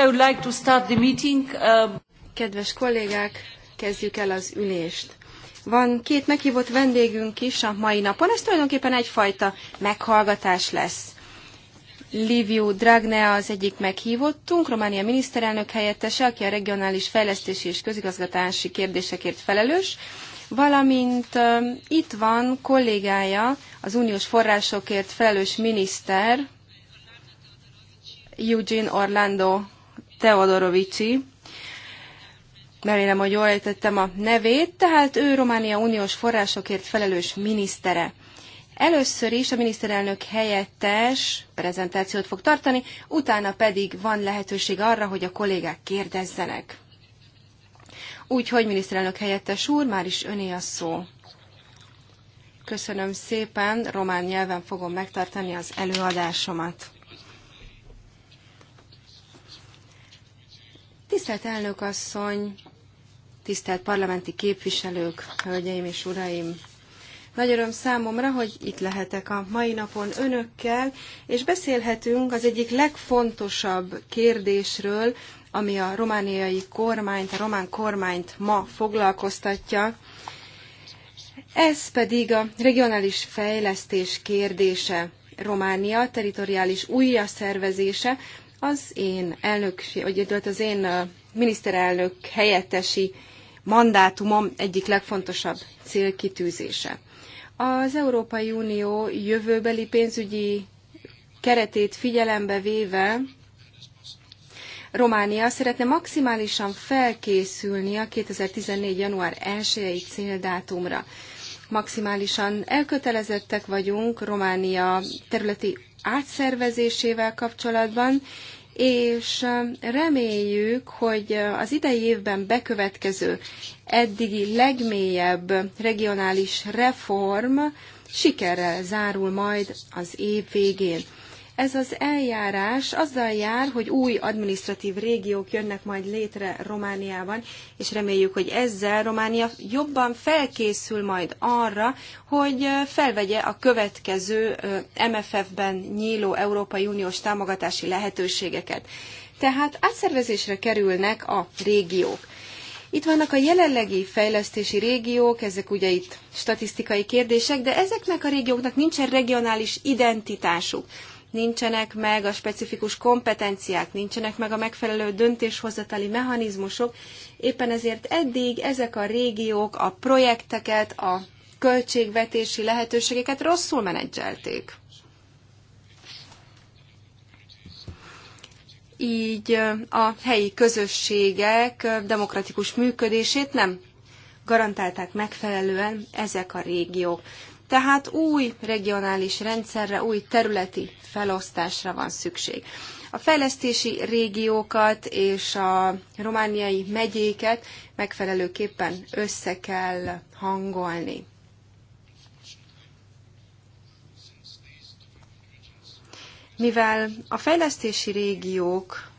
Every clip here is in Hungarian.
I would like to start the meeting. Um, Kedves kollégák, kezdjük el az ülést. Van két meghívott vendégünk is a mai napon, ez tulajdonképpen egyfajta meghallgatás lesz. Liviu Dragnea az egyik meghívottunk, Románia miniszterelnök helyettese, aki a regionális fejlesztési és közigazgatási kérdésekért felelős, valamint uh, itt van kollégája, az uniós forrásokért felelős miniszter, Eugene Orlando Teodorovici, remélem, hogy jól értettem a nevét, tehát ő Románia uniós forrásokért felelős minisztere. Először is a miniszterelnök helyettes prezentációt fog tartani, utána pedig van lehetőség arra, hogy a kollégák kérdezzenek. Úgyhogy miniszterelnök helyettes úr, már is öné a szó. Köszönöm szépen, román nyelven fogom megtartani az előadásomat. Tisztelt elnök asszony, tisztelt parlamenti képviselők, hölgyeim és uraim! Nagy öröm számomra, hogy itt lehetek a mai napon önökkel, és beszélhetünk az egyik legfontosabb kérdésről, ami a romániai kormányt, a román kormányt ma foglalkoztatja. Ez pedig a regionális fejlesztés kérdése. Románia teritoriális újjaszervezése, az én elnökség, vagy az én miniszterelnök helyettesi mandátumom egyik legfontosabb célkitűzése. Az Európai Unió jövőbeli pénzügyi keretét figyelembe véve Románia szeretne maximálisan felkészülni a 2014. január 1-i céldátumra. Maximálisan elkötelezettek vagyunk Románia területi átszervezésével kapcsolatban, és reméljük, hogy az idei évben bekövetkező eddigi legmélyebb regionális reform sikerrel zárul majd az év végén. Ez az eljárás azzal jár, hogy új administratív régiók jönnek majd létre Romániában, és reméljük, hogy ezzel Románia jobban felkészül majd arra, hogy felvegye a következő MFF-ben nyíló Európai Uniós támogatási lehetőségeket. Tehát átszervezésre kerülnek a régiók. Itt vannak a jelenlegi fejlesztési régiók, ezek ugye itt statisztikai kérdések, de ezeknek a régióknak nincsen regionális identitásuk nincsenek meg a specifikus kompetenciák, nincsenek meg a megfelelő döntéshozatali mechanizmusok. Éppen ezért eddig ezek a régiók a projekteket, a költségvetési lehetőségeket rosszul menedzselték. Így a helyi közösségek demokratikus működését nem garantálták megfelelően ezek a régiók. Tehát új regionális rendszerre, új területi felosztásra van szükség. A fejlesztési régiókat és a romániai megyéket megfelelőképpen össze kell hangolni. Mivel a fejlesztési régiók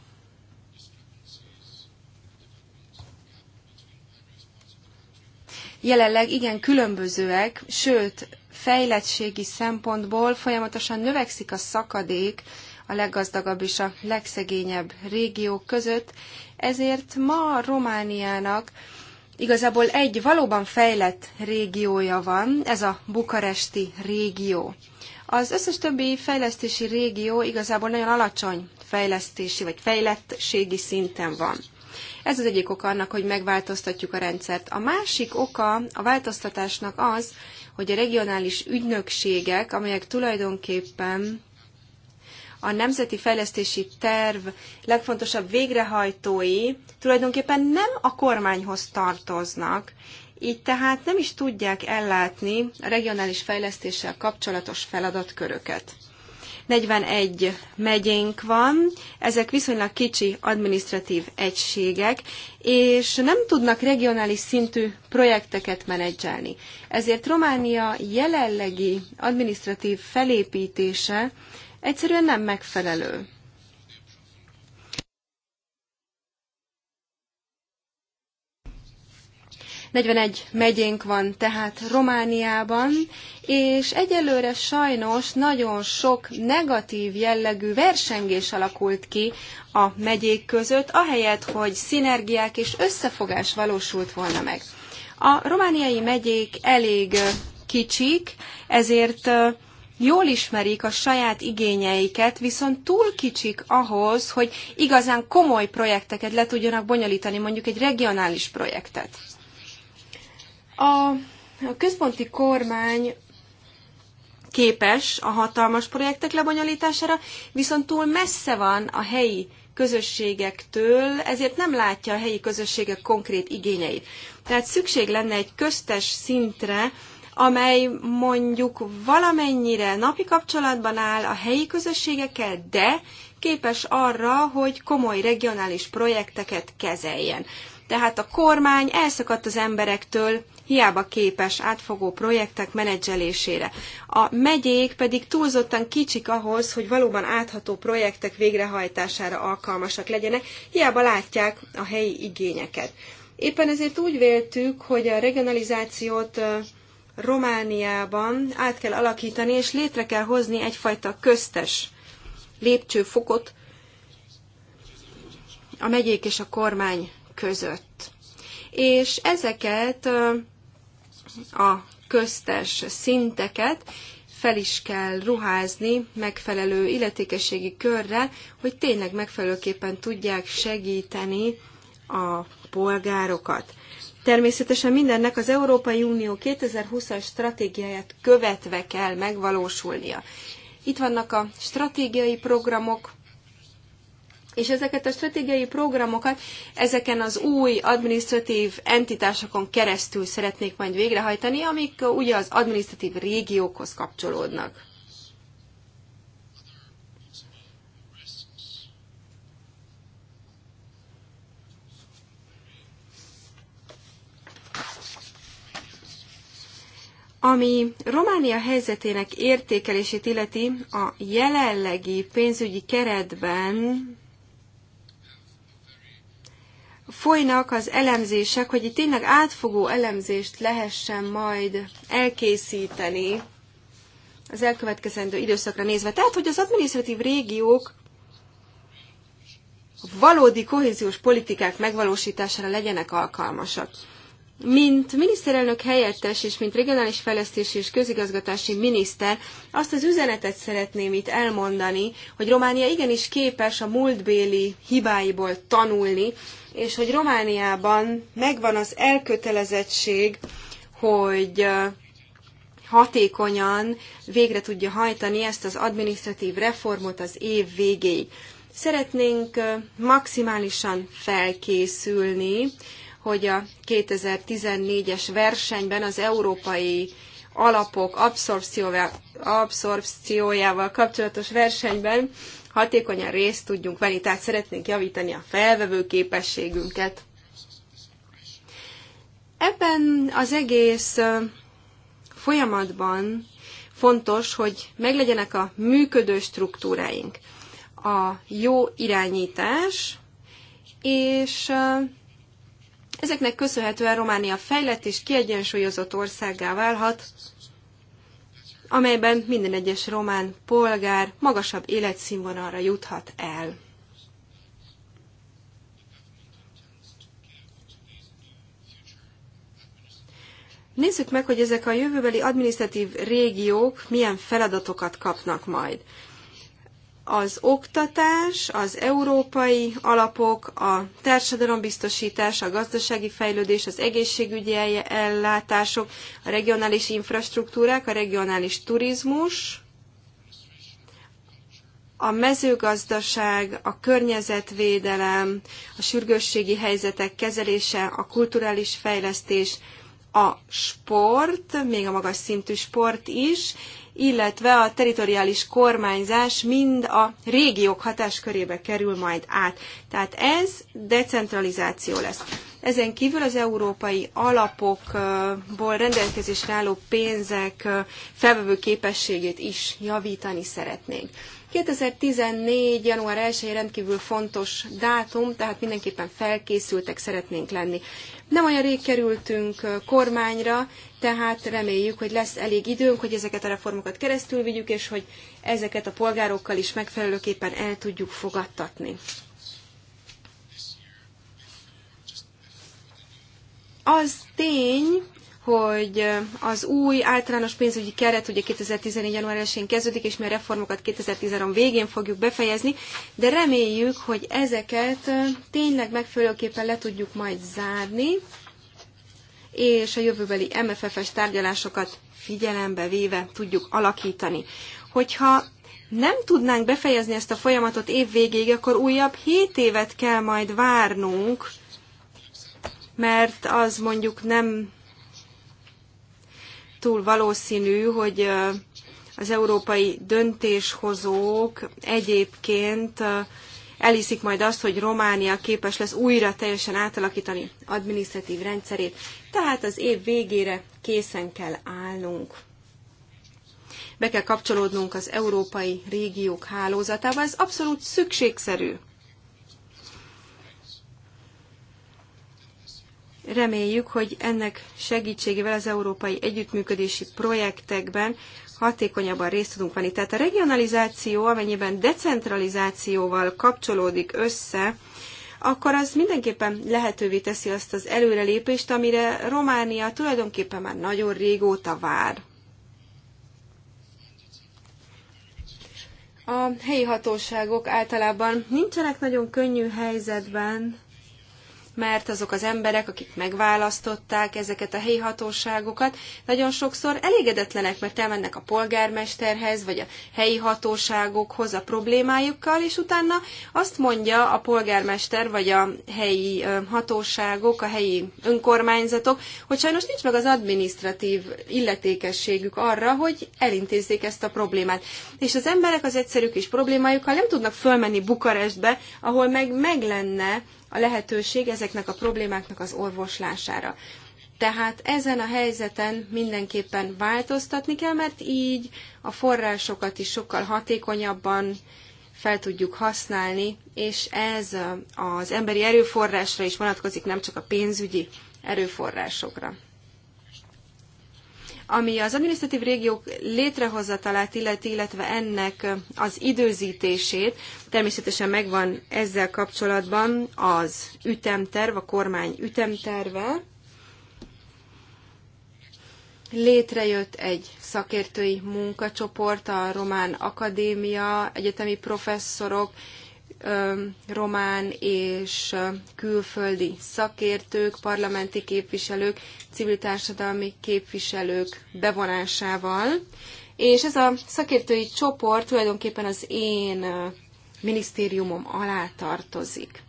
jelenleg igen különbözőek, sőt, fejlettségi szempontból folyamatosan növekszik a szakadék a leggazdagabb és a legszegényebb régiók között, ezért ma Romániának igazából egy valóban fejlett régiója van, ez a bukaresti régió. Az összes többi fejlesztési régió igazából nagyon alacsony fejlesztési vagy fejlettségi szinten van. Ez az egyik oka annak, hogy megváltoztatjuk a rendszert. A másik oka a változtatásnak az, hogy a regionális ügynökségek, amelyek tulajdonképpen a Nemzeti Fejlesztési Terv legfontosabb végrehajtói tulajdonképpen nem a kormányhoz tartoznak, így tehát nem is tudják ellátni a regionális fejlesztéssel kapcsolatos feladatköröket. 41 megyénk van, ezek viszonylag kicsi administratív egységek, és nem tudnak regionális szintű projekteket menedzselni. Ezért Románia jelenlegi administratív felépítése egyszerűen nem megfelelő. 41 megyénk van tehát Romániában, és egyelőre sajnos nagyon sok negatív jellegű versengés alakult ki a megyék között, ahelyett, hogy szinergiák és összefogás valósult volna meg. A romániai megyék elég kicsik, ezért jól ismerik a saját igényeiket, viszont túl kicsik ahhoz, hogy igazán komoly projekteket le tudjanak bonyolítani, mondjuk egy regionális projektet. A központi kormány képes a hatalmas projektek lebonyolítására, viszont túl messze van a helyi közösségektől, ezért nem látja a helyi közösségek konkrét igényeit. Tehát szükség lenne egy köztes szintre, amely mondjuk valamennyire napi kapcsolatban áll a helyi közösségekkel, de képes arra, hogy komoly regionális projekteket kezeljen. Tehát a kormány elszakadt az emberektől, hiába képes átfogó projektek menedzselésére. A megyék pedig túlzottan kicsik ahhoz, hogy valóban átható projektek végrehajtására alkalmasak legyenek, hiába látják a helyi igényeket. Éppen ezért úgy véltük, hogy a regionalizációt Romániában át kell alakítani, és létre kell hozni egyfajta köztes lépcsőfokot a megyék és a kormány között. És ezeket a köztes szinteket fel is kell ruházni megfelelő illetékességi körrel, hogy tényleg megfelelőképpen tudják segíteni a polgárokat. Természetesen mindennek az Európai Unió 2020-as stratégiáját követve kell megvalósulnia. Itt vannak a stratégiai programok, és ezeket a stratégiai programokat ezeken az új administratív entitásokon keresztül szeretnék majd végrehajtani, amik uh, ugye az administratív régiókhoz kapcsolódnak. Ami Románia helyzetének értékelését illeti, a jelenlegi pénzügyi keretben folynak az elemzések, hogy itt tényleg átfogó elemzést lehessen majd elkészíteni az elkövetkezendő időszakra nézve. Tehát, hogy az adminisztratív régiók valódi kohéziós politikák megvalósítására legyenek alkalmasak mint miniszterelnök helyettes és mint regionális fejlesztési és közigazgatási miniszter azt az üzenetet szeretném itt elmondani, hogy Románia igenis képes a múltbéli hibáiból tanulni, és hogy Romániában megvan az elkötelezettség, hogy hatékonyan végre tudja hajtani ezt az administratív reformot az év végéig. Szeretnénk maximálisan felkészülni, hogy a 2014-es versenyben az európai alapok abszorpciójával, abszorpciójával kapcsolatos versenyben hatékonyan részt tudjunk venni, tehát szeretnénk javítani a felvevő képességünket. Ebben az egész folyamatban fontos, hogy meglegyenek a működő struktúráink, a jó irányítás, és Ezeknek köszönhetően Románia fejlett és kiegyensúlyozott országá válhat, amelyben minden egyes román polgár magasabb életszínvonalra juthat el. Nézzük meg, hogy ezek a jövőbeli administratív régiók milyen feladatokat kapnak majd az oktatás, az európai alapok, a társadalombiztosítás, a gazdasági fejlődés, az egészségügyi ellátások, a regionális infrastruktúrák, a regionális turizmus, a mezőgazdaság, a környezetvédelem, a sürgősségi helyzetek kezelése, a kulturális fejlesztés, a sport, még a magas szintű sport is, illetve a teritoriális kormányzás mind a régiók hatáskörébe kerül majd át. Tehát ez decentralizáció lesz. Ezen kívül az európai alapokból rendelkezésre álló pénzek felvevő képességét is javítani szeretnénk. 2014. január 1 rendkívül fontos dátum, tehát mindenképpen felkészültek szeretnénk lenni. Nem olyan rég kerültünk kormányra, tehát reméljük, hogy lesz elég időnk, hogy ezeket a reformokat keresztül vigyük, és hogy ezeket a polgárokkal is megfelelőképpen el tudjuk fogadtatni. Az tény, hogy az új általános pénzügyi keret ugye 2014. január 1-én kezdődik, és mi a reformokat 2013 végén fogjuk befejezni, de reméljük, hogy ezeket tényleg megfelelőképpen le tudjuk majd zárni, és a jövőbeli MFF-es tárgyalásokat figyelembe véve tudjuk alakítani. Hogyha nem tudnánk befejezni ezt a folyamatot év végéig, akkor újabb 7 évet kell majd várnunk, mert az mondjuk nem túl valószínű, hogy az európai döntéshozók egyébként elhiszik majd azt, hogy Románia képes lesz újra teljesen átalakítani adminisztratív rendszerét. Tehát az év végére készen kell állnunk. Be kell kapcsolódnunk az európai régiók hálózatába, ez abszolút szükségszerű. Reméljük, hogy ennek segítségével az európai együttműködési projektekben hatékonyabban részt tudunk venni. Tehát a regionalizáció, amennyiben decentralizációval kapcsolódik össze, akkor az mindenképpen lehetővé teszi azt az előrelépést, amire Románia tulajdonképpen már nagyon régóta vár. A helyi hatóságok általában nincsenek nagyon könnyű helyzetben, mert azok az emberek, akik megválasztották ezeket a helyi hatóságokat, nagyon sokszor elégedetlenek, mert elmennek a polgármesterhez, vagy a helyi hatóságokhoz a problémájukkal, és utána azt mondja a polgármester, vagy a helyi hatóságok, a helyi önkormányzatok, hogy sajnos nincs meg az administratív illetékességük arra, hogy elintézzék ezt a problémát. És az emberek az egyszerű kis problémájukkal nem tudnak fölmenni Bukarestbe, ahol meg meg lenne a lehetőség ezeknek a problémáknak az orvoslására. Tehát ezen a helyzeten mindenképpen változtatni kell, mert így a forrásokat is sokkal hatékonyabban fel tudjuk használni, és ez az emberi erőforrásra is vonatkozik, nem csak a pénzügyi erőforrásokra. Ami az adminisztratív régiók létrehozatalát illeti, illetve ennek az időzítését, természetesen megvan ezzel kapcsolatban az ütemterv, a kormány ütemterve. Létrejött egy szakértői munkacsoport, a Román Akadémia, egyetemi professzorok román és külföldi szakértők, parlamenti képviselők, civil társadalmi képviselők bevonásával. És ez a szakértői csoport tulajdonképpen az én minisztériumom alá tartozik.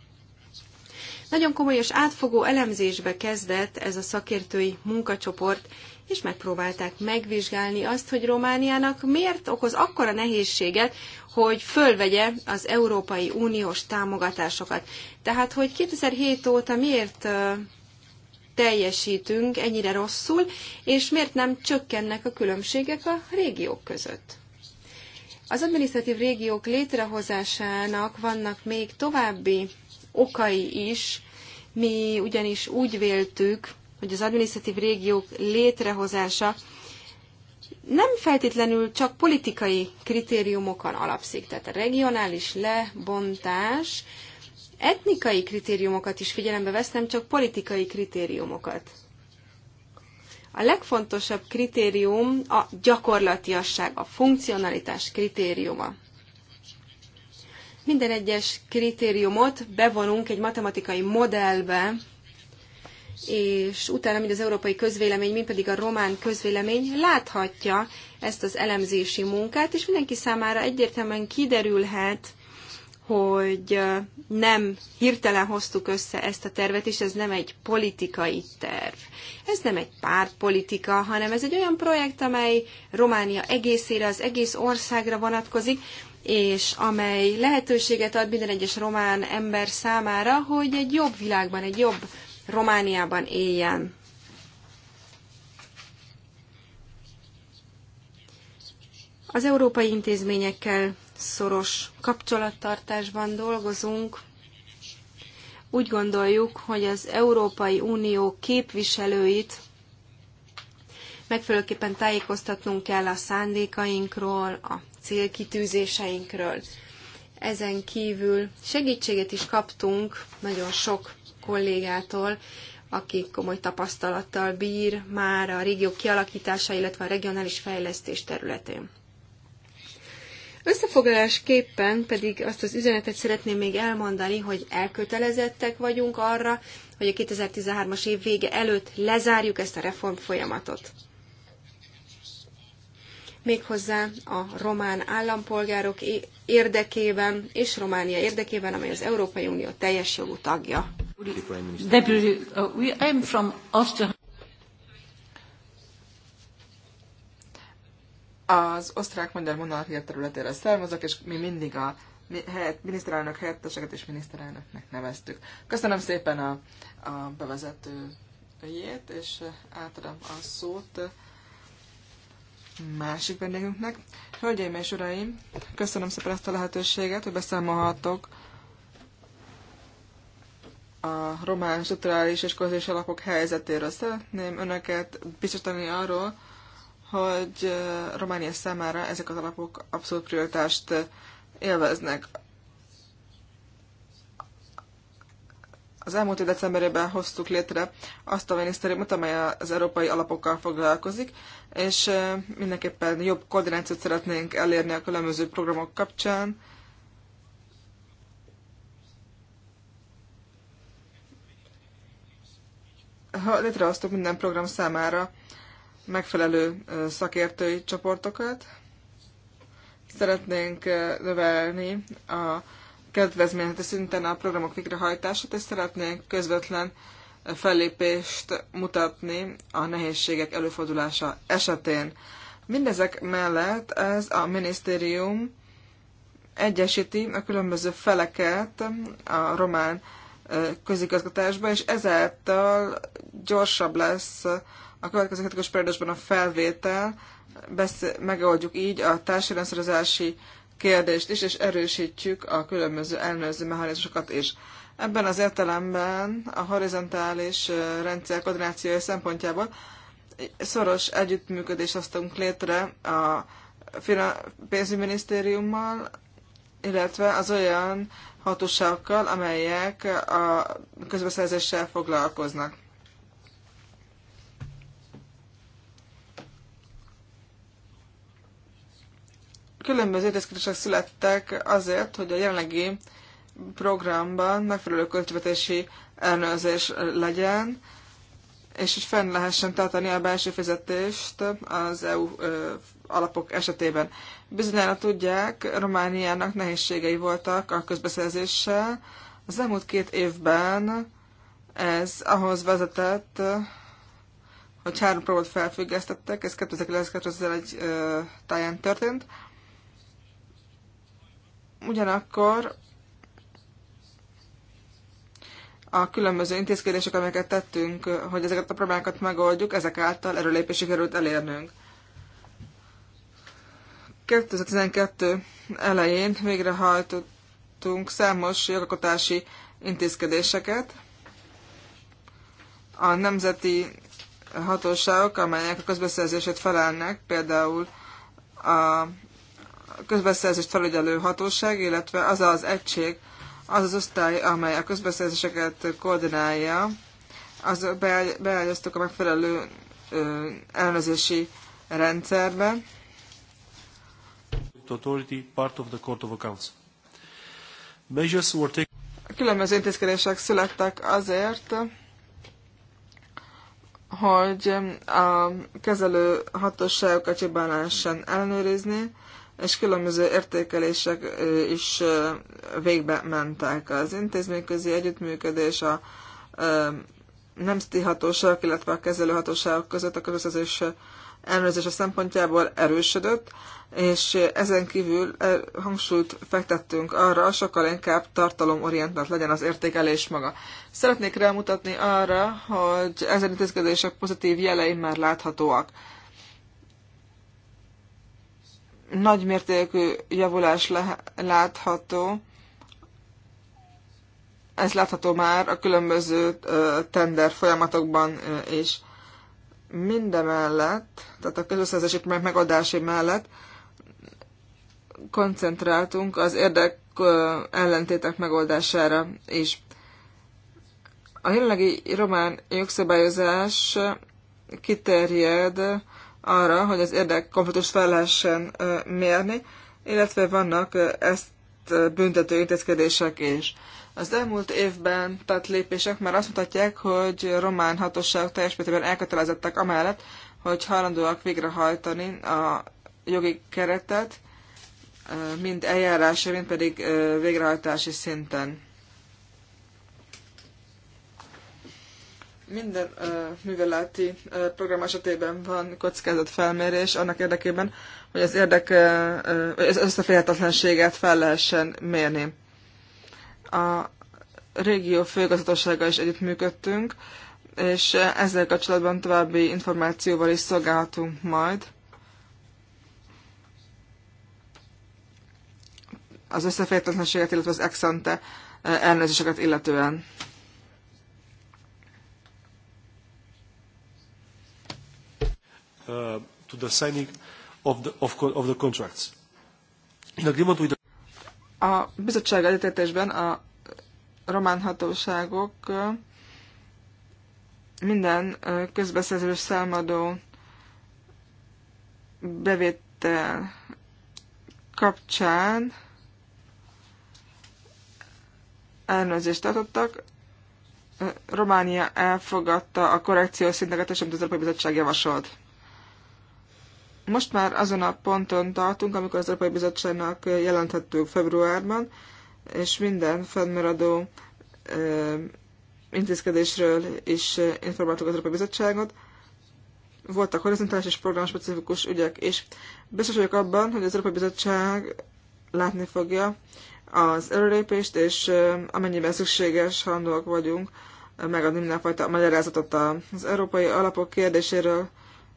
Nagyon komoly és átfogó elemzésbe kezdett ez a szakértői munkacsoport, és megpróbálták megvizsgálni azt, hogy Romániának miért okoz akkora nehézséget hogy fölvegye az Európai Uniós támogatásokat. Tehát, hogy 2007 óta miért teljesítünk ennyire rosszul, és miért nem csökkennek a különbségek a régiók között. Az adminisztratív régiók létrehozásának vannak még további okai is, mi ugyanis úgy véltük, hogy az adminisztratív régiók létrehozása nem feltétlenül csak politikai kritériumokon alapszik, tehát a regionális lebontás etnikai kritériumokat is figyelembe vesz, nem csak politikai kritériumokat. A legfontosabb kritérium a gyakorlatiasság, a funkcionalitás kritériuma. Minden egyes kritériumot bevonunk egy matematikai modellbe, és utána mind az európai közvélemény, mind pedig a román közvélemény láthatja ezt az elemzési munkát, és mindenki számára egyértelműen kiderülhet, hogy nem hirtelen hoztuk össze ezt a tervet, és ez nem egy politikai terv. Ez nem egy pártpolitika, hanem ez egy olyan projekt, amely Románia egészére, az egész országra vonatkozik, és amely lehetőséget ad minden egyes román ember számára, hogy egy jobb világban, egy jobb Romániában éljen. Az európai intézményekkel szoros kapcsolattartásban dolgozunk. Úgy gondoljuk, hogy az Európai Unió képviselőit megfelelőképpen tájékoztatnunk kell a szándékainkról, a célkitűzéseinkről. Ezen kívül segítséget is kaptunk nagyon sok kollégától, aki komoly tapasztalattal bír már a régió kialakítása, illetve a regionális fejlesztés területén. Összefoglalásképpen pedig azt az üzenetet szeretném még elmondani, hogy elkötelezettek vagyunk arra, hogy a 2013-as év vége előtt lezárjuk ezt a reform folyamatot. Méghozzá a román állampolgárok érdekében és Románia érdekében, amely az Európai Unió teljes jogú tagja. Deputy Prime Minister. Deputy, uh, we, I'm from Austria. Az osztrák-magyar monarchia területére származok, és mi mindig a miniszterelnök helyetteseket és miniszterelnöknek neveztük. Köszönöm szépen a, a bevezetőjét, és átadom a szót másik vendégünknek. Hölgyeim és uraim, köszönöm szépen ezt a lehetőséget, hogy beszámolhatok a román strukturális és közös alapok helyzetéről. Szeretném önöket biztosítani arról, hogy Románia számára ezek az alapok abszolút prioritást élveznek. Az elmúlt év decemberében hoztuk létre azt a minisztériumot, amely az európai alapokkal foglalkozik, és mindenképpen jobb koordinációt szeretnénk elérni a különböző programok kapcsán, ha létrehoztuk minden program számára megfelelő szakértői csoportokat. Szeretnénk növelni a kedvezményezeti szinten a programok végrehajtását, és szeretnénk közvetlen fellépést mutatni a nehézségek előfordulása esetén. Mindezek mellett ez a minisztérium egyesíti a különböző feleket a román közigazgatásba, és ezáltal gyorsabb lesz a következő kritikus periódusban a felvétel, besz- megoldjuk így a társadalmi kérdést is, és erősítjük a különböző elnőző mechanizmusokat is. Ebben az értelemben a horizontális rendszer koordinációja szempontjából szoros együttműködést hoztunk létre a pénzügyminisztériummal, illetve az olyan hatóságokkal, amelyek a közbeszerzéssel foglalkoznak. Különböző intézkedések születtek azért, hogy a jelenlegi programban megfelelő költségvetési ellenőrzés legyen, és hogy fenn lehessen tartani a belső fizetést az EU alapok esetében. Bizonyára tudják, Romániának nehézségei voltak a közbeszerzéssel. Az elmúlt két évben ez ahhoz vezetett, hogy három próbát felfüggesztettek, ez 2009-2001 táján történt. Ugyanakkor a különböző intézkedések, amelyeket tettünk, hogy ezeket a problémákat megoldjuk, ezek által erőlépési került elérnünk. 2012 elején végrehajtottunk számos jogalkotási intézkedéseket. A nemzeti hatóságok, amelyek a közbeszerzését felelnek, például a közbeszerzést felügyelő hatóság, illetve az az egység, az az osztály, amely a közbeszerzéseket koordinálja, az beágyaztuk a megfelelő ellenőrzési rendszerbe. Authority part of the Court of Accounts. Measures were taken különböző intézkedések születtek azért, hogy a kezelő hatóságokat jobban lehessen ellenőrizni, és különböző értékelések is végbe mentek. Az intézményközi együttműködés a nemzeti hatóságok, illetve a kezelőhatóságok között a közösszezés ellenőrzése szempontjából erősödött, és ezen kívül hangsúlyt fektettünk arra, sokkal inkább tartalomorientált legyen az értékelés maga. Szeretnék rámutatni arra, hogy ezen intézkedések pozitív jelei már láthatóak nagymértékű javulás látható, ez látható már a különböző tender folyamatokban is. Mindemellett, tehát a közösszerzési problémák megadási mellett koncentráltunk az érdek ellentétek megoldására is. A jelenlegi román jogszabályozás kiterjed arra, hogy az érdekkonfliktus fel lehessen mérni, illetve vannak ezt büntető intézkedések is. Az elmúlt évben tett lépések már azt mutatják, hogy román hatóság teljes mértékben elkötelezettek amellett, hogy hajlandóak végrehajtani a jogi keretet, mind eljárási, mind pedig végrehajtási szinten. Minden uh, műveleti uh, program esetében van kockázatfelmérés annak érdekében, hogy az érdek, uh, az összeférhetetlenséget fel lehessen mérni. A régió főgazdasága is együtt működtünk, és ezzel kapcsolatban további információval is szolgálhatunk majd. Az összeférhetetlenséget, illetve az exante elnézéseket illetően. uh, to the signing of the, of, of the contracts. In agreement with the... A bizottság előtetésben a román hatóságok uh, minden uh, közbeszerzős számadó bevétel kapcsán elnőzést tartottak. Uh, Románia elfogadta a korrekciós szinteket, és amit az Európai Bizottság javasolt. Most már azon a ponton tartunk, amikor az Európai Bizottságnak jelenthettük februárban, és minden fennmaradó intézkedésről is informáltuk az Európai Bizottságot. Voltak horizontális és programspecifikus ügyek, és biztos vagyok abban, hogy az Európai Bizottság látni fogja az előrépést, és amennyiben szükséges, hajlandóak vagyunk megadni mindenfajta magyarázatot az európai alapok kérdéséről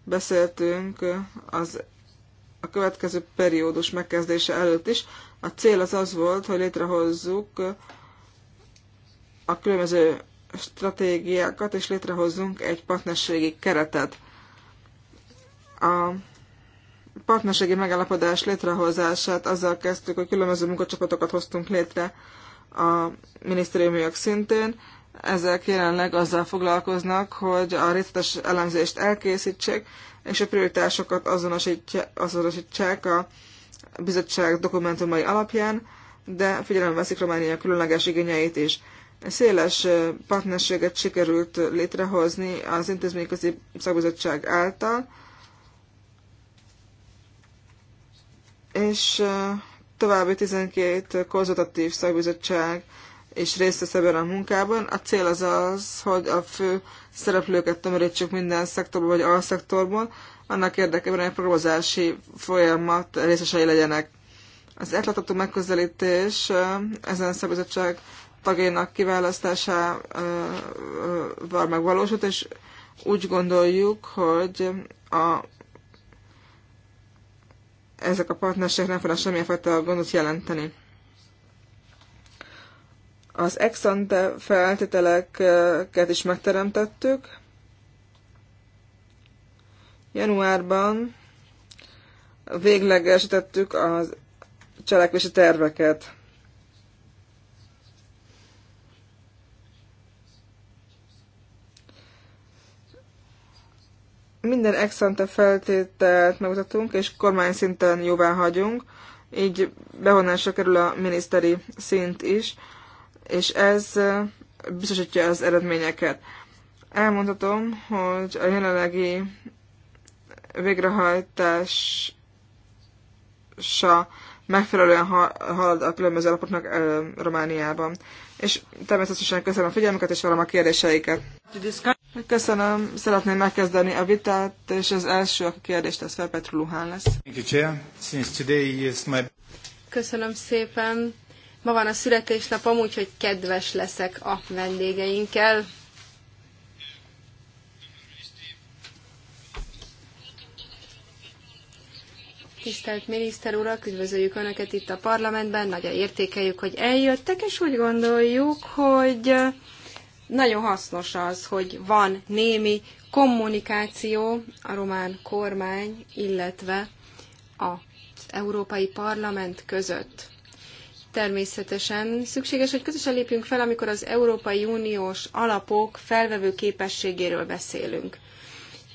beszéltünk az a következő periódus megkezdése előtt is. A cél az az volt, hogy létrehozzuk a különböző stratégiákat, és létrehozzunk egy partnerségi keretet. A partnerségi megállapodás létrehozását azzal kezdtük, hogy különböző munkacsapatokat hoztunk létre a minisztériumiak szintén, ezek jelenleg azzal foglalkoznak, hogy a részletes elemzést elkészítsék, és a prioritásokat azonosítsák a bizottság dokumentumai alapján, de figyelembe veszik Románia különleges igényeit is. Széles partnerséget sikerült létrehozni az intézményközi szakbizottság által, és további 12 konzultatív szakbizottság és részt vesz ebben a munkában. A cél az az, hogy a fő szereplőket tömörítsük minden szektorból vagy alszektorból, annak érdekében, hogy a programozási folyamat részesei legyenek. Az átlátható megközelítés ezen szabadság tagjainak kiválasztásával megvalósult, és úgy gondoljuk, hogy a, ezek a partnerségek nem fognak semmilyen fajta gondot jelenteni. Az exante feltételeket is megteremtettük. Januárban véglegesítettük a cselekvési terveket. Minden exante feltételt megmutatunk, és kormány szinten jóvá hagyunk, így bevonásra kerül a miniszteri szint is és ez biztosítja az eredményeket. Elmondhatom, hogy a jelenlegi végrehajtása megfelelően halad a különböző alapoknak Romániában. És természetesen köszönöm a figyelmüket és valam a kérdéseiket. Köszönöm, szeretném megkezdeni a vitát, és az első, aki kérdést tesz fel, Petru Luhán lesz. Köszönöm szépen. Ma van a születésnapom, úgyhogy kedves leszek a vendégeinkkel. Tisztelt miniszter urak, üdvözöljük Önöket itt a parlamentben, nagyon értékeljük, hogy eljöttek, és úgy gondoljuk, hogy eh, nagyon hasznos az, hogy van némi kommunikáció a román kormány, illetve az Európai Parlament között. Természetesen szükséges, hogy közösen lépjünk fel, amikor az Európai Uniós alapok felvevő képességéről beszélünk.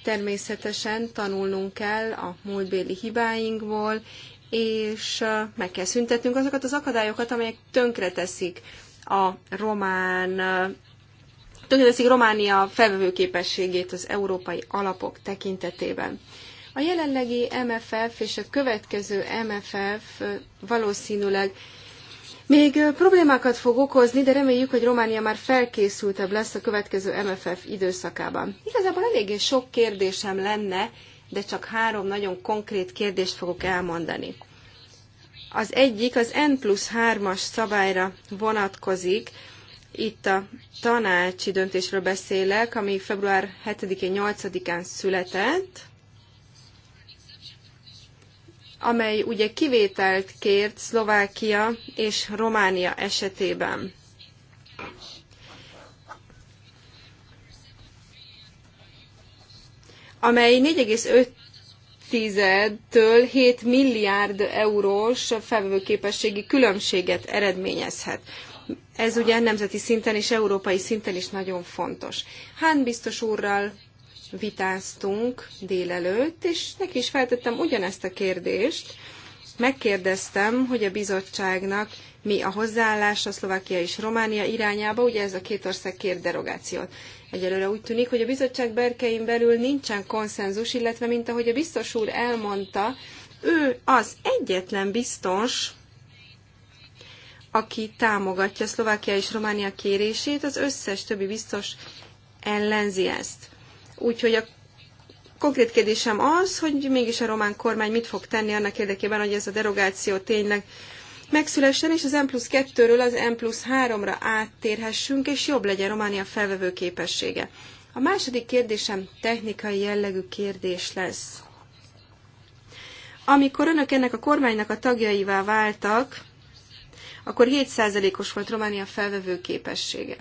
Természetesen tanulnunk kell a múltbéli hibáinkból, és meg kell szüntetnünk azokat az akadályokat, amelyek tönkreteszik a román tönkreteszik Románia felvevő képességét az európai alapok tekintetében. A jelenlegi MFF és a következő MFF valószínűleg még problémákat fog okozni, de reméljük, hogy Románia már felkészültebb lesz a következő MFF időszakában. Igazából eléggé sok kérdésem lenne, de csak három nagyon konkrét kérdést fogok elmondani. Az egyik az N plusz 3-as szabályra vonatkozik, itt a tanácsi döntésről beszélek, ami február 7-én, 8-án született, amely ugye kivételt kért Szlovákia és Románia esetében. amely 4,5-től 7 milliárd eurós felvevőképességi különbséget eredményezhet. Ez ugye nemzeti szinten és európai szinten is nagyon fontos. Hán biztos úrral vitáztunk délelőtt, és neki is feltettem ugyanezt a kérdést. Megkérdeztem, hogy a bizottságnak mi a hozzáállása Szlovákia és Románia irányába, ugye ez a két ország kér derogációt. Egyelőre úgy tűnik, hogy a bizottság berkein belül nincsen konszenzus, illetve mint ahogy a biztos úr elmondta, ő az egyetlen biztos, aki támogatja Szlovákia és Románia kérését, az összes többi biztos ellenzi ezt. Úgyhogy a konkrét kérdésem az, hogy mégis a román kormány mit fog tenni annak érdekében, hogy ez a derogáció tényleg megszülessen, és az M plusz 2-ről az M plusz 3-ra áttérhessünk, és jobb legyen Románia felvevő képessége. A második kérdésem technikai jellegű kérdés lesz. Amikor önök ennek a kormánynak a tagjaivá váltak, akkor 7%-os volt Románia felvevő képessége.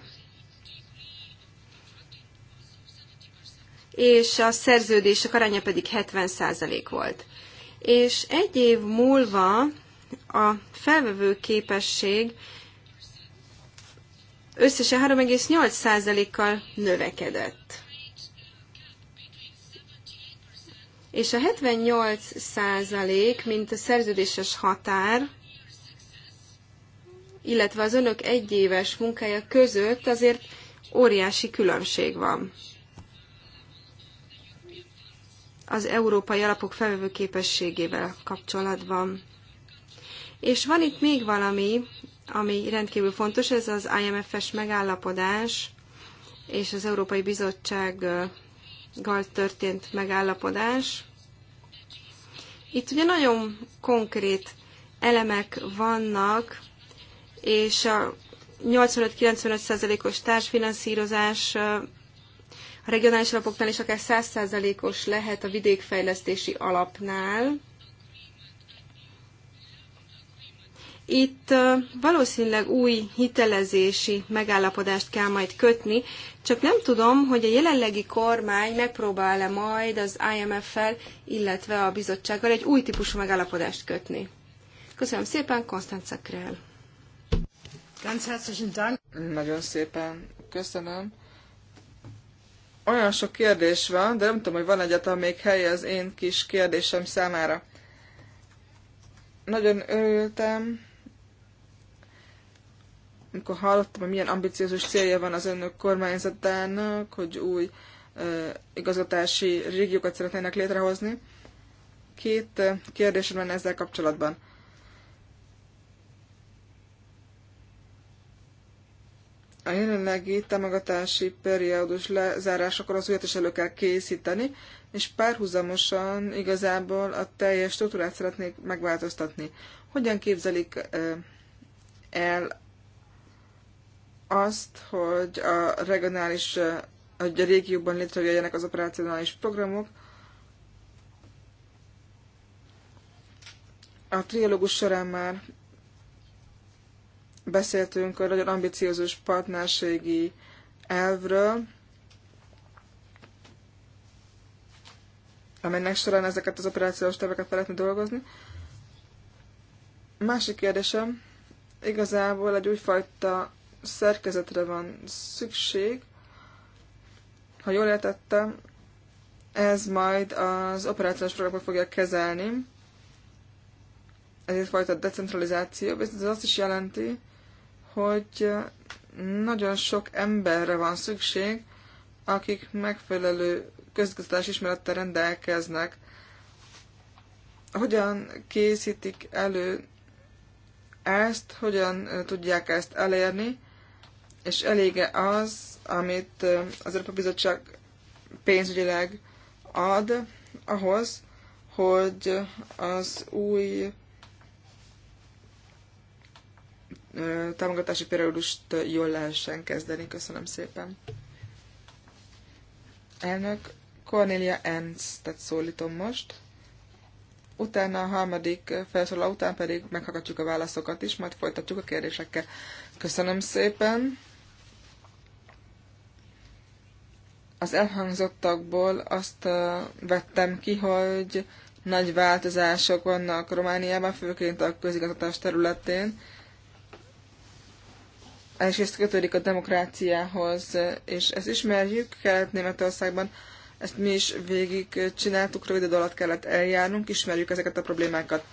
és a szerződések aránya pedig 70% volt. És egy év múlva a felvevő képesség összesen 3,8%-kal növekedett. És a 78 mint a szerződéses határ, illetve az önök egyéves munkája között azért óriási különbség van az európai alapok felvevő képességével kapcsolatban. És van itt még valami, ami rendkívül fontos, ez az IMF-es megállapodás és az Európai Bizottsággal történt megállapodás. Itt ugye nagyon konkrét elemek vannak, és a 85-95%-os társfinanszírozás a regionális alapoknál is akár 100%-os lehet a vidékfejlesztési alapnál. Itt valószínűleg új hitelezési megállapodást kell majd kötni, csak nem tudom, hogy a jelenlegi kormány megpróbál-e majd az IMF-fel, illetve a bizottsággal egy új típusú megállapodást kötni. Köszönöm szépen, Konstanza Krell. Nagyon szépen köszönöm olyan sok kérdés van, de nem tudom, hogy van egyet, még hely az én kis kérdésem számára. Nagyon örültem, amikor hallottam, hogy milyen ambiciózus célja van az önök kormányzatának, hogy új uh, igazgatási régiókat szeretnének létrehozni. Két uh, kérdésem van ezzel kapcsolatban. A jelenlegi támogatási periódus lezárásakor az újat is elő kell készíteni, és párhuzamosan igazából a teljes struktúrát szeretnék megváltoztatni. Hogyan képzelik el azt, hogy a regionális, hogy a régióban létrejöjjenek az operacionális programok, a triológus során már beszéltünk a nagyon ambiciózus partnerségi elvről, amelynek során ezeket az operációs terveket fel lehetne dolgozni. Másik kérdésem, igazából egy újfajta szerkezetre van szükség. Ha jól értettem, ez majd az operációs programok fogja kezelni. Ez egyfajta decentralizáció, viszont ez azt is jelenti, hogy nagyon sok emberre van szükség, akik megfelelő közgazdás ismerettel rendelkeznek. Hogyan készítik elő ezt, hogyan tudják ezt elérni, és elége az, amit az Európa Bizottság pénzügyileg ad ahhoz, hogy az új támogatási periódust jól lehessen kezdeni. Köszönöm szépen. Elnök Cornelia ernst tehát szólítom most. Utána a harmadik felszólaló után pedig meghallgatjuk a válaszokat is, majd folytatjuk a kérdésekkel. Köszönöm szépen. Az elhangzottakból azt vettem ki, hogy nagy változások vannak Romániában, főként a közigazgatás területén és ez kötődik a demokráciához, és ezt ismerjük Kelet-Németországban, ezt mi is végig csináltuk, rövid idő alatt kellett eljárnunk, ismerjük ezeket a problémákat.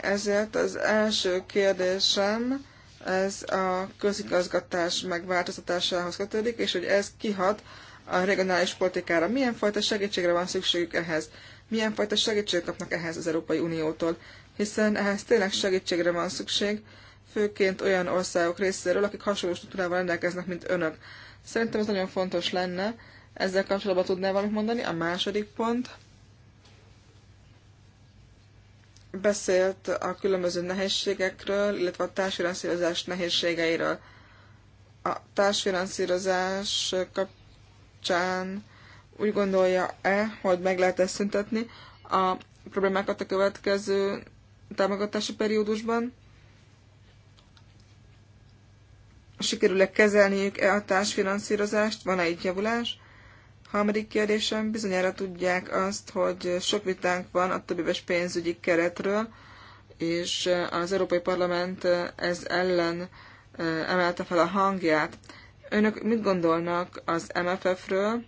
Ezért az első kérdésem, ez a közigazgatás megváltoztatásához kötődik, és hogy ez kihat a regionális politikára. Milyen fajta segítségre van szükségük ehhez? Milyen fajta segítséget kapnak ehhez az Európai Uniótól? Hiszen ehhez tényleg segítségre van szükség, főként olyan országok részéről, akik hasonló struktúrával rendelkeznek, mint önök. Szerintem ez nagyon fontos lenne. Ezzel kapcsolatban tudnál valamit mondani? A második pont. Beszélt a különböző nehézségekről, illetve a társfinanszírozás nehézségeiről. A társfinanszírozás kapcsán úgy gondolja-e, hogy meg lehet ezt szüntetni a problémákat a következő támogatási periódusban? Sikerül-e kezelniük-e a társfinanszírozást? Van-e itt javulás? Harmadik kérdésem, bizonyára tudják azt, hogy sok vitánk van a többéves pénzügyi keretről, és az Európai Parlament ez ellen e, emelte fel a hangját. Önök mit gondolnak az MFF-ről?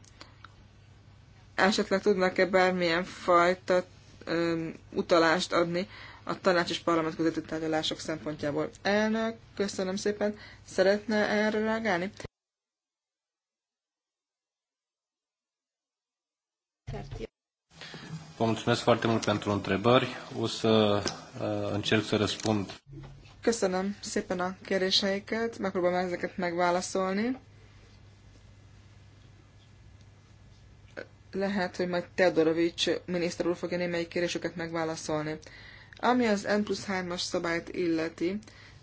Esetleg tudnak-e bármilyen fajta e, utalást adni a tanács és parlament közötti tárgyalások szempontjából. Elnök, köszönöm szépen. Szeretne erre reagálni? Vă mulțumesc foarte mult pentru întrebări. O să uh, încerc să răspund. Köszönöm szépen a kérdéseiket, megpróbálom ezeket megválaszolni. Lehet, hogy majd Teodorovics miniszter úr fogja némelyik kérdéseket megválaszolni. Ami az N plusz 3-as szabályt illeti,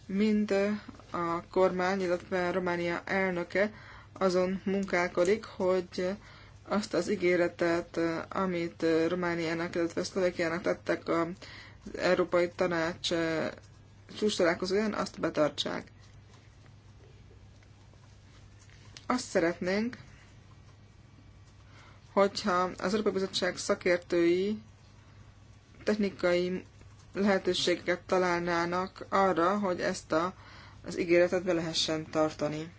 mind a kormány, illetve Románia elnöke azon munkálkodik, hogy azt az ígéretet, amit Romániának, illetve Szlovákiának tettek az Európai Tanács eh, csúcs azt betartsák. Azt szeretnénk, hogyha az Európai Bizottság szakértői technikai lehetőségeket találnának arra, hogy ezt a, az ígéretet be lehessen tartani.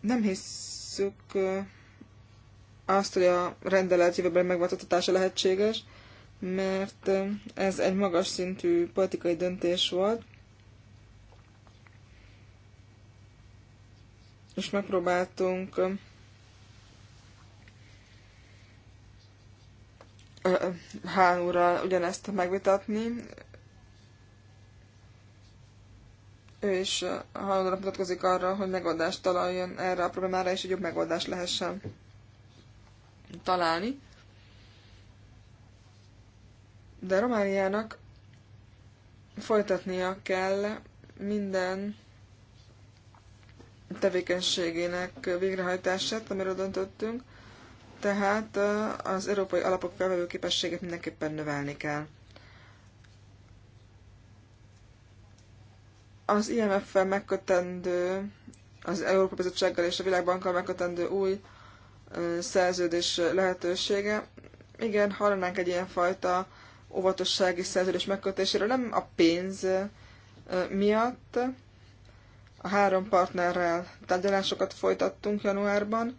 Nem hisszük azt, hogy a rendelet jövőben megváltoztatása lehetséges, mert ez egy magas szintű politikai döntés volt, és megpróbáltunk Hán úrral ugyanezt megvitatni. Ő is hajlandóra mutatkozik arra, hogy megoldást találjon erre a problémára, és egy jobb megoldást lehessen találni. De Romániának folytatnia kell minden tevékenységének végrehajtását, amiről döntöttünk, tehát az európai alapok felvevő mindenképpen növelni kell. Az IMF-fel megkötendő, az Európai Bizottsággal és a Világbankkal megkötendő új szerződés lehetősége. Igen, hallanánk egy fajta óvatossági szerződés megkötéséről, nem a pénz miatt. A három partnerrel tárgyalásokat folytattunk januárban,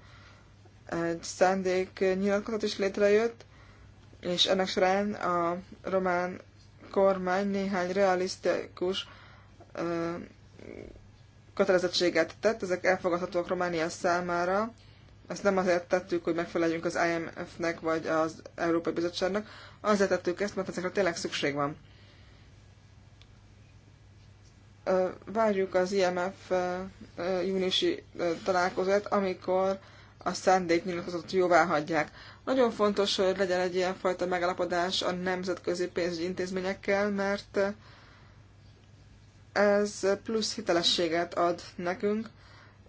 egy nyilatkozat is létrejött, és ennek során a román kormány néhány realisztikus ö, kötelezettséget tett, ezek elfogadhatóak Románia számára. Ezt nem azért tettük, hogy megfeleljünk az IMF-nek vagy az Európai Bizottságnak, azért tettük ezt, mert ezekre tényleg szükség van. Várjuk az IMF júniusi találkozót, amikor a szándéknyilatkozatot jóvá hagyják. Nagyon fontos, hogy legyen egy ilyenfajta megalapodás a nemzetközi pénzügyi intézményekkel, mert ez plusz hitelességet ad nekünk,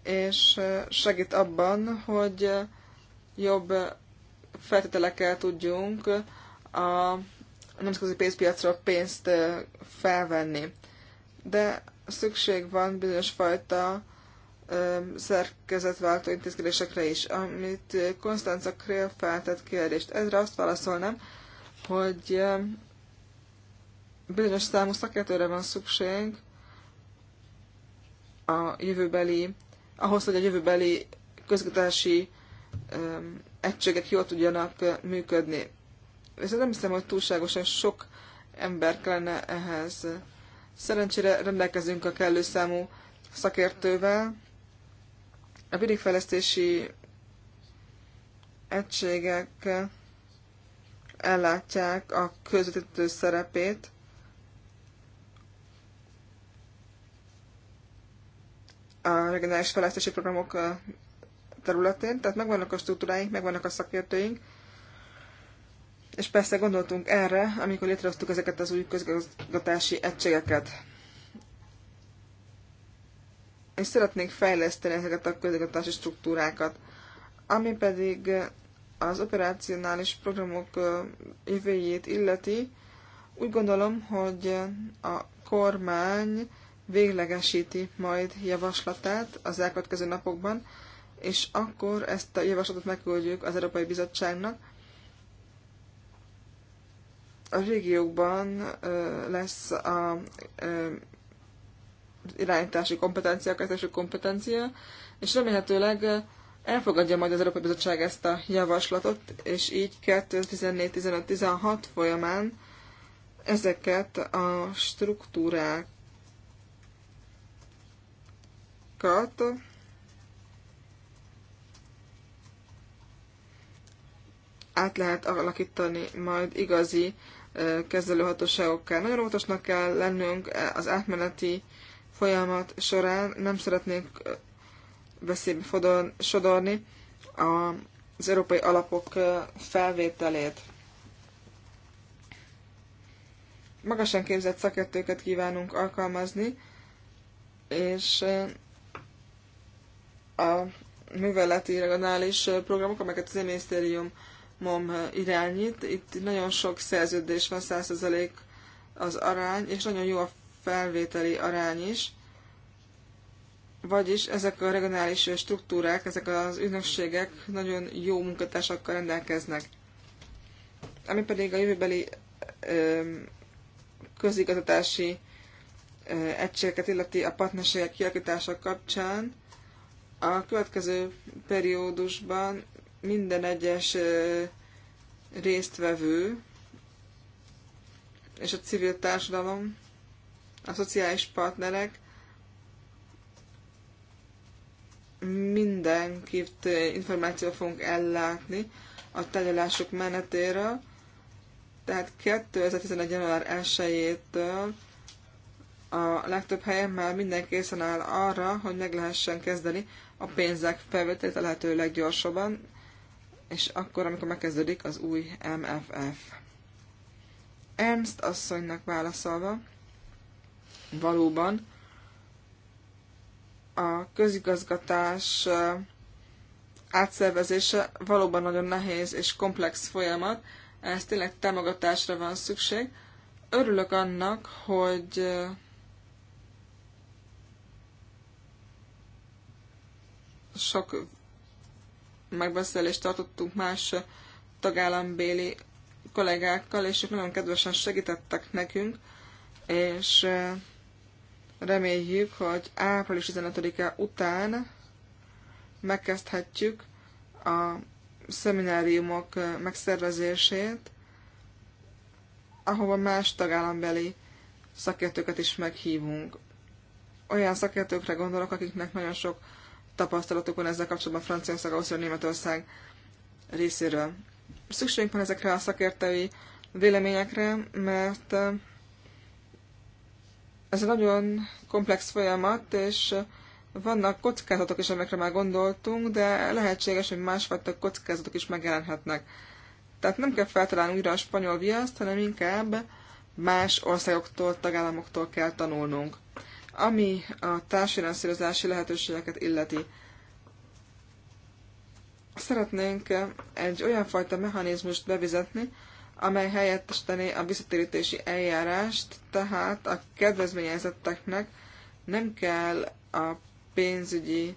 és segít abban, hogy jobb feltételekkel tudjunk a nemzetközi pénzpiacra pénzt felvenni. De szükség van bizonyos fajta szerkezetváltó intézkedésekre is. Amit Konstanza Krél feltett kérdést, ezre azt válaszolnám, hogy bizonyos számú szakértőre van szükség a jövőbeli, ahhoz, hogy a jövőbeli közgatási egységek jól tudjanak működni. Viszont nem hiszem, hogy túlságosan sok ember kellene ehhez. Szerencsére rendelkezünk a kellő számú szakértővel, a vidékfejlesztési egységek ellátják a közvetítő szerepét, a regionális fejlesztési programok területén, tehát megvannak a struktúráink, megvannak a szakértőink, és persze gondoltunk erre, amikor létrehoztuk ezeket az új közgazgatási egységeket és szeretnénk fejleszteni ezeket a közigazgatási struktúrákat. Ami pedig az operacionális programok jövőjét illeti, úgy gondolom, hogy a kormány véglegesíti majd javaslatát az elkövetkező napokban, és akkor ezt a javaslatot megküldjük az Európai Bizottságnak. A régiókban lesz a irányítási kompetencia, kezdési kompetencia, és remélhetőleg elfogadja majd az Európai Bizottság ezt a javaslatot, és így 2014-15-16 folyamán ezeket a struktúrákat át lehet alakítani majd igazi kezelőhatóságokkal. Nagyon óvatosnak kell lennünk az átmeneti folyamat során nem szeretnénk veszélybe sodorni az európai alapok felvételét. Magasan képzett szakértőket kívánunk alkalmazni, és a műveleti regionális programok, amelyeket az minisztérium MOM irányít. Itt nagyon sok szerződés van, 100% az arány, és nagyon jó a felvételi arány is, vagyis ezek a regionális struktúrák, ezek az ügynökségek nagyon jó munkatársakkal rendelkeznek. Ami pedig a jövőbeli közigazgatási egységeket illeti a partnerségek kialakítása kapcsán, a következő periódusban minden egyes résztvevő és a civil társadalom a szociális partnerek mindenkit információ fogunk ellátni a tárgyalások menetéről. Tehát 2011. január 1-től a legtöbb helyen már minden készen áll arra, hogy meg lehessen kezdeni a pénzek felvételét a lehető leggyorsabban, és akkor, amikor megkezdődik az új MFF. Ernst asszonynak válaszolva, valóban a közigazgatás átszervezése valóban nagyon nehéz és komplex folyamat, ehhez tényleg támogatásra van szükség. Örülök annak, hogy sok megbeszélést tartottunk más tagállambéli kollégákkal, és ők nagyon kedvesen segítettek nekünk, és Reméljük, hogy április 15-e után megkezdhetjük a szemináriumok megszervezését, ahova más tagállambeli szakértőket is meghívunk. Olyan szakértőkre gondolok, akiknek nagyon sok tapasztalatuk van ezzel kapcsolatban Franciaország, Ausztria, Németország részéről. Szükségünk van ezekre a szakértői véleményekre, mert ez egy nagyon komplex folyamat, és vannak kockázatok is, amikre már gondoltunk, de lehetséges, hogy másfajta kockázatok is megjelenhetnek. Tehát nem kell feltalálni újra a spanyol viaszt, hanem inkább más országoktól, tagállamoktól kell tanulnunk. Ami a társfinanszírozási lehetőségeket illeti, szeretnénk egy olyan fajta mechanizmust bevezetni, amely helyettesíteni a visszatérítési eljárást, tehát a kedvezményezetteknek nem kell a pénzügyi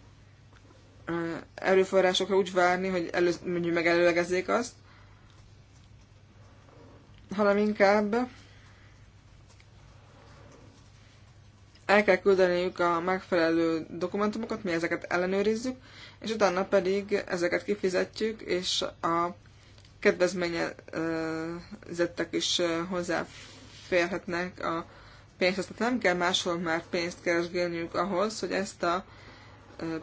erőforrásokra úgy várni, hogy elő, mondjuk megelőlegezzék azt, hanem inkább el kell küldeniük a megfelelő dokumentumokat, mi ezeket ellenőrizzük, és utána pedig ezeket kifizetjük, és a kedvezményezettek is hozzáférhetnek a pénzt, Tehát nem kell máshol már pénzt keresgélniük ahhoz, hogy ezt a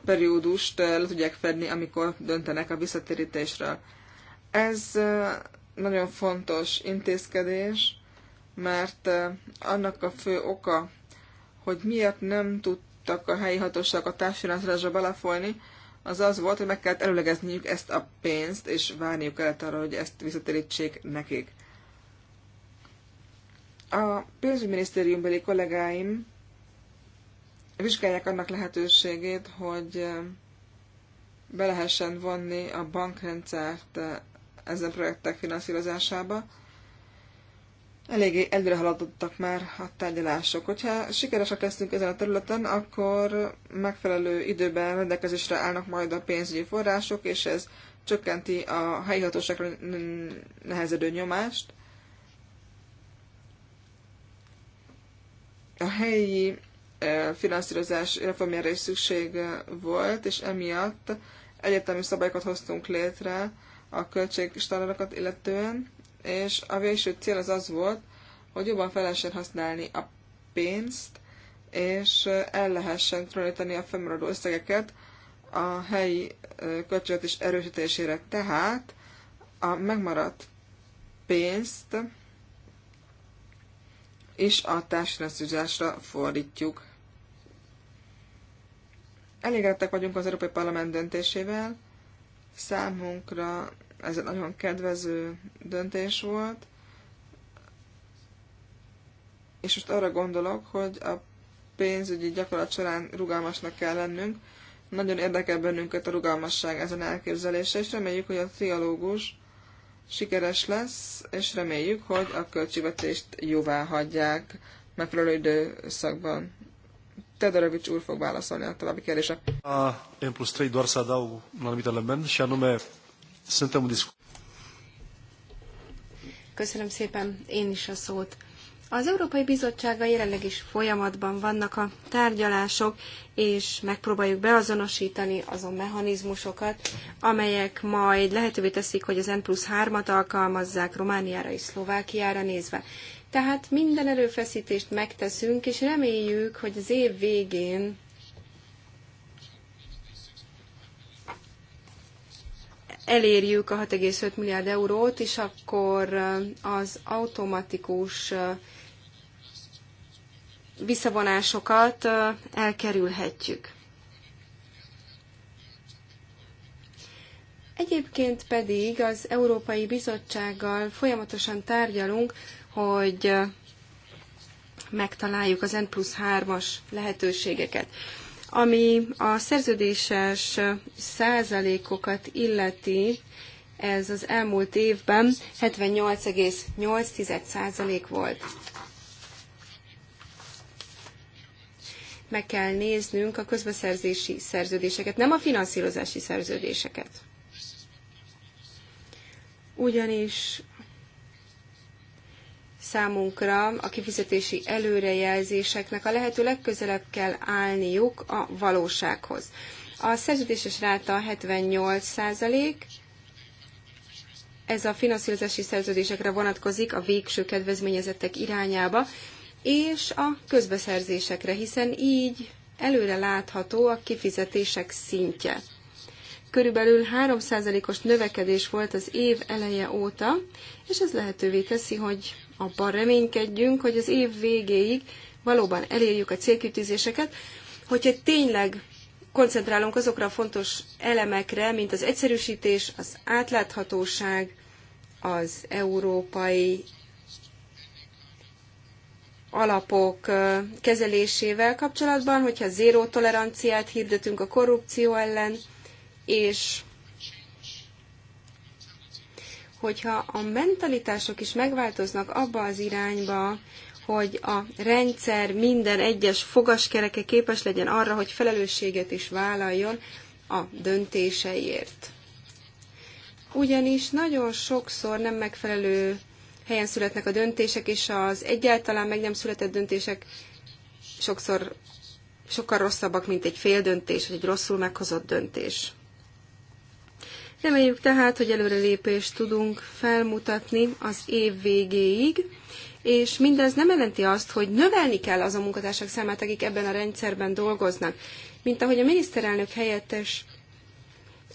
periódust le tudják fedni, amikor döntenek a visszatérítésről. Ez nagyon fontos intézkedés, mert annak a fő oka, hogy miért nem tudtak a helyi hatóságok a társfinanszírozásra belefolyni, az az volt, hogy meg kellett előlegezniük ezt a pénzt, és várniuk kellett arra, hogy ezt visszatérítsék nekik. A pénzügyminisztériumbeli kollégáim vizsgálják annak lehetőségét, hogy be lehessen vonni a bankrendszert ezen projektek finanszírozásába eléggé előre haladottak már a tárgyalások. Hogyha sikeresek leszünk ezen a területen, akkor megfelelő időben rendelkezésre állnak majd a pénzügyi források, és ez csökkenti a helyi hatóságra nehezedő nyomást. A helyi finanszírozás reformjára is szükség volt, és emiatt egyetemi szabályokat hoztunk létre a költségstandardokat illetően, és a végső cél az az volt, hogy jobban fel lehessen használni a pénzt, és el lehessen tulajdonítani a fennmaradó összegeket a helyi költségvetés erősítésére. Tehát a megmaradt pénzt és a társadalmi fordítjuk. Elégedettek vagyunk az Európai Parlament döntésével. Számunkra ez egy nagyon kedvező döntés volt, és most arra gondolok, hogy a pénzügyi gyakorlat során rugalmasnak kell lennünk. Nagyon érdekel bennünket a rugalmasság ezen elképzelése, és reméljük, hogy a trialógus sikeres lesz, és reméljük, hogy a költségvetést jóvá hagyják megfelelő időszakban. Tedorovics úr fog válaszolni a további kérdésre. A N plusz 3 doar să adaug un anumit anume Köszönöm szépen én is a szót. Az Európai Bizottsága jelenleg is folyamatban vannak a tárgyalások, és megpróbáljuk beazonosítani azon mechanizmusokat, amelyek majd lehetővé teszik, hogy az N plusz 3-at alkalmazzák Romániára és Szlovákiára nézve. Tehát minden erőfeszítést megteszünk, és reméljük, hogy az év végén elérjük a 6,5 milliárd eurót, és akkor az automatikus visszavonásokat elkerülhetjük. Egyébként pedig az Európai Bizottsággal folyamatosan tárgyalunk, hogy megtaláljuk az N plusz 3-as lehetőségeket. Ami a szerződéses százalékokat illeti, ez az elmúlt évben 78,8 százalék volt. Meg kell néznünk a közbeszerzési szerződéseket, nem a finanszírozási szerződéseket. Ugyanis számunkra a kifizetési előrejelzéseknek a lehető legközelebb kell állniuk a valósághoz. A szerződéses ráta 78 százalék, ez a finanszírozási szerződésekre vonatkozik a végső kedvezményezettek irányába, és a közbeszerzésekre, hiszen így előre látható a kifizetések szintje. Körülbelül 3%-os növekedés volt az év eleje óta, és ez lehetővé teszi, hogy abban reménykedjünk, hogy az év végéig valóban elérjük a célkütőzéseket, hogyha tényleg koncentrálunk azokra a fontos elemekre, mint az egyszerűsítés, az átláthatóság, az európai alapok kezelésével kapcsolatban, hogyha zéró toleranciát hirdetünk a korrupció ellen, és hogyha a mentalitások is megváltoznak abba az irányba, hogy a rendszer minden egyes fogaskereke képes legyen arra, hogy felelősséget is vállaljon a döntéseiért. Ugyanis nagyon sokszor nem megfelelő helyen születnek a döntések, és az egyáltalán meg nem született döntések sokszor sokkal rosszabbak, mint egy fél döntés, vagy egy rosszul meghozott döntés. Reméljük tehát, hogy előrelépést tudunk felmutatni az év végéig, és mindez nem jelenti azt, hogy növelni kell az a munkatársak számát, akik ebben a rendszerben dolgoznak. Mint ahogy a miniszterelnök helyettes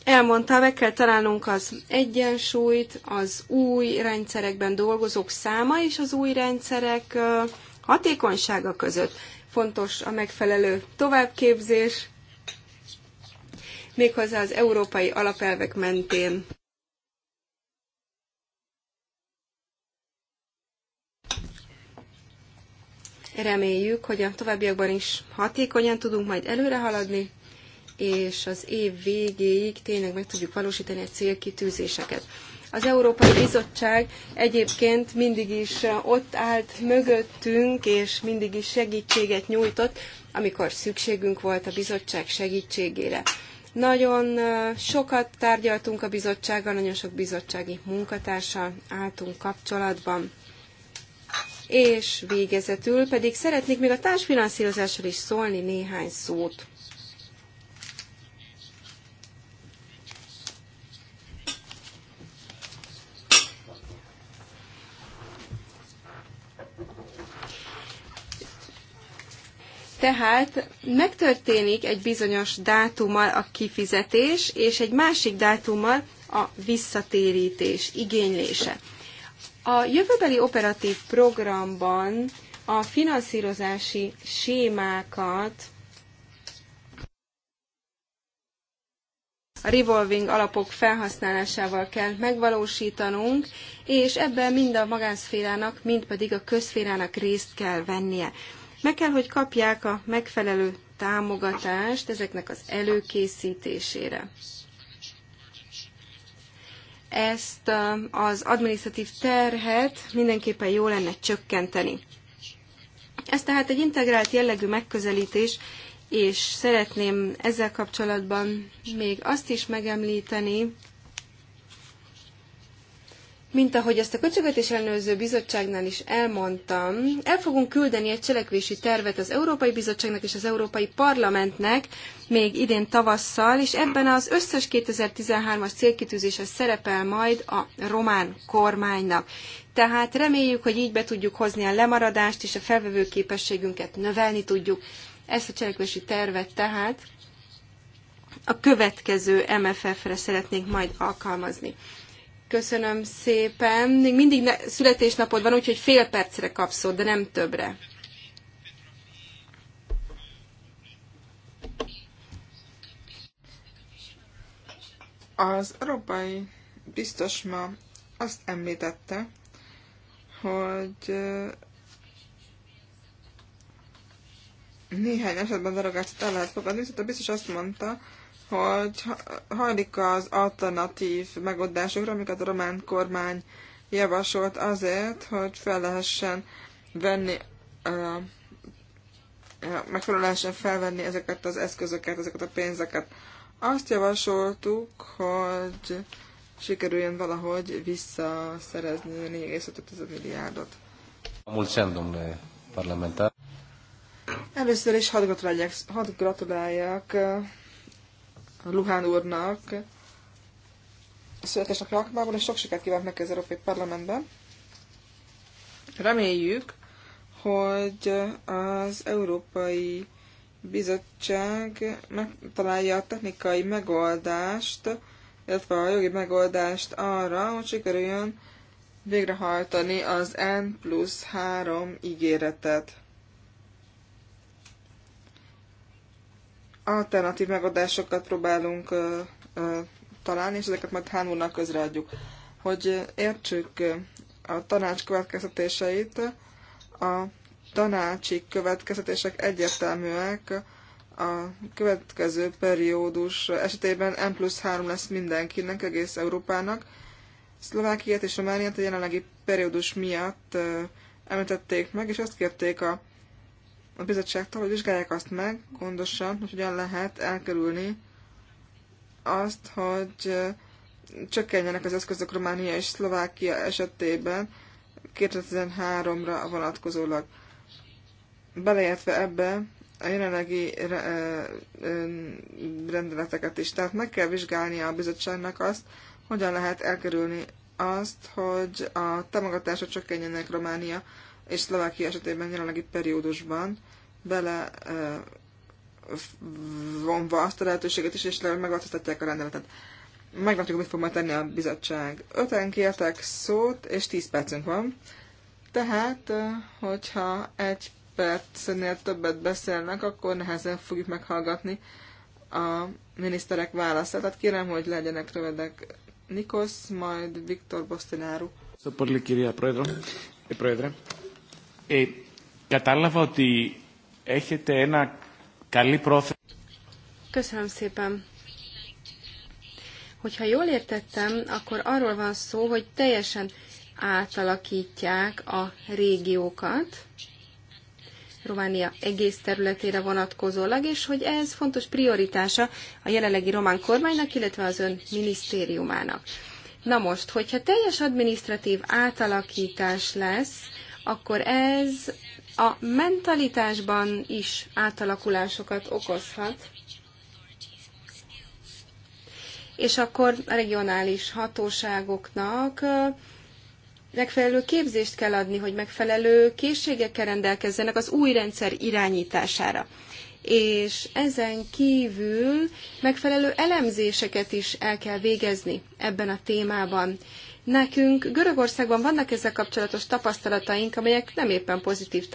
elmondta, meg kell találnunk az egyensúlyt, az új rendszerekben dolgozók száma és az új rendszerek hatékonysága között. Fontos a megfelelő továbbképzés, méghozzá az európai alapelvek mentén. Reméljük, hogy a továbbiakban is hatékonyan tudunk majd előre haladni, és az év végéig tényleg meg tudjuk valósítani a célkitűzéseket. Az Európai Bizottság egyébként mindig is ott állt mögöttünk, és mindig is segítséget nyújtott, amikor szükségünk volt a bizottság segítségére. Nagyon sokat tárgyaltunk a bizottsággal, nagyon sok bizottsági munkatársa álltunk kapcsolatban. És végezetül pedig szeretnék még a társfinanszírozásról is szólni néhány szót. Tehát megtörténik egy bizonyos dátummal a kifizetés, és egy másik dátummal a visszatérítés igénylése. A jövőbeli operatív programban a finanszírozási sémákat a revolving alapok felhasználásával kell megvalósítanunk, és ebben mind a magánszférának, mind pedig a közszférának részt kell vennie. Meg kell, hogy kapják a megfelelő támogatást ezeknek az előkészítésére. Ezt az administratív terhet mindenképpen jó lenne csökkenteni. Ez tehát egy integrált jellegű megközelítés, és szeretném ezzel kapcsolatban még azt is megemlíteni, mint ahogy ezt a Költségvetés Ellenőrző Bizottságnál is elmondtam, el fogunk küldeni egy cselekvési tervet az Európai Bizottságnak és az Európai Parlamentnek még idén tavasszal, és ebben az összes 2013-as célkitűzése szerepel majd a román kormánynak. Tehát reméljük, hogy így be tudjuk hozni a lemaradást, és a felvevő képességünket növelni tudjuk. Ezt a cselekvési tervet tehát a következő MFF-re szeretnénk majd alkalmazni. Köszönöm szépen. Még mindig ne, születésnapod van, úgyhogy fél percre kapszod, de nem többre. Az robai biztos ma azt említette, hogy néhány esetben darogást el lehet fogadni, szóval biztos azt mondta, hogy hajlik az alternatív megoldásokra, amiket a román kormány javasolt azért, hogy fel lehessen venni, megfelelően lehessen felvenni ezeket az eszközöket, ezeket a pénzeket. Azt javasoltuk, hogy sikerüljön valahogy visszaszerezni 4,5 milliárdot. múlt domnule eh, parlamentar. Először is hadd gratuláljak, hadd gratuláljak eh, Luhán úrnak a születésnek Rakmában, és sok sikert kívánok neki az Európai Parlamentben. Reméljük, hogy az Európai Bizottság megtalálja a technikai megoldást, illetve a jogi megoldást arra, hogy sikerüljön végrehajtani az N plusz 3 ígéretet. alternatív megoldásokat próbálunk ö, ö, találni, és ezeket majd Hán úrnak közreadjuk. Hogy értsük a tanács következtetéseit, a tanácsi következtetések egyértelműek, a következő periódus esetében M plusz 3 lesz mindenkinek, egész Európának. Szlovákiát és Romániát a jelenlegi periódus miatt említették meg, és azt kérték a a bizottságtól, hogy vizsgálják azt meg gondosan, hogy hogyan lehet elkerülni azt, hogy csökkenjenek az eszközök Románia és Szlovákia esetében 2013-ra vonatkozólag. Beleértve ebbe a jelenlegi rendeleteket is. Tehát meg kell vizsgálnia a bizottságnak azt, hogyan lehet elkerülni azt, hogy a támogatásra csökkenjenek Románia és Szlovákia esetében jelenlegi periódusban bele vonva azt a lehetőséget is, és megváltoztatják a rendeletet. Meglátjuk, mit fog majd tenni a bizottság. Öten kértek szót, és 10 percünk van. Tehát, hogyha egy percnél többet beszélnek, akkor nehezen fogjuk meghallgatni a miniszterek válaszát. Tehát kérem, hogy legyenek rövidek Nikos, majd Viktor Bostináru. Szóval, Kiria, Proedro. Eh, Proedre. Ε, κατάλαβα ότι έχετε ένα καλή πρόθεση. Köszönöm szépen. Hogyha jól értettem, akkor arról van szó, hogy teljesen átalakítják a régiókat, Románia egész területére vonatkozólag, és hogy ez fontos prioritása a jelenlegi román kormánynak, illetve az ön minisztériumának. Na most, hogyha teljes administratív átalakítás lesz, akkor ez a mentalitásban is átalakulásokat okozhat. És akkor a regionális hatóságoknak megfelelő képzést kell adni, hogy megfelelő készségekkel rendelkezzenek az új rendszer irányítására. És ezen kívül megfelelő elemzéseket is el kell végezni ebben a témában Nekünk Görögországban vannak ezzel kapcsolatos tapasztalataink, amelyek nem éppen pozitív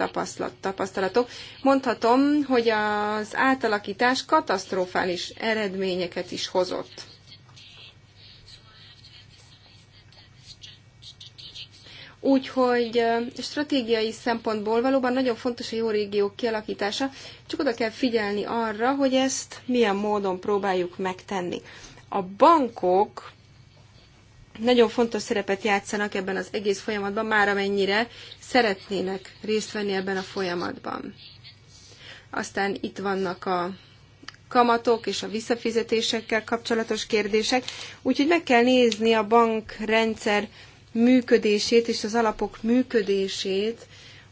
tapasztalatok. Mondhatom, hogy az átalakítás katasztrofális eredményeket is hozott. Úgyhogy stratégiai szempontból valóban nagyon fontos a jó régiók kialakítása, csak oda kell figyelni arra, hogy ezt milyen módon próbáljuk megtenni. A bankok nagyon fontos szerepet játszanak ebben az egész folyamatban, már amennyire szeretnének részt venni ebben a folyamatban. Aztán itt vannak a kamatok és a visszafizetésekkel kapcsolatos kérdések, úgyhogy meg kell nézni a bankrendszer működését és az alapok működését,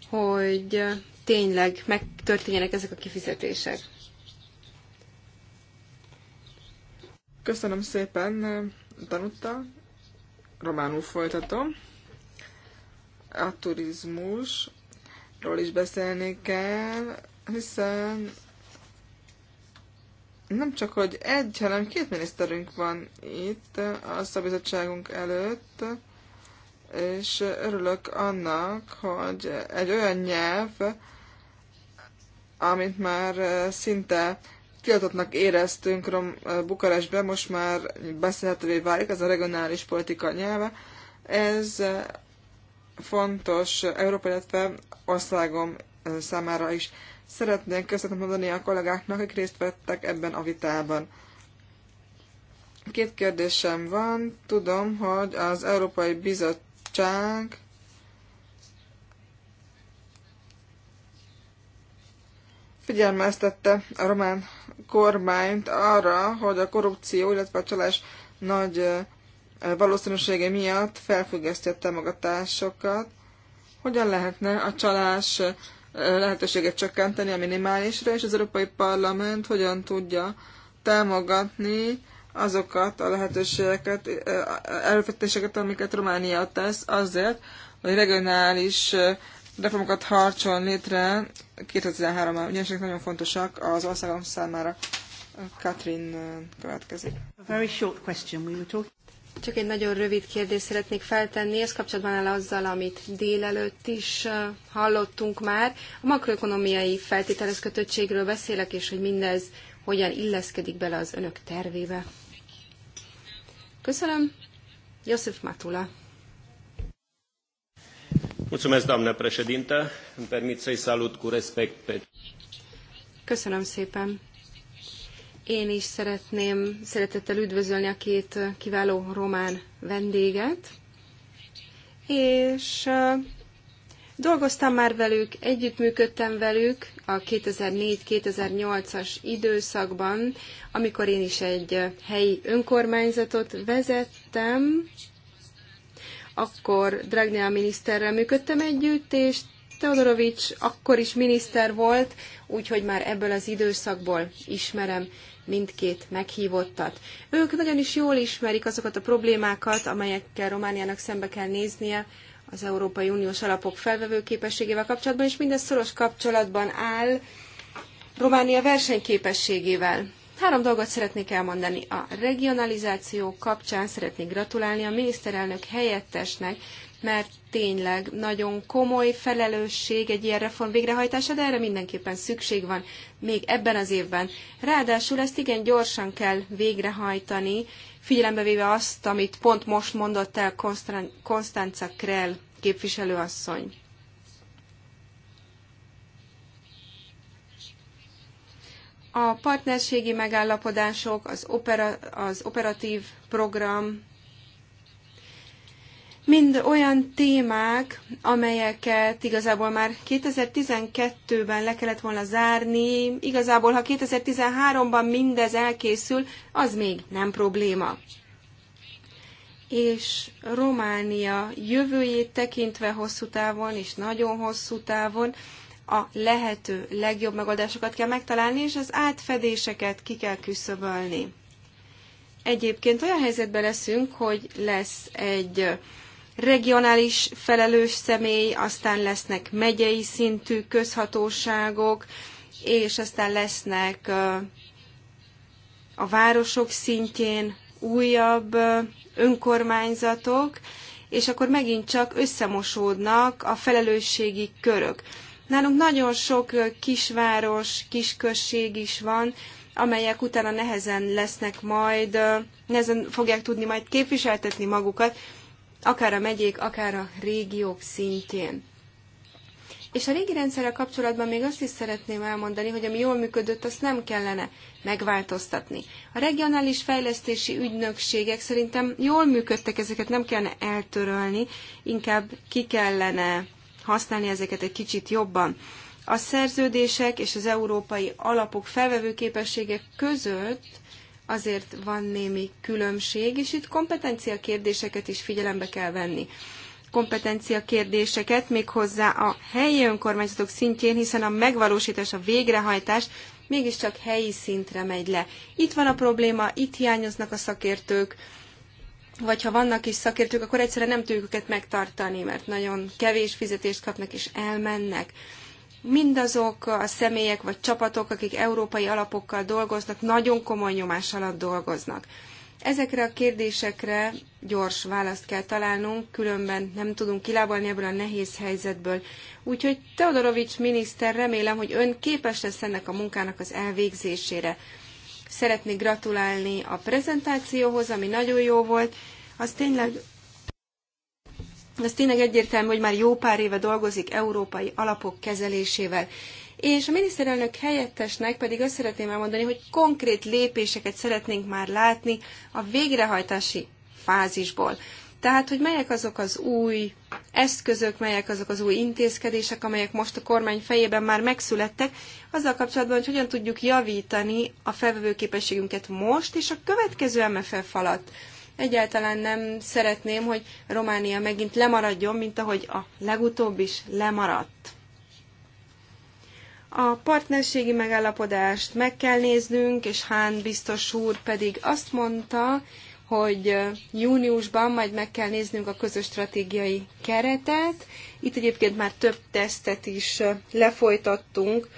hogy tényleg megtörténjenek ezek a kifizetések. Köszönöm szépen, Danuta románul folytatom. A turizmusról is beszélni kell, hiszen nem csak, hogy egy, hanem két miniszterünk van itt a szabizottságunk előtt, és örülök annak, hogy egy olyan nyelv, amit már szinte tiltottnak éreztünk Rom, Bukarestben, most már beszélhetővé válik, ez a regionális politika nyelve. Ez fontos Európa, illetve országom számára is. Szeretnék köszönet mondani a kollégáknak, akik részt vettek ebben a vitában. Két kérdésem van. Tudom, hogy az Európai Bizottság figyelmeztette a román kormányt arra, hogy a korrupció, illetve a csalás nagy valószínűsége miatt felfüggeszti a támogatásokat. Hogyan lehetne a csalás lehetőséget csökkenteni a minimálisra, és az Európai Parlament hogyan tudja támogatni azokat a lehetőségeket, előfettéseket, amiket Románia tesz azért, hogy regionális reformokat harcol létre 2013-ban, ugyanis nagyon fontosak az országom számára. Katrin következik. A very short question. We were talking... Csak egy nagyon rövid kérdést szeretnék feltenni, ez kapcsolatban áll azzal, amit délelőtt is hallottunk már. A makroekonomiai feltételez kötöttségről beszélek, és hogy mindez hogyan illeszkedik bele az önök tervébe. Köszönöm. József Matula. Mulțumesc, doamnă președintă. Îmi permit să-i salut cu respect pe... Köszönöm szépen. Én is szeretném szeretettel üdvözölni a két kiváló román vendéget, és dolgoztam már velük, együttműködtem velük a 2004-2008-as időszakban, amikor én is egy helyi önkormányzatot vezettem, akkor Dragnea miniszterrel működtem együtt, és Teodorovics akkor is miniszter volt, úgyhogy már ebből az időszakból ismerem mindkét meghívottat. Ők nagyon is jól ismerik azokat a problémákat, amelyekkel Romániának szembe kell néznie az Európai Uniós alapok felvevő képességével kapcsolatban, és mindez szoros kapcsolatban áll Románia versenyképességével. Három dolgot szeretnék elmondani. A regionalizáció kapcsán szeretnék gratulálni a miniszterelnök helyettesnek, mert tényleg nagyon komoly felelősség egy ilyen reform végrehajtása, de erre mindenképpen szükség van még ebben az évben. Ráadásul ezt igen gyorsan kell végrehajtani, figyelembe véve azt, amit pont most mondott el Konstanca Krell képviselőasszony. A partnerségi megállapodások, az, opera, az operatív program, mind olyan témák, amelyeket igazából már 2012-ben le kellett volna zárni, igazából ha 2013-ban mindez elkészül, az még nem probléma. És Románia jövőjét tekintve hosszú távon és nagyon hosszú távon a lehető legjobb megoldásokat kell megtalálni, és az átfedéseket ki kell küszöbölni. Egyébként olyan helyzetben leszünk, hogy lesz egy regionális felelős személy, aztán lesznek megyei szintű közhatóságok, és aztán lesznek a városok szintjén újabb önkormányzatok, és akkor megint csak összemosódnak a felelősségi körök. Nálunk nagyon sok kisváros, kisközség is van, amelyek utána nehezen lesznek majd, nehezen fogják tudni majd képviseltetni magukat, akár a megyék, akár a régiók szintjén. És a régi rendszerrel kapcsolatban még azt is szeretném elmondani, hogy ami jól működött, azt nem kellene megváltoztatni. A regionális fejlesztési ügynökségek szerintem jól működtek, ezeket nem kellene eltörölni, inkább ki kellene használni ezeket egy kicsit jobban. A szerződések és az európai alapok felvevő képessége között azért van némi különbség, és itt kompetencia kérdéseket is figyelembe kell venni. Kompetencia kérdéseket még hozzá a helyi önkormányzatok szintjén, hiszen a megvalósítás, a végrehajtás mégiscsak helyi szintre megy le. Itt van a probléma, itt hiányoznak a szakértők, vagy ha vannak is szakértők, akkor egyszerűen nem tudjuk őket megtartani, mert nagyon kevés fizetést kapnak és elmennek. Mindazok a személyek vagy csapatok, akik európai alapokkal dolgoznak, nagyon komoly nyomás alatt dolgoznak. Ezekre a kérdésekre gyors választ kell találnunk, különben nem tudunk kilábalni ebből a nehéz helyzetből. Úgyhogy Teodorovics miniszter, remélem, hogy ön képes lesz ennek a munkának az elvégzésére szeretnék gratulálni a prezentációhoz, ami nagyon jó volt. Az tényleg, az tényleg egyértelmű, hogy már jó pár éve dolgozik európai alapok kezelésével. És a miniszterelnök helyettesnek pedig azt szeretném elmondani, hogy konkrét lépéseket szeretnénk már látni a végrehajtási fázisból. Tehát, hogy melyek azok az új eszközök, melyek azok az új intézkedések, amelyek most a kormány fejében már megszülettek, azzal kapcsolatban, hogy hogyan tudjuk javítani a felvevőképességünket most és a következő MFF alatt. Egyáltalán nem szeretném, hogy Románia megint lemaradjon, mint ahogy a legutóbb is lemaradt. A partnerségi megállapodást meg kell néznünk, és Hán biztos úr pedig azt mondta, hogy júniusban majd meg kell néznünk a közös stratégiai keretet. Itt egyébként már több tesztet is lefolytattunk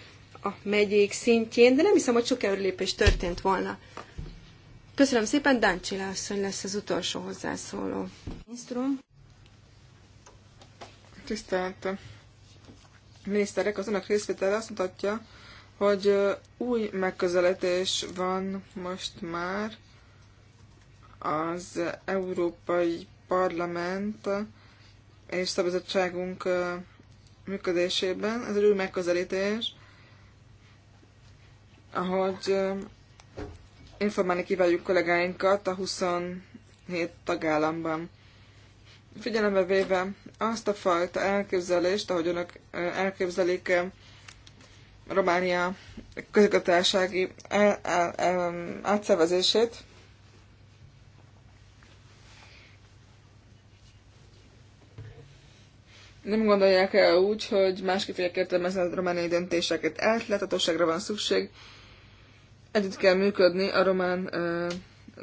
a megyék szintjén, de nem hiszem, hogy sok előlépés történt volna. Köszönöm szépen, Dáncsi asszony lesz az utolsó hozzászóló. Minisztrum. Tisztelt miniszterek, az önök részvétele azt mutatja, hogy új megközelítés van most már, az Európai Parlament és szabadságunk működésében. Ez egy új megközelítés, ahogy informálni kívánjuk kollégáinkat a 27 tagállamban. Figyelembe véve azt a fajta elképzelést, ahogy önök elképzelik Románia közigazgatásági e, e, e, átszervezését, nem gondolják el úgy, hogy másképp fogják értelmezni a romániai döntéseket. Átláthatóságra van szükség, együtt kell működni a román ö,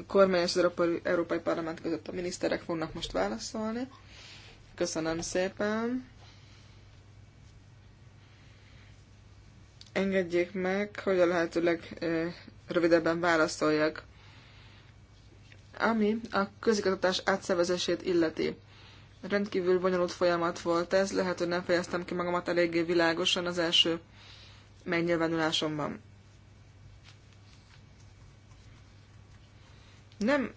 kormány és az Európai, Európai Parlament között. A miniszterek fognak most válaszolni. Köszönöm szépen. Engedjék meg, hogy a lehetőleg ö, rövidebben válaszoljak. Ami a közigazgatás átszervezését illeti Rendkívül bonyolult folyamat volt ez, lehet, hogy nem fejeztem ki magamat eléggé világosan az első megnyilvánulásomban. Nem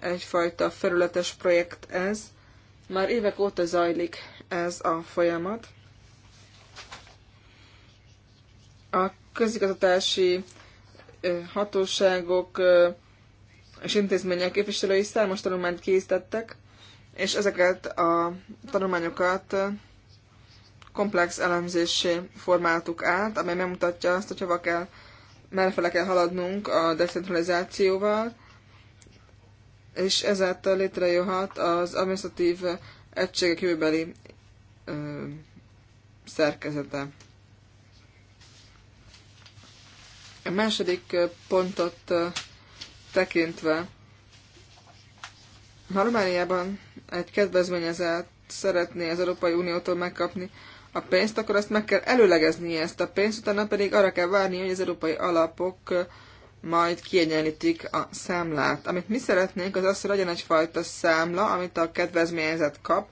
egyfajta felületes projekt ez, már évek óta zajlik ez a folyamat. A közigazgatási hatóságok és intézmények képviselői számos tanulmányt készítettek, és ezeket a tanulmányokat komplex elemzésé formáltuk át, amely megmutatja azt, hogy hova kell, merre kell haladnunk a decentralizációval, és ezáltal létrejöhet az administratív egységek jövőbeli ö, szerkezete. A második pontot tekintve, ha egy kedvezményezet szeretné az Európai Uniótól megkapni a pénzt, akkor azt meg kell előlegezni ezt a pénzt, utána pedig arra kell várni, hogy az európai alapok majd kiegyenlítik a számlát. Amit mi szeretnénk, az az, hogy legyen egyfajta számla, amit a kedvezményezet kap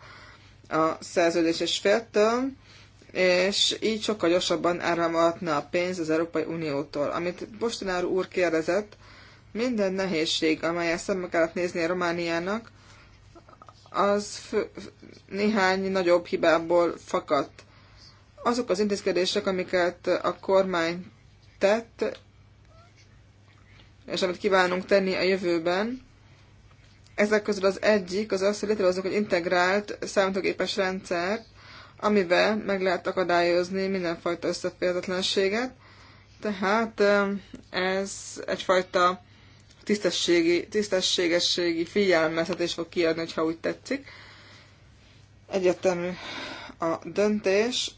a szerződéses féltől, és így sokkal gyorsabban áramlatna a pénz az Európai Uniótól. Amit Bostinár úr kérdezett, minden nehézség, amelyet szembe kellett nézni a Romániának, az fő, néhány nagyobb hibából fakadt. Azok az intézkedések, amiket a kormány tett, és amit kívánunk tenni a jövőben, ezek közül az egyik az az, hogy létrehozunk egy integrált számítógépes rendszert, amivel meg lehet akadályozni mindenfajta összeférhetetlenséget. Tehát ez egyfajta tisztességi, tisztességességi figyelmeztetés fog kiadni, ha úgy tetszik. Egyetemű a döntés.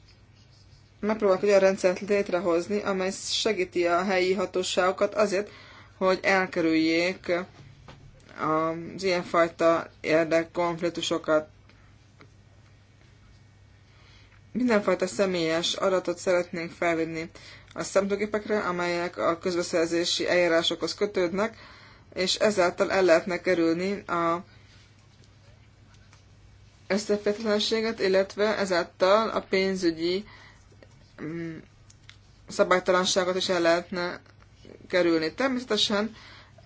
Megpróbálok olyan rendszert létrehozni, amely segíti a helyi hatóságokat azért, hogy elkerüljék az ilyenfajta érdekkonfliktusokat. Mindenfajta személyes adatot szeretnénk felvinni a számítógépekre, amelyek a közbeszerzési eljárásokhoz kötődnek, és ezáltal el lehetne kerülni a összeférhetetlenséget, illetve ezáltal a pénzügyi mm, szabálytalanságot is el lehetne kerülni. Természetesen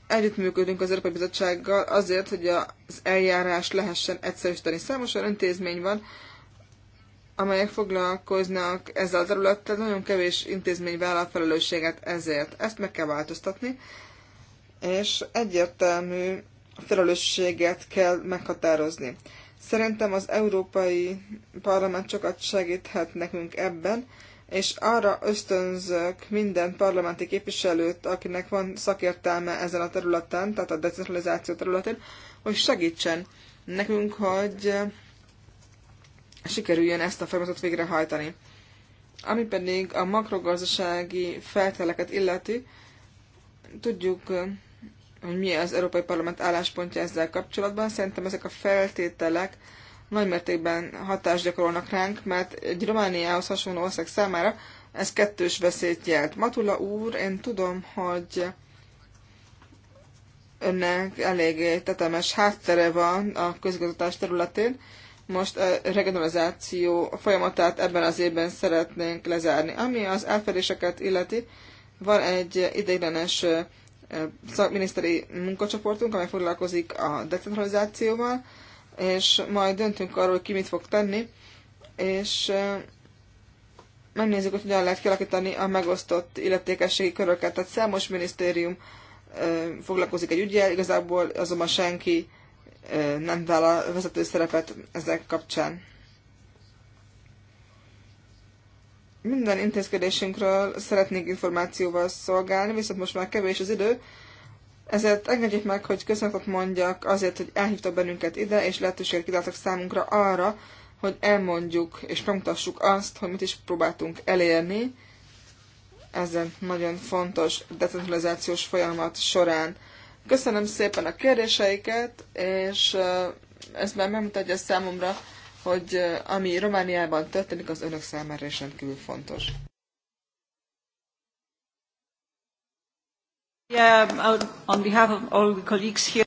együttműködünk az Európai Bizottsággal azért, hogy az eljárás lehessen egyszerűsíteni. Számos olyan intézmény van, amelyek foglalkoznak ezzel a területtel, nagyon kevés intézmény vállal felelősséget ezért. Ezt meg kell változtatni, és egyértelmű felelősséget kell meghatározni. Szerintem az Európai Parlament sokat segíthet nekünk ebben, és arra ösztönzök minden parlamenti képviselőt, akinek van szakértelme ezen a területen, tehát a decentralizáció területén, hogy segítsen nekünk, hogy sikerüljön ezt a folyamatot végrehajtani. Ami pedig a makrogazdasági feltételeket illeti, tudjuk hogy mi az Európai Parlament álláspontja ezzel kapcsolatban. Szerintem ezek a feltételek nagymértékben hatást gyakorolnak ránk, mert egy Romániához hasonló ország számára ez kettős veszélyt jelent. Matula úr, én tudom, hogy önnek eléggé tetemes háttere van a közgazdatás területén. Most a regionalizáció folyamatát ebben az évben szeretnénk lezárni. Ami az elfedéseket illeti, van egy ideiglenes szakminiszteri munkacsoportunk, amely foglalkozik a decentralizációval, és majd döntünk arról, ki mit fog tenni, és megnézzük, hogy hogyan lehet kialakítani a megosztott illetékességi köröket. Tehát számos minisztérium foglalkozik egy ügyel, igazából azonban senki nem vállal vezető szerepet ezek kapcsán. Minden intézkedésünkről szeretnék információval szolgálni, viszont most már kevés az idő, ezért engedjék meg, hogy köszönetet mondjak azért, hogy elhívtak bennünket ide, és lehetőséget kidáltak számunkra arra, hogy elmondjuk és megmutassuk azt, hogy mit is próbáltunk elérni ezen nagyon fontos decentralizációs folyamat során. Köszönöm szépen a kérdéseiket, és ez már megmutatja számomra, hogy ami Romániában történik, az önök számára is rendkívül fontos. Yeah, on behalf of all the colleagues here.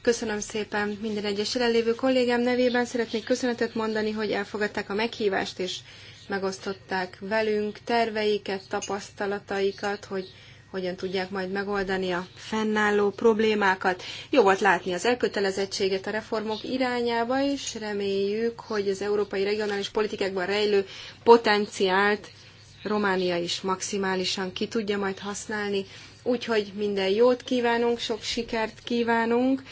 Köszönöm szépen minden egyes jelenlévő kollégám nevében. Szeretnék köszönetet mondani, hogy elfogadták a meghívást, és megosztották velünk terveiket, tapasztalataikat, hogy hogyan tudják majd megoldani a fennálló problémákat. Jó volt látni az elkötelezettséget a reformok irányába, és reméljük, hogy az európai regionális politikákban rejlő potenciált Románia is maximálisan ki tudja majd használni. Úgyhogy minden jót kívánunk, sok sikert kívánunk,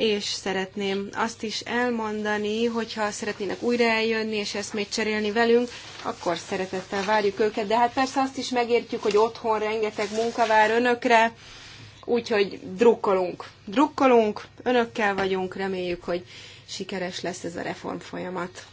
és szeretném azt is elmondani, hogyha szeretnének újra eljönni, és ezt még cserélni velünk, akkor szeretettel várjuk őket, de hát persze azt is megértjük, hogy otthon rengeteg munka vár önökre, úgyhogy drukkolunk. Drukkolunk, önökkel vagyunk, reméljük, hogy sikeres lesz ez a reform folyamat.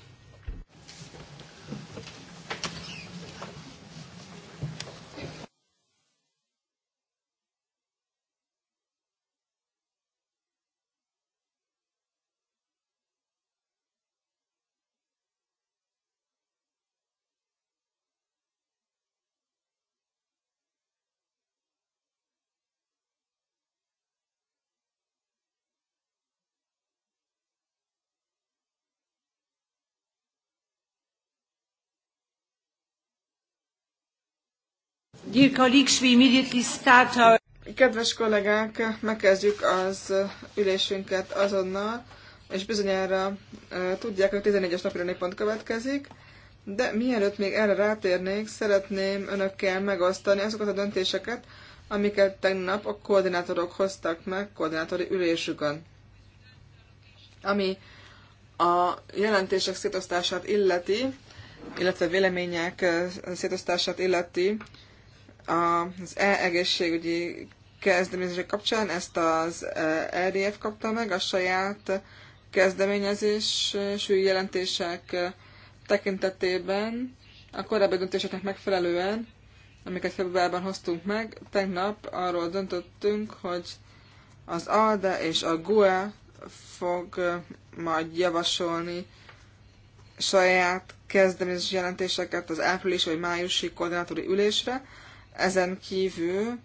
Kedves kollégák, megkezdjük az ülésünket azonnal, és bizonyára tudják, hogy 14-es napi pont következik, de mielőtt még erre rátérnék, szeretném önökkel megosztani azokat a döntéseket, amiket tegnap a koordinátorok hoztak meg koordinátori ülésükön. Ami a jelentések szétosztását illeti, illetve vélemények szétosztását illeti, az e-egészségügyi kezdeményezések kapcsán ezt az e RDF kapta meg, a saját kezdeményezésű jelentések tekintetében a korábbi döntéseknek megfelelően, amiket februárban hoztunk meg, tegnap arról döntöttünk, hogy az ALDE és a GUE fog majd javasolni saját kezdeményezés jelentéseket az április vagy májusi koordinátori ülésre, ezen kívül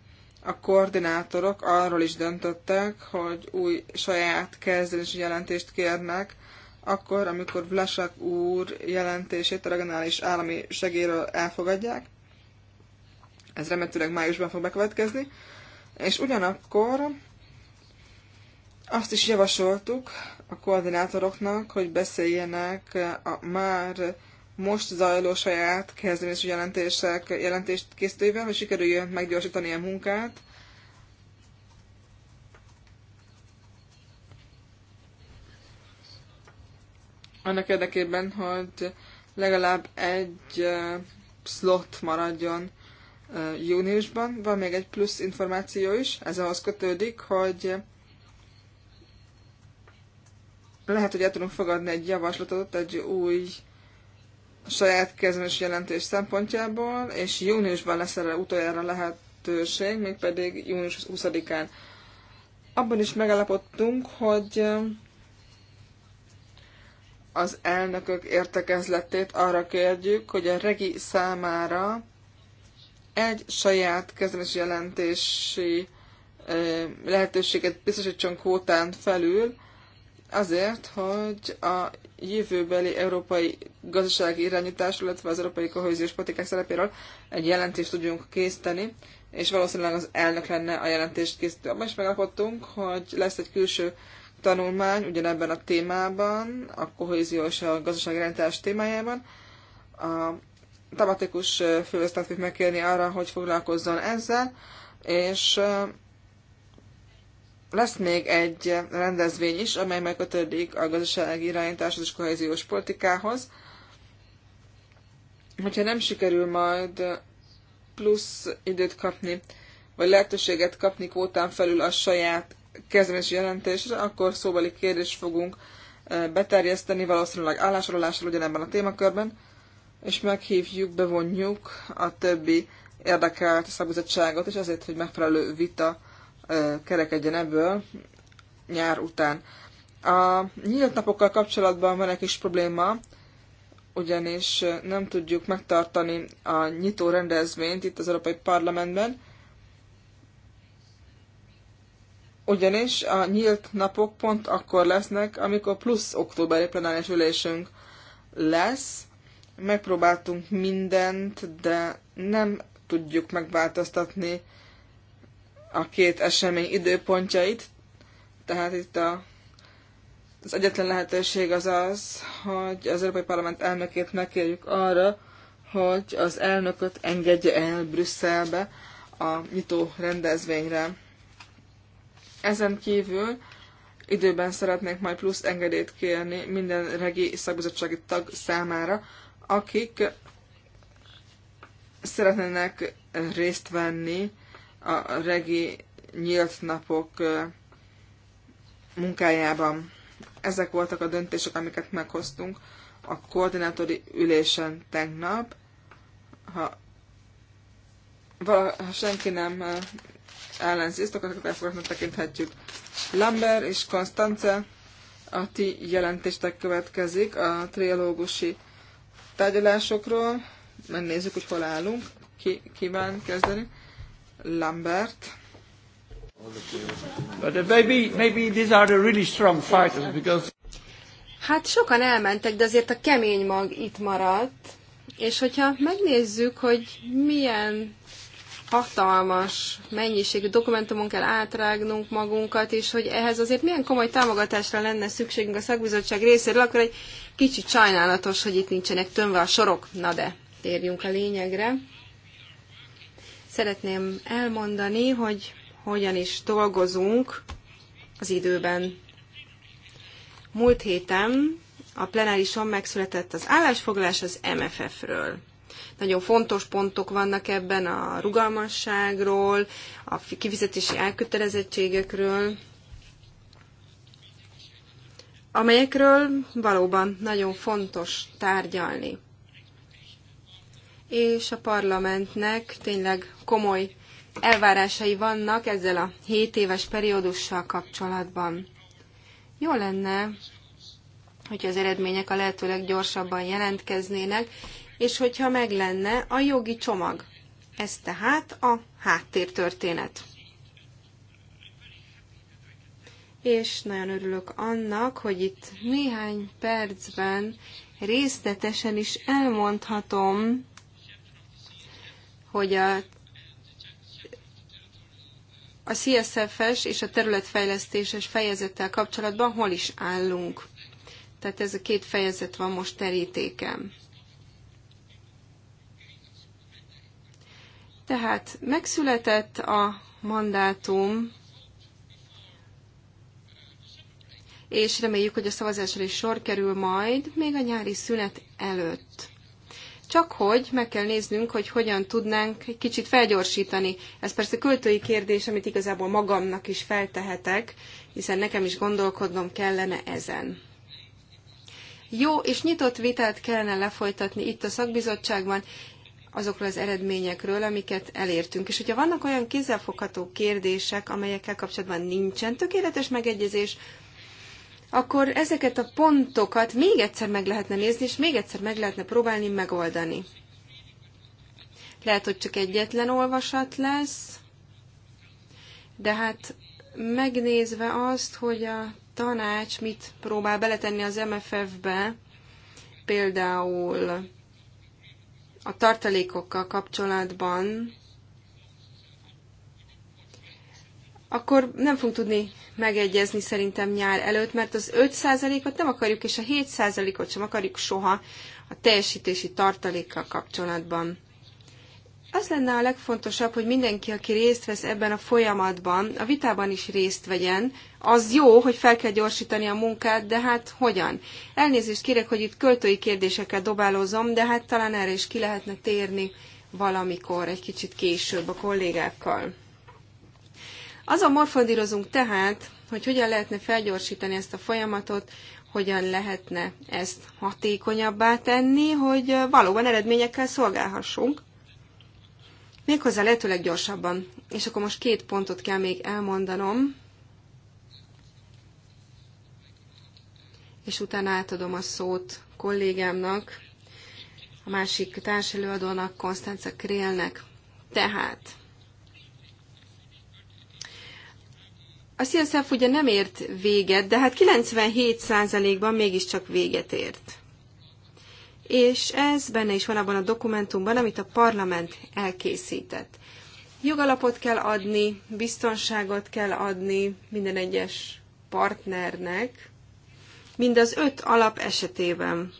a koordinátorok arról is döntöttek, hogy új saját kezdési jelentést kérnek, akkor, amikor Vlasak úr jelentését a regionális állami segélyről elfogadják. Ez remetőleg májusban fog bekövetkezni. És ugyanakkor azt is javasoltuk a koordinátoroknak, hogy beszéljenek a már most zajló saját kezdeményező jelentések jelentést készítőivel, hogy sikerüljön meggyorsítani a munkát. Annak érdekében, hogy legalább egy slot maradjon júniusban. Van még egy plusz információ is, ez ahhoz kötődik, hogy lehet, hogy el tudunk fogadni egy javaslatot egy új a saját kezdeményes jelentés szempontjából, és júniusban lesz erre utoljára lehetőség, mégpedig június 20-án. Abban is megállapodtunk, hogy um, az elnökök értekezletét arra kérjük, hogy a regi számára egy saját kezdeményes jelentési um, lehetőséget biztosítson kótán felül, azért, hogy a jövőbeli európai gazdasági irányításról, illetve az európai kohéziós politikák szerepéről egy jelentést tudjunk készíteni, és valószínűleg az elnök lenne a jelentést készítő. Abban is megállapodtunk, hogy lesz egy külső tanulmány ugyanebben a témában, a kohéziós a gazdasági irányítás témájában. A tematikus főosztályt fogjuk megkérni arra, hogy foglalkozzon ezzel, és lesz még egy rendezvény is, amely megkötődik a gazdasági irányításhoz és kohéziós politikához. Hogyha nem sikerül majd plusz időt kapni, vagy lehetőséget kapni kvótán felül a saját kezdeményezési jelentésre, akkor szóbeli kérdést fogunk e, beterjeszteni, valószínűleg állásolással ugyanebben a témakörben, és meghívjuk, bevonjuk a többi érdekelt szabizottságot, és azért, hogy megfelelő vita kerekedjen ebből nyár után. A nyílt napokkal kapcsolatban van egy kis probléma, ugyanis nem tudjuk megtartani a nyitó rendezvényt itt az Európai Parlamentben, ugyanis a nyílt napok pont akkor lesznek, amikor plusz októberi plenáris ülésünk lesz. Megpróbáltunk mindent, de nem tudjuk megváltoztatni a két esemény időpontjait, tehát itt a, az egyetlen lehetőség az az, hogy az Európai Parlament elnökét megkérjük arra, hogy az elnököt engedje el Brüsszelbe a nyitó rendezvényre. Ezen kívül időben szeretnék majd plusz engedélyt kérni minden regi szakbizottsági tag számára, akik szeretnének részt venni a regi nyílt napok munkájában. Ezek voltak a döntések, amiket meghoztunk a koordinátori ülésen tegnap. Ha, vala, ha senki nem ellenzi, ezt akkor elfogadnak tekinthetjük. Lambert és Konstance a ti jelentéstek következik a triológusi tárgyalásokról. Megnézzük, hogy hol állunk. Ki kíván kezdeni? Lambert. Hát sokan elmentek, de azért a kemény mag itt maradt. És hogyha megnézzük, hogy milyen hatalmas mennyiségű dokumentumon kell átrágnunk magunkat, és hogy ehhez azért milyen komoly támogatásra lenne szükségünk a szakbizottság részéről, akkor egy kicsit sajnálatos, hogy itt nincsenek tömve a sorok. Na de, térjünk a lényegre. Szeretném elmondani, hogy hogyan is dolgozunk az időben. Múlt héten a plenárison megszületett az állásfoglalás az MFF-ről. Nagyon fontos pontok vannak ebben a rugalmasságról, a kifizetési elkötelezettségekről, amelyekről valóban nagyon fontos tárgyalni és a parlamentnek tényleg komoly elvárásai vannak ezzel a 7 éves periódussal kapcsolatban. Jó lenne, hogy az eredmények a lehető leggyorsabban jelentkeznének, és hogyha meg lenne a jogi csomag. Ez tehát a háttértörténet. És nagyon örülök annak, hogy itt néhány percben részletesen is elmondhatom, hogy a, a CSF-es és a területfejlesztéses fejezettel kapcsolatban hol is állunk. Tehát ez a két fejezet van most terítéken. Tehát megszületett a mandátum, és reméljük, hogy a szavazásra is sor kerül majd, még a nyári szünet előtt csak hogy meg kell néznünk, hogy hogyan tudnánk egy kicsit felgyorsítani. Ez persze költői kérdés, amit igazából magamnak is feltehetek, hiszen nekem is gondolkodnom kellene ezen. Jó és nyitott vitát kellene lefolytatni itt a szakbizottságban, azokról az eredményekről, amiket elértünk. És hogyha vannak olyan kézzelfogható kérdések, amelyekkel kapcsolatban nincsen tökéletes megegyezés, akkor ezeket a pontokat még egyszer meg lehetne nézni, és még egyszer meg lehetne próbálni megoldani. Lehet, hogy csak egyetlen olvasat lesz, de hát megnézve azt, hogy a tanács mit próbál beletenni az MFF-be, például a tartalékokkal kapcsolatban, akkor nem fogunk tudni megegyezni szerintem nyár előtt, mert az 5%-ot nem akarjuk, és a 7%-ot sem akarjuk soha a teljesítési tartalékkal kapcsolatban. Az lenne a legfontosabb, hogy mindenki, aki részt vesz ebben a folyamatban, a vitában is részt vegyen. Az jó, hogy fel kell gyorsítani a munkát, de hát hogyan? Elnézést kérek, hogy itt költői kérdésekkel dobálózom, de hát talán erre is ki lehetne térni valamikor, egy kicsit később a kollégákkal. Azon morfondírozunk tehát, hogy hogyan lehetne felgyorsítani ezt a folyamatot, hogyan lehetne ezt hatékonyabbá tenni, hogy valóban eredményekkel szolgálhassunk, méghozzá lehetőleg gyorsabban. És akkor most két pontot kell még elmondanom, és utána átadom a szót kollégámnak, a másik társelőadónak, Konstanca Krélnek. Tehát a CSF ugye nem ért véget, de hát 97%-ban mégiscsak véget ért. És ez benne is van abban a dokumentumban, amit a parlament elkészített. Jogalapot kell adni, biztonságot kell adni minden egyes partnernek, mind az öt alap esetében.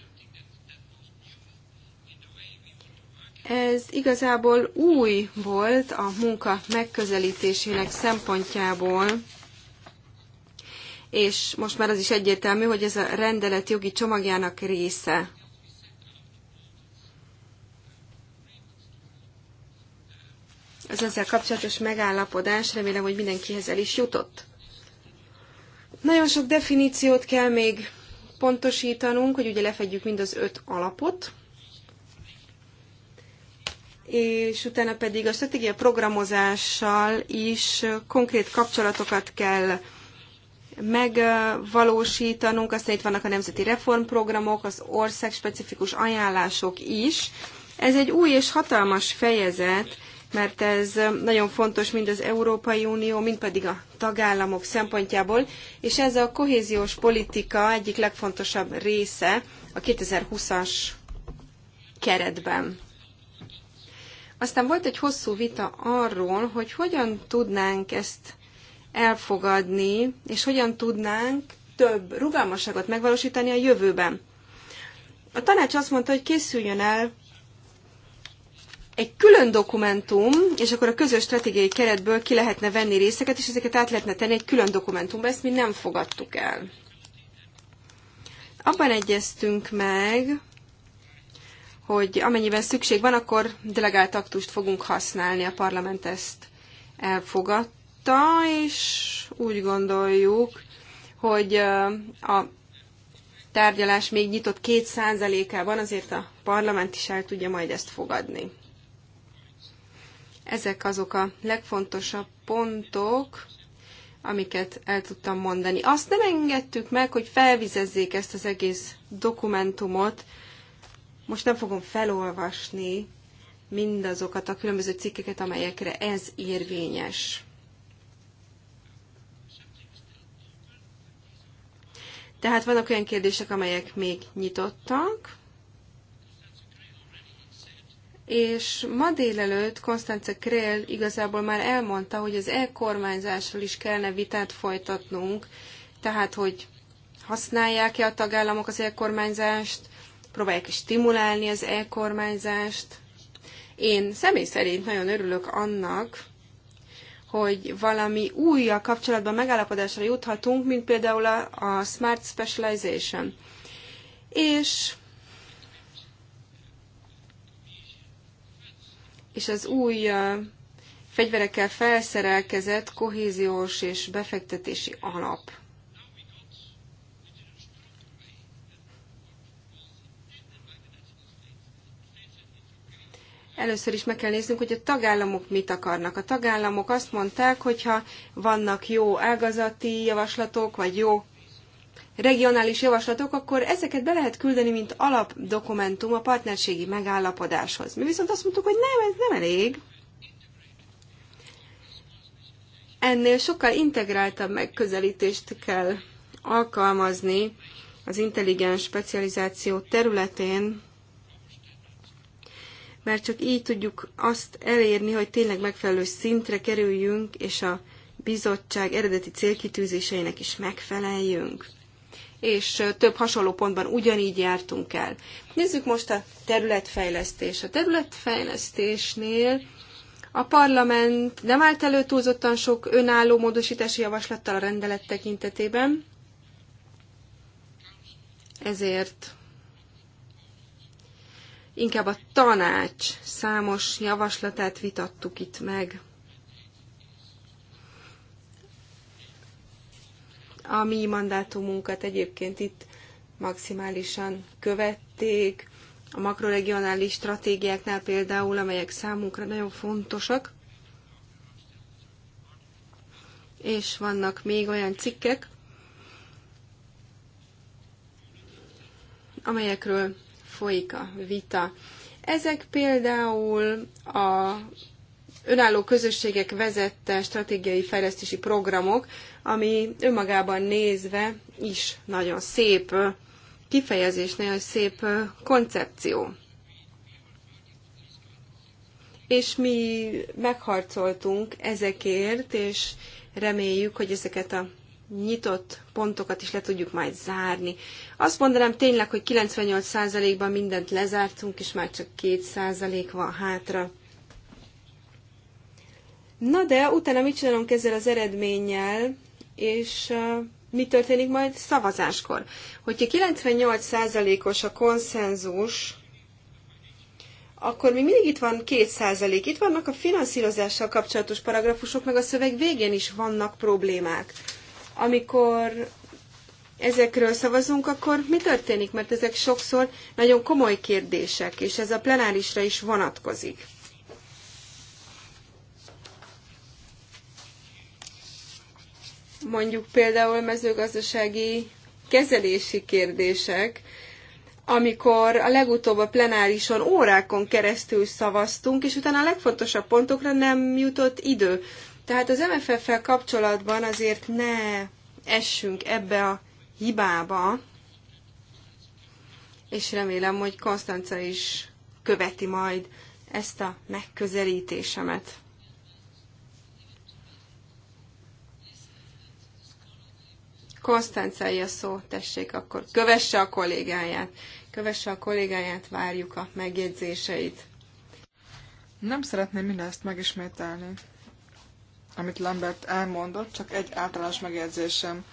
Ez igazából új volt a munka megközelítésének szempontjából, és most már az is egyértelmű, hogy ez a rendelet jogi csomagjának része. Az ezzel kapcsolatos megállapodás remélem, hogy mindenkihez el is jutott. Nagyon sok definíciót kell még pontosítanunk, hogy ugye lefedjük mind az öt alapot, és utána pedig a stratégia programozással is konkrét kapcsolatokat kell megvalósítanunk. Aztán itt vannak a nemzeti reformprogramok, az országspecifikus ajánlások is. Ez egy új és hatalmas fejezet, mert ez nagyon fontos mind az Európai Unió, mind pedig a tagállamok szempontjából, és ez a kohéziós politika egyik legfontosabb része a 2020-as keretben. Aztán volt egy hosszú vita arról, hogy hogyan tudnánk ezt elfogadni, és hogyan tudnánk több rugalmasságot megvalósítani a jövőben. A tanács azt mondta, hogy készüljön el egy külön dokumentum, és akkor a közös stratégiai keretből ki lehetne venni részeket, és ezeket át lehetne tenni egy külön dokumentumba, ezt mi nem fogadtuk el. Abban egyeztünk meg, hogy amennyiben szükség van, akkor delegált aktust fogunk használni, a parlament ezt elfogadta megvita, és úgy gondoljuk, hogy a tárgyalás még nyitott két százalékában azért a parlament is el tudja majd ezt fogadni. Ezek azok a legfontosabb pontok, amiket el tudtam mondani. Azt nem engedtük meg, hogy felvizezzék ezt az egész dokumentumot. Most nem fogom felolvasni mindazokat a különböző cikkeket, amelyekre ez érvényes. Tehát vannak olyan kérdések, amelyek még nyitottak. És ma délelőtt Konstance Krell igazából már elmondta, hogy az e-kormányzásról is kellene vitát folytatnunk, tehát hogy használják-e a tagállamok az e-kormányzást, próbálják stimulálni az e-kormányzást. Én személy szerint nagyon örülök annak, hogy valami új a kapcsolatban megállapodásra juthatunk, mint például a, a Smart Specialization. És és az új fegyverekkel felszerelkezett kohéziós és befektetési alap. Először is meg kell néznünk, hogy a tagállamok mit akarnak. A tagállamok azt mondták, hogyha vannak jó ágazati javaslatok, vagy jó regionális javaslatok, akkor ezeket be lehet küldeni, mint alapdokumentum a partnerségi megállapodáshoz. Mi viszont azt mondtuk, hogy nem, ez nem elég. Ennél sokkal integráltabb megközelítést kell alkalmazni az intelligens specializáció területén, mert csak így tudjuk azt elérni, hogy tényleg megfelelő szintre kerüljünk, és a bizottság eredeti célkitűzéseinek is megfeleljünk. És több hasonló pontban ugyanígy jártunk el. Nézzük most a területfejlesztés. A területfejlesztésnél a parlament nem állt elő túlzottan sok önálló módosítási javaslattal a rendelet tekintetében, ezért inkább a tanács számos javaslatát vitattuk itt meg. A mi mandátumunkat egyébként itt maximálisan követték, a makroregionális stratégiáknál például, amelyek számunkra nagyon fontosak, és vannak még olyan cikkek, amelyekről folyik a vita. Ezek például a önálló közösségek vezette stratégiai fejlesztési programok, ami önmagában nézve is nagyon szép kifejezés, nagyon szép koncepció. És mi megharcoltunk ezekért, és reméljük, hogy ezeket a nyitott pontokat is le tudjuk majd zárni. Azt mondanám tényleg, hogy 98%-ban mindent lezártunk, és már csak 2% van hátra. Na de utána mit csinálunk ezzel az eredménnyel, és mi történik majd szavazáskor? Hogyha 98%-os a konszenzus, akkor mi mindig itt van 2%. Itt vannak a finanszírozással kapcsolatos paragrafusok, meg a szöveg végén is vannak problémák amikor ezekről szavazunk, akkor mi történik? Mert ezek sokszor nagyon komoly kérdések, és ez a plenárisra is vonatkozik. Mondjuk például mezőgazdasági kezelési kérdések, amikor a legutóbb a plenárison órákon keresztül szavaztunk, és utána a legfontosabb pontokra nem jutott idő. Tehát az MFF-fel kapcsolatban azért ne essünk ebbe a hibába, és remélem, hogy Konstanca is követi majd ezt a megközelítésemet. Konstancai a szó, tessék, akkor kövesse a kollégáját. Kövesse a kollégáját, várjuk a megjegyzéseit. Nem szeretném mindezt megismételni amit Lambert elmondott, csak egy általános megjegyzésem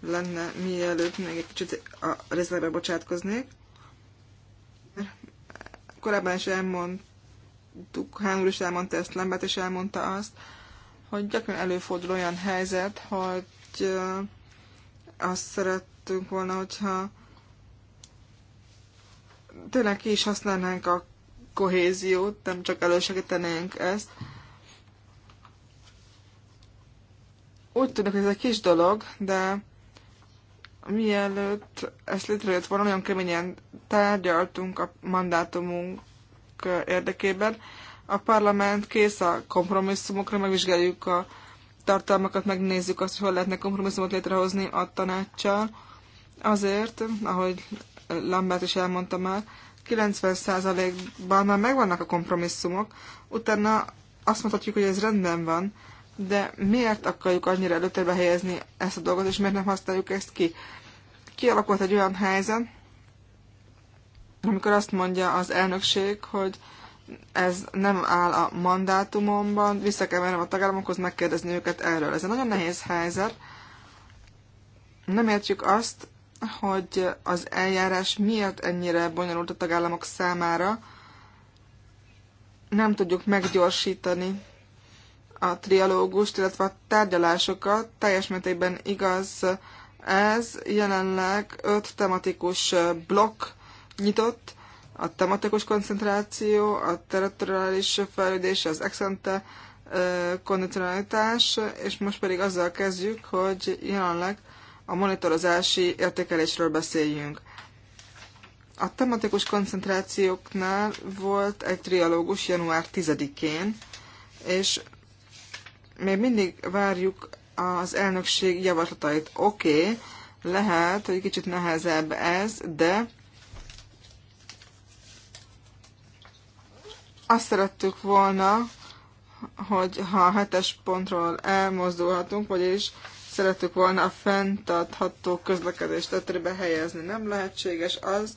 lenne, mielőtt még egy kicsit a részletbe bocsátkoznék. Korábban is elmondtuk, Hán úr is elmondta ezt, Lambert is elmondta azt, hogy gyakran előfordul olyan helyzet, hogy azt szerettünk volna, hogyha tényleg ki is használnánk a kohéziót, nem csak elősegítenénk ezt, Úgy tűnik, hogy ez egy kis dolog, de mielőtt ezt létrejött volna, nagyon keményen tárgyaltunk a mandátumunk érdekében. A parlament kész a kompromisszumokra, megvizsgáljuk a tartalmakat, megnézzük azt, hogy hol lehetne kompromisszumot létrehozni a tanácssal. Azért, ahogy Lambert is elmondta már, 90%-ban már megvannak a kompromisszumok, utána azt mondhatjuk, hogy ez rendben van, de miért akarjuk annyira előtérbe helyezni ezt a dolgot, és miért nem használjuk ezt ki? Kialakult egy olyan helyzet, amikor azt mondja az elnökség, hogy ez nem áll a mandátumomban, vissza kell mennem a tagállamokhoz, megkérdezni őket erről. Ez egy nagyon nehéz helyzet. Nem értjük azt, hogy az eljárás miért ennyire bonyolult a tagállamok számára. Nem tudjuk meggyorsítani a trialógust, illetve a tárgyalásokat. Teljes mértékben igaz ez. Jelenleg öt tematikus blokk nyitott. A tematikus koncentráció, a territoriális fejlődés, az exente kondicionalitás, és most pedig azzal kezdjük, hogy jelenleg a monitorozási értékelésről beszéljünk. A tematikus koncentrációknál volt egy trialógus január 10-én, és még mindig várjuk az elnökség javaslatait. Oké, okay, lehet, hogy kicsit nehezebb ez, de azt szerettük volna, hogy ha a hetes pontról elmozdulhatunk, vagyis szerettük volna a fenntartható közlekedés tetrébe helyezni. Nem lehetséges az,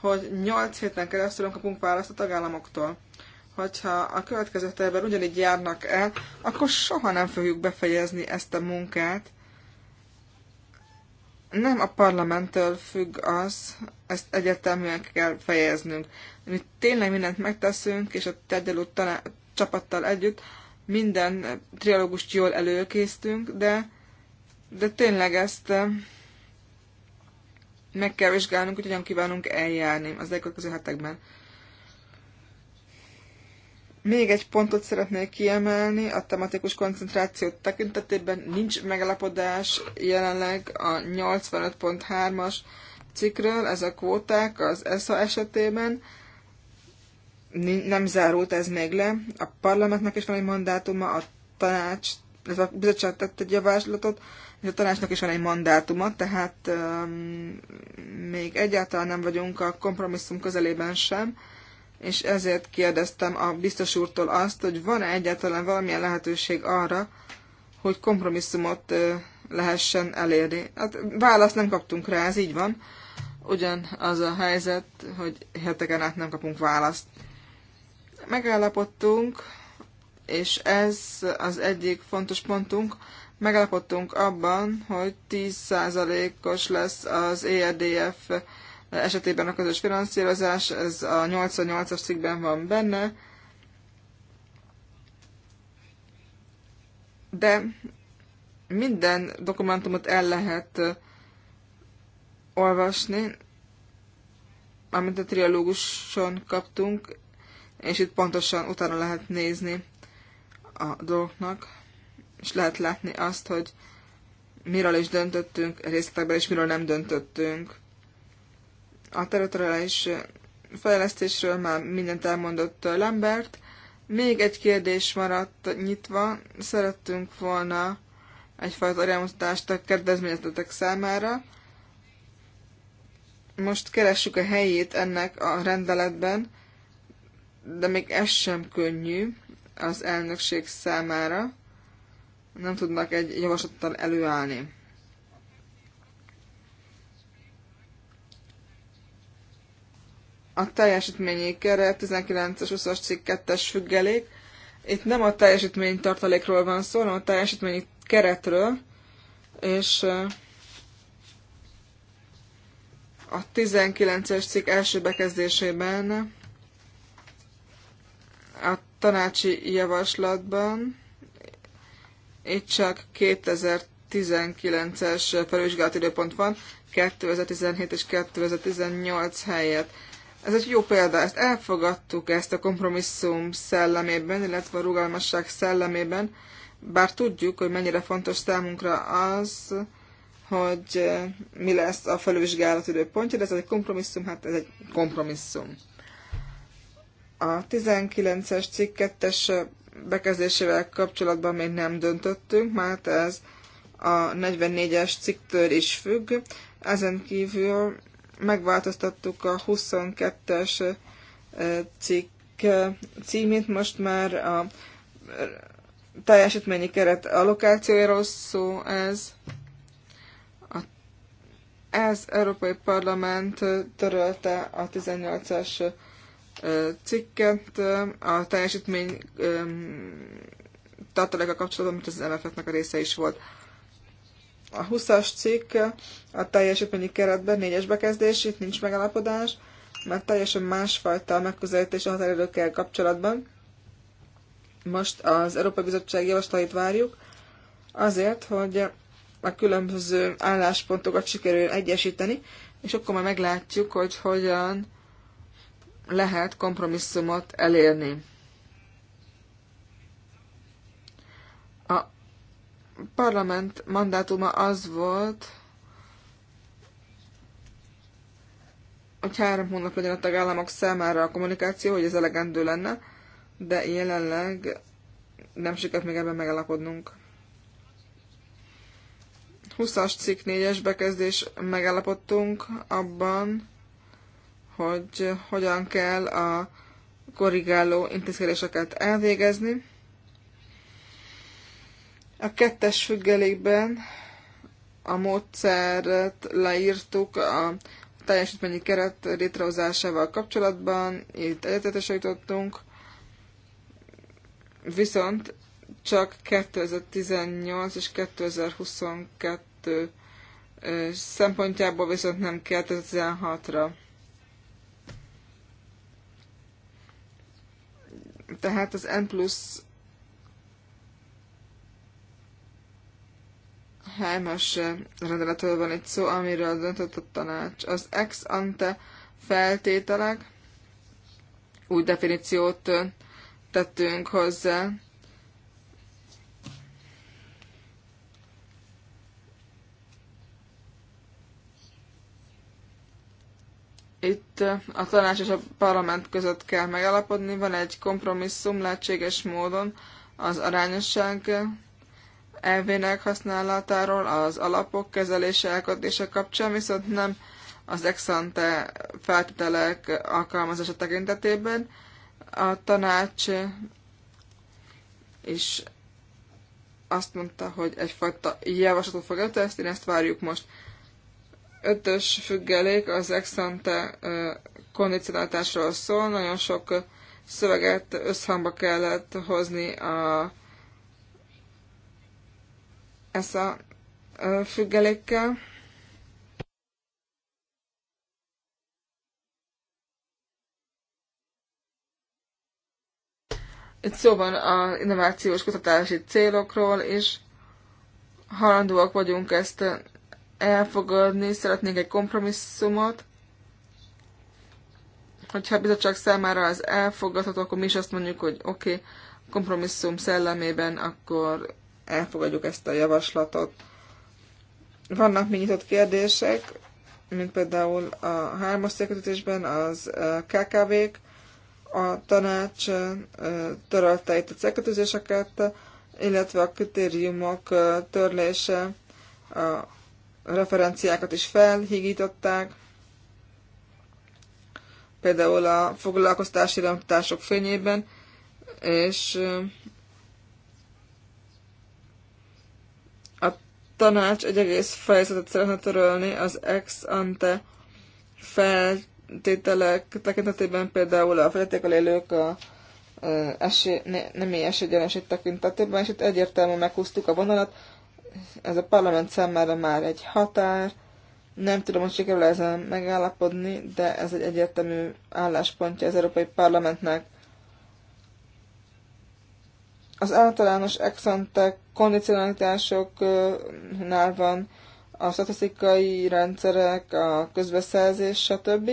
hogy 8 héten keresztül kapunk választ a tagállamoktól hogyha a következő tervben ugyanígy járnak el, akkor soha nem fogjuk befejezni ezt a munkát. Nem a parlamenttől függ az, ezt egyértelműen kell fejeznünk. Mi tényleg mindent megteszünk, és a tegyelő csapattal együtt minden trialógust jól előkésztünk, de, de tényleg ezt eh, meg kell vizsgálnunk, hogy hogyan kívánunk eljárni az elkövetkező hetekben. Még egy pontot szeretnék kiemelni, a tematikus koncentráció tekintetében nincs megalapodás jelenleg a 85.3-as cikről, ez a kvóták az ESA esetében. Nem zárult ez még le. A parlamentnek is van egy mandátuma, a tanács, ez a bizottság tett egy javaslatot, és a tanácsnak is van egy mandátuma, tehát um, még egyáltalán nem vagyunk a kompromisszum közelében sem és ezért kérdeztem a biztos úrtól azt, hogy van-e egyáltalán valamilyen lehetőség arra, hogy kompromisszumot lehessen elérni. Hát választ nem kaptunk rá, ez így van. Ugyan az a helyzet, hogy heteken át nem kapunk választ. Megállapodtunk, és ez az egyik fontos pontunk, megállapodtunk abban, hogy 10%-os lesz az ERDF esetében a közös finanszírozás, ez a 88-as cikkben van benne, de minden dokumentumot el lehet olvasni, amit a trialóguson kaptunk, és itt pontosan utána lehet nézni a dolgoknak, és lehet látni azt, hogy miről is döntöttünk részletekben, és miről nem döntöttünk a territoriális fejlesztésről már mindent elmondott Lambert. Még egy kérdés maradt nyitva. Szerettünk volna egyfajta rámutatást a kedvezményetetek számára. Most keressük a helyét ennek a rendeletben, de még ez sem könnyű az elnökség számára. Nem tudnak egy javaslattal előállni. a teljesítményi 19-es 20-as cikk 2-es függelék. Itt nem a teljesítmény tartalékról van szó, hanem a teljesítményi keretről, és eh, a 19-es cikk első bekezdésében a tanácsi javaslatban itt csak 2019-es felvizsgálati időpont van, 2017 és 2018 helyett. Ez egy jó példa, ezt elfogadtuk ezt a kompromisszum szellemében, illetve a rugalmasság szellemében, bár tudjuk, hogy mennyire fontos számunkra az, hogy eh, mi lesz a felülvizsgálat időpontja, de ez egy kompromisszum, hát ez egy kompromisszum. A 19-es cikk 2 eh, bekezdésével kapcsolatban még nem döntöttünk, mert ez a 44-es cikktől is függ. Ezen kívül megváltoztattuk a 22-es eh, cikk eh, címét, most már a eh, teljesítményi keret allokációjáról szó ez. A, ez Európai Parlament törölte a 18-as cikket a teljesítmény tartalékkal kapcsolatban, mint az MFF-nek a része is volt. A 20-as cikk a teljesítményi keretben, négyes bekezdés, itt nincs megállapodás, mert teljesen másfajta megközelítés a határidőkkel kapcsolatban. Most az Európai Bizottság javaslatait várjuk, azért, hogy a különböző álláspontokat sikerül egyesíteni, és akkor majd meglátjuk, hogy hogyan lehet kompromisszumot elérni. parlament mandátuma az volt, hogy három hónap legyen a tagállamok számára a kommunikáció, hogy ez elegendő lenne, de jelenleg nem sikerült még ebben megállapodnunk. 20-as cikk 4-es bekezdés megállapodtunk abban, hogy hogyan kell a korrigáló intézkedéseket elvégezni. A kettes függelékben a módszert leírtuk a teljesítményi keret létrehozásával kapcsolatban, itt egyetetesre jutottunk, viszont csak 2018 és 2022 szempontjából viszont nem 2016-ra. Tehát az N plusz hármas eh, rendeletről van itt szó, amiről döntött a tanács. Az ex ante feltételek, új definíciót eh, tettünk hozzá. Itt eh, a tanács és a parlament között kell megállapodni, van egy kompromisszum lehetséges módon az arányosság elvének használatáról az alapok kezelése elkötése kapcsán, viszont nem az exante feltételek alkalmazása tekintetében. A tanács is azt mondta, hogy egyfajta javaslatot fog ezt én ezt várjuk most. Ötös függelék az exante kondicionáltásról szól, nagyon sok szöveget összhangba kellett hozni a ezt a függelékkel. Itt szó van az innovációs kutatási célokról, és halandóak vagyunk ezt elfogadni, szeretnénk egy kompromisszumot. Hogyha a bizottság számára az elfogadható, akkor mi is azt mondjuk, hogy oké, okay, kompromisszum szellemében, akkor elfogadjuk ezt a javaslatot. Vannak még nyitott kérdések, mint például a hármas az KKV-k, a tanács törölte itt a cégkötőzéseket, illetve a kritériumok törlése, a referenciákat is felhigították, például a foglalkoztási rámutatások fényében, és tanács egy egész fejezetet szeretne törölni az ex ante feltételek tekintetében, például a fogyatékkal élők a esély, nemi esélyegyenlőség tekintetében, és itt egyértelműen meghúztuk a vonalat, ez a parlament számára már egy határ, nem tudom, hogy sikerül ezen megállapodni, de ez egy egyértelmű álláspontja az Európai Parlamentnek az általános exante kondicionalitásoknál van a statisztikai rendszerek, a közbeszerzés, stb.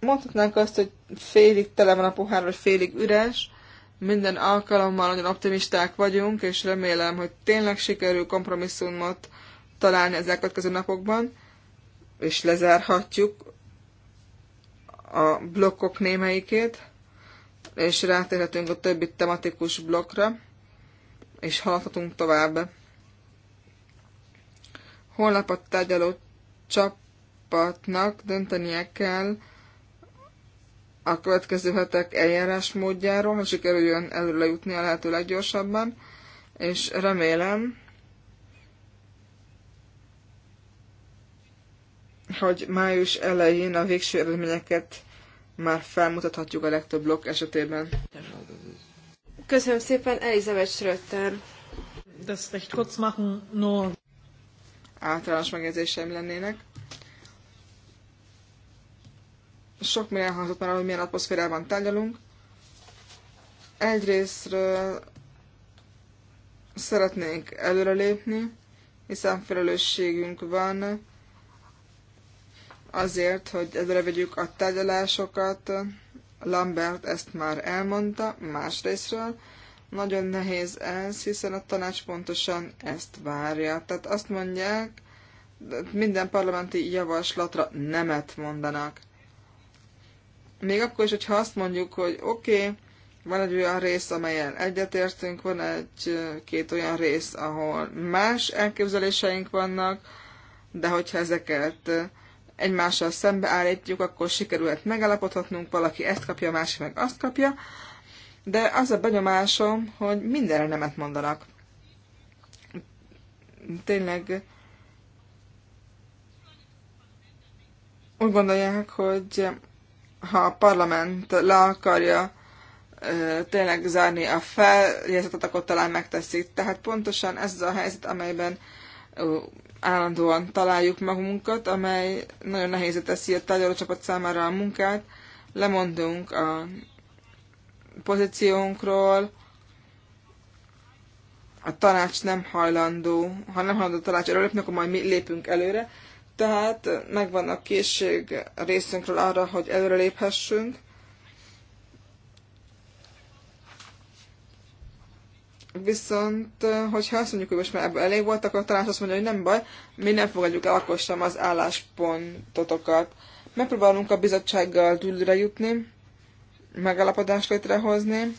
Mondhatnánk azt, hogy félig tele van a pohár, vagy félig üres. Minden alkalommal nagyon optimisták vagyunk, és remélem, hogy tényleg sikerül kompromisszumot találni az elkövetkező napokban, és lezárhatjuk a blokkok némelyikét és rátérhetünk a többi tematikus blokkra, és haladhatunk tovább. Holnap a tárgyaló csapatnak döntenie kell a következő hetek módjáról, hogy sikerüljön előre jutni a lehető leggyorsabban, és remélem, hogy május elején a végső eredményeket már felmutathatjuk a legtöbb blokk esetében. Köszönöm szépen, Elizabeth Schröter. Das recht kurz machen, nur... Általános megjegyzéseim lennének. Sok minden hangzott már, hogy milyen atmoszférában tárgyalunk. Egyrésztről szeretnénk előrelépni, hiszen felelősségünk van azért, hogy előre vegyük a tárgyalásokat. Lambert ezt már elmondta másrésztről. Nagyon nehéz ez, hiszen a tanács pontosan ezt várja. Tehát azt mondják, minden parlamenti javaslatra nemet mondanak. Még akkor is, hogyha azt mondjuk, hogy oké, okay, van egy olyan rész, amelyen egyetértünk, van egy-két olyan rész, ahol más elképzeléseink vannak, de hogyha ezeket egymással szembeállítjuk, akkor sikerülhet megállapodhatnunk, valaki ezt kapja, másik meg azt kapja, de az a benyomásom, hogy mindenre nemet mondanak. Tényleg úgy gondolják, hogy ha a parlament le akarja tényleg zárni a feljegyzetet akkor talán megteszik. Tehát pontosan ez az a helyzet, amelyben állandóan találjuk magunkat, amely nagyon nehéz teszi a tárgyalócsapat számára a munkát. Lemondunk a pozíciónkról, a tanács nem hajlandó, ha nem hajlandó a tanács előlépni, akkor majd mi lépünk előre. Tehát megvan a készség részünkről arra, hogy előre léphessünk. Viszont, hogyha azt mondjuk, hogy most már ebből elég volt, akkor talán azt mondja, hogy nem baj, mi nem fogadjuk el akkor sem az álláspontotokat. Megpróbálunk a bizottsággal dűlőre jutni, megalapodást létrehozni.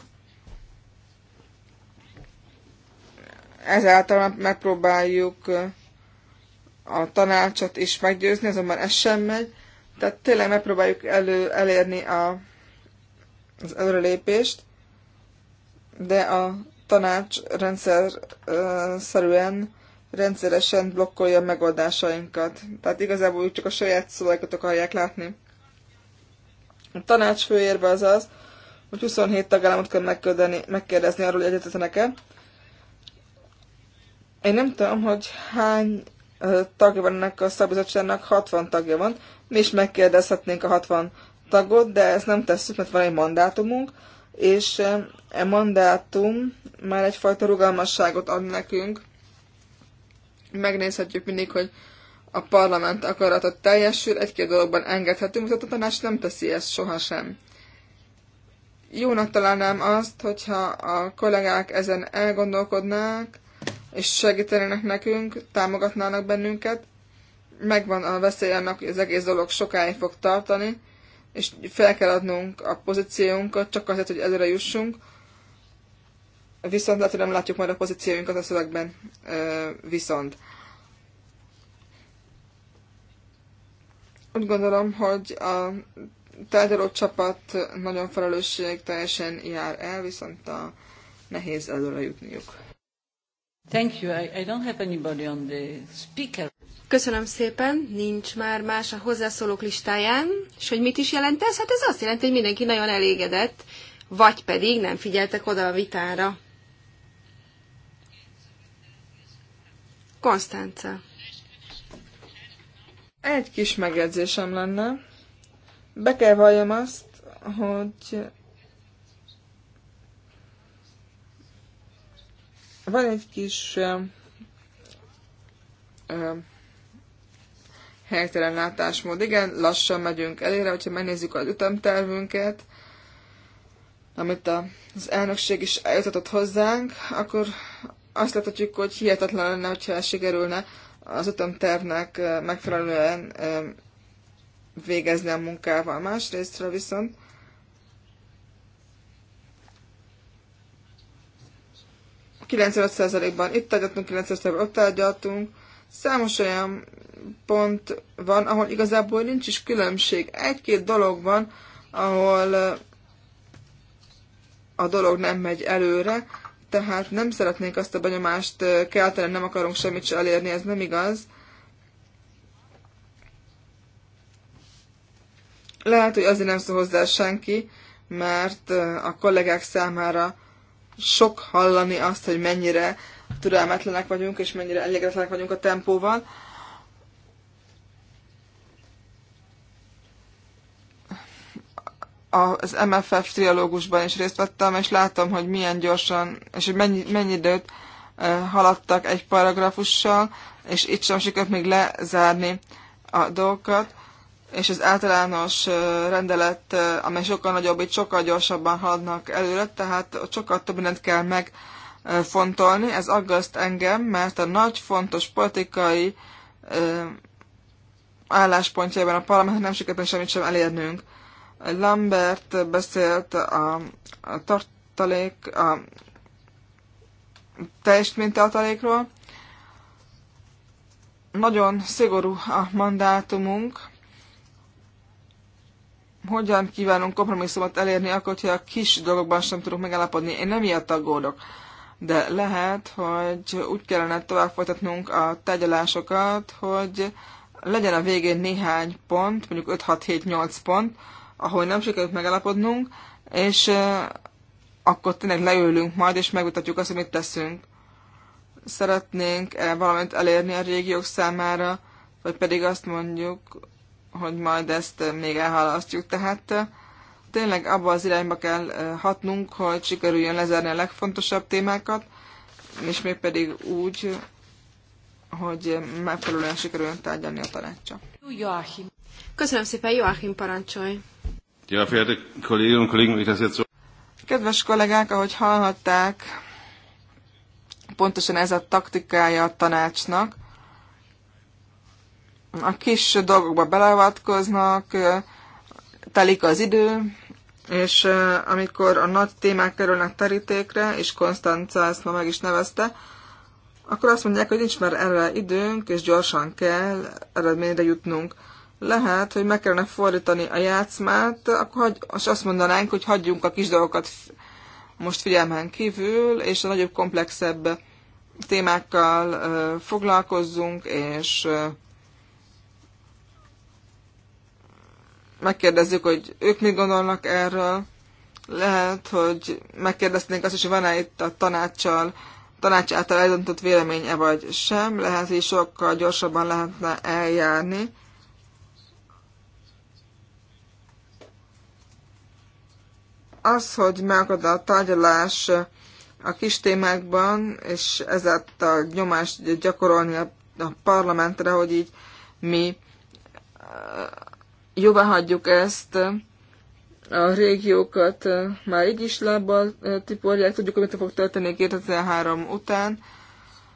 Ezáltal megpróbáljuk a tanácsot is meggyőzni, azonban ez sem megy. Tehát tényleg megpróbáljuk elő, elérni a, az előrelépést, de a tanács rendszer szerűen rendszeresen blokkolja a megoldásainkat. Tehát igazából úgy csak a saját szövegeket akarják látni. A tanács főérve az az, hogy 27 tagállamot kell megkérdezni arról, hogy egyetetenek-e. Én nem tudom, hogy hány tagja van ennek a szabizottságnak, 60 tagja van. Mi is megkérdezhetnénk a 60 tagot, de ezt nem tesszük, mert van egy mandátumunk és e mandátum már egyfajta rugalmasságot ad nekünk. Megnézhetjük mindig, hogy a parlament akarata teljesül, egy-két dologban engedhetünk, viszont a tanács nem teszi ezt sohasem. Jónak találnám azt, hogyha a kollégák ezen elgondolkodnák, és segítenének nekünk, támogatnának bennünket. Megvan a veszély annak, hogy az egész dolog sokáig fog tartani, és fel kell adnunk a pozíciónkat, csak azért, hogy előre jussunk, viszont lehet, hogy nem látjuk majd a pozíciónkat a szövegben viszont. Úgy gondolom, hogy a tárgyaló csapat nagyon felelősség teljesen jár el, viszont a nehéz előre jutniuk. Thank you. I, I don't have anybody on the speaker. Köszönöm szépen, nincs már más a hozzászólók listáján, és hogy mit is jelent ez? Hát ez azt jelenti, hogy mindenki nagyon elégedett, vagy pedig nem figyeltek oda a vitára. Konstanca. Egy kis megjegyzésem lenne. Be kell valljam azt, hogy van egy kis uh, uh, helytelen látásmód. Igen, lassan megyünk előre, hogyha megnézzük az ütemtervünket, amit az elnökség is eljutatott hozzánk, akkor azt láthatjuk, hogy hihetetlen lenne, hogyha sikerülne az ütemtervnek megfelelően végezni a munkával. Másrésztről viszont ...95%-ban itt tárgyaltunk, 95%-ban ott tárgyaltunk, Számos olyan pont van, ahol igazából nincs is különbség. Egy-két dolog van, ahol eh, a dolog nem megy előre, tehát nem szeretnénk azt a benyomást eh, kelteni, nem akarunk semmit se elérni, ez nem igaz. Lehet, hogy azért nem szól hozzá senki, mert eh, a kollégák számára sok hallani azt, hogy mennyire türelmetlenek vagyunk, és mennyire elégedetlenek vagyunk a tempóval. Az MFF trialógusban is részt vettem, és láttam, hogy milyen gyorsan, és hogy mennyi, mennyi időt haladtak egy paragrafussal, és itt sem sikerült még lezárni a dolgokat, és az általános rendelet, amely sokkal nagyobb, itt sokkal gyorsabban haladnak előre, tehát sokkal több mindent kell meg fontolni. Ez aggaszt engem, mert a nagy fontos politikai álláspontjában a parlamentnek nem sikerült semmit sem elérnünk. Lambert beszélt a, a tartalék, a teljesítmény tartalékról. Nagyon szigorú a mandátumunk. Hogyan kívánunk kompromisszumot elérni, akkor, hogyha a kis dolgokban sem tudunk megállapodni. Én nem ilyet aggódok de lehet, hogy úgy kellene tovább folytatnunk a tegyelásokat, hogy legyen a végén néhány pont, mondjuk 5-6-7-8 pont, ahol nem sikerült megállapodnunk, és akkor tényleg leülünk majd, és megmutatjuk azt, hogy mit teszünk. Szeretnénk -e valamit elérni a régiók számára, vagy pedig azt mondjuk, hogy majd ezt még elhalasztjuk. Tehát tényleg abba az irányba kell hatnunk, hogy sikerüljön lezárni a legfontosabb témákat, és mégpedig úgy, hogy megfelelően sikerüljön tárgyalni a tanácsa. Köszönöm szépen, Joachim parancsolj. Kedves kollégák, ahogy hallhatták, pontosan ez a taktikája a tanácsnak. A kis dolgokba beleavatkoznak, telik az idő, és amikor a nagy témák kerülnek terítékre, és Konstanca ezt ma meg is nevezte, akkor azt mondják, hogy nincs már erre időnk, és gyorsan kell eredményre jutnunk. Lehet, hogy meg kellene fordítani a játszmát, akkor hagy, és azt mondanánk, hogy hagyjunk a kis dolgokat most figyelmen kívül, és a nagyobb, komplexebb témákkal uh, foglalkozzunk, és megkérdezzük, hogy ők mit gondolnak erről. Lehet, hogy megkérdeznénk azt is, hogy van-e itt a tanácssal, tanács által eldöntött véleménye vagy sem. Lehet, hogy sokkal gyorsabban lehetne eljárni. Az, hogy megad a tárgyalás a kis témákban, és ezáltal nyomást gyakorolni a, a parlamentre, hogy így mi jóvá hagyjuk ezt, a régiókat már így is lábbal tiporják, tudjuk, hogy mit fog történni 2003 után.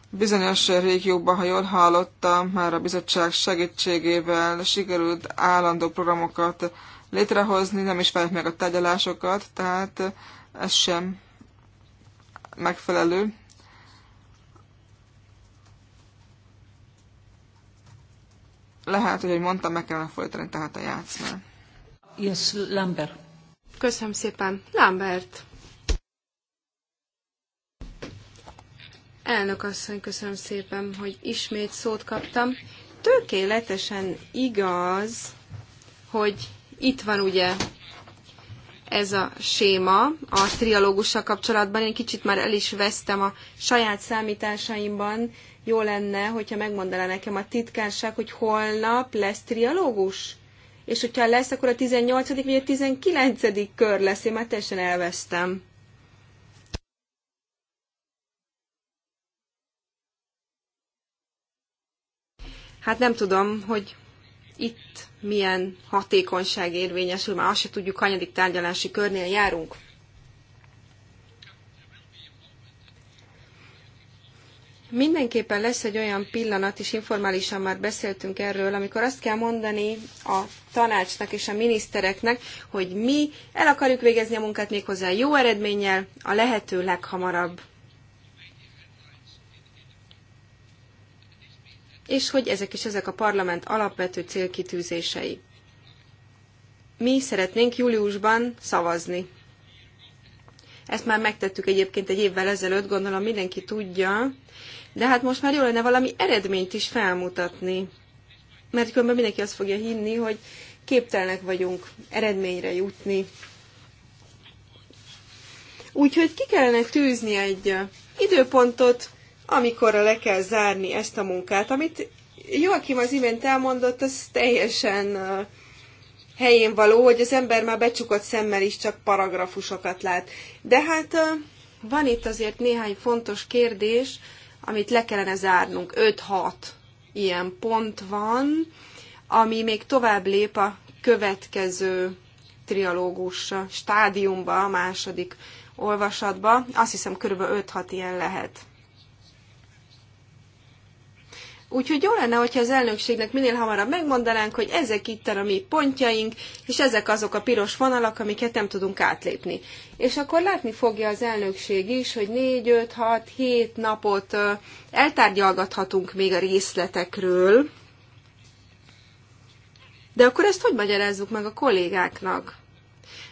Bizonyos régióban, ha jól hallottam, már a bizottság segítségével sikerült állandó programokat létrehozni, nem is felelt meg a tárgyalásokat, tehát ez sem megfelelő. lehet, hogy, hogy mondtam, meg kellene folytani tehát a játszmát. Yes, Lambert. Köszönöm szépen. Lambert. Elnök asszony, köszönöm szépen, hogy ismét szót kaptam. Tökéletesen igaz, hogy itt van ugye ez a séma a trialógussal kapcsolatban. Én kicsit már el is vesztem a saját számításaimban, jó lenne, hogyha megmondaná nekem a titkárság, hogy holnap lesz trialógus? És hogyha lesz, akkor a 18. vagy a 19. kör lesz. Én már teljesen elvesztem. Hát nem tudom, hogy itt milyen hatékonyság érvényesül, már azt se tudjuk, hanyadik tárgyalási körnél járunk. Mindenképpen lesz egy olyan pillanat, és informálisan már beszéltünk erről, amikor azt kell mondani a tanácsnak és a minisztereknek, hogy mi el akarjuk végezni a munkát méghozzá jó eredménnyel, a lehető leghamarabb. És hogy ezek is ezek a parlament alapvető célkitűzései. Mi szeretnénk júliusban szavazni. Ezt már megtettük egyébként egy évvel ezelőtt, gondolom mindenki tudja, de hát most már jó lenne valami eredményt is felmutatni. Mert különben mindenki azt fogja hinni, hogy képtelnek vagyunk eredményre jutni. Úgyhogy ki kellene tűzni egy időpontot, amikor le kell zárni ezt a munkát, amit Joakim az imént elmondott, az teljesen helyén való, hogy az ember már becsukott szemmel is csak paragrafusokat lát. De hát van itt azért néhány fontos kérdés, amit le kellene zárnunk. 5-6 ilyen pont van, ami még tovább lép a következő trialógus stádiumba, a második olvasatba. Azt hiszem, körülbelül 5-6 ilyen lehet. Úgyhogy jó lenne, hogyha az elnökségnek minél hamarabb megmondanánk, hogy ezek itt a mi pontjaink, és ezek azok a piros vonalak, amiket nem tudunk átlépni. És akkor látni fogja az elnökség is, hogy 4, 5, 6, 7 napot eltárgyalgathatunk még a részletekről. De akkor ezt hogy magyarázzuk meg a kollégáknak?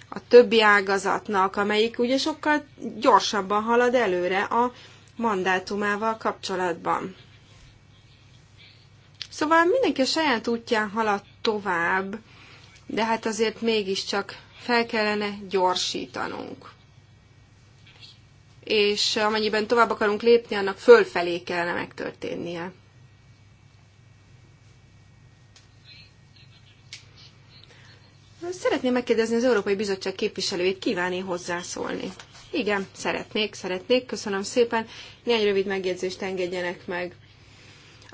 A többi ágazatnak, amelyik ugye sokkal gyorsabban halad előre a mandátumával kapcsolatban. Szóval mindenki a saját útján halad tovább, de hát azért mégiscsak fel kellene gyorsítanunk. És amennyiben tovább akarunk lépni, annak fölfelé kellene megtörténnie. Szeretném megkérdezni az Európai Bizottság képviselőjét, kívánni hozzászólni. Igen, szeretnék, szeretnék, köszönöm szépen. Néhány rövid megjegyzést engedjenek meg.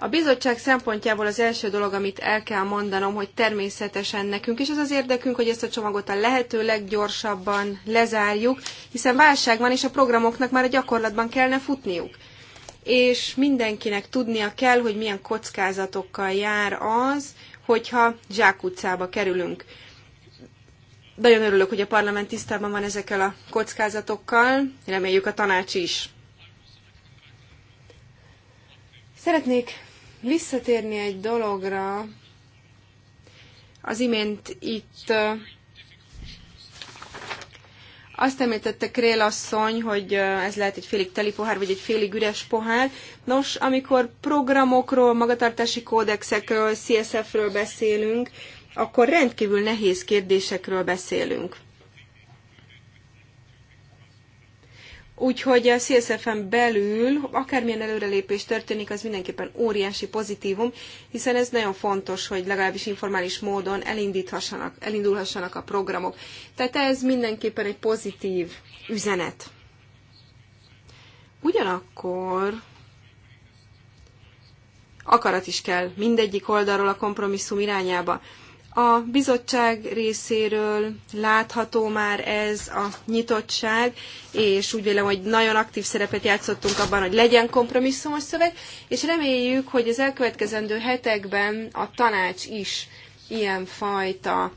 A bizottság szempontjából az első dolog, amit el kell mondanom, hogy természetesen nekünk is az az érdekünk, hogy ezt a csomagot a lehető leggyorsabban lezárjuk, hiszen válság van, és a programoknak már a gyakorlatban kellene futniuk. És mindenkinek tudnia kell, hogy milyen kockázatokkal jár az, hogyha zsákutcába kerülünk. Nagyon örülök, hogy a parlament tisztában van ezekkel a kockázatokkal, reméljük a tanács is. Szeretnék visszatérni egy dologra. Az imént itt azt említette Krél asszony, hogy ez lehet egy félig teli pohár, vagy egy félig üres pohár. Nos, amikor programokról, magatartási kódexekről, CSF-ről beszélünk, akkor rendkívül nehéz kérdésekről beszélünk. Úgyhogy a CSF-en belül akármilyen előrelépés történik, az mindenképpen óriási pozitívum, hiszen ez nagyon fontos, hogy legalábbis informális módon elindíthassanak, elindulhassanak a programok. Tehát ez mindenképpen egy pozitív üzenet. Ugyanakkor akarat is kell mindegyik oldalról a kompromisszum irányába. A bizottság részéről látható már ez a nyitottság, és úgy vélem, hogy nagyon aktív szerepet játszottunk abban, hogy legyen kompromisszumos szöveg, és reméljük, hogy az elkövetkezendő hetekben a tanács is ilyenfajta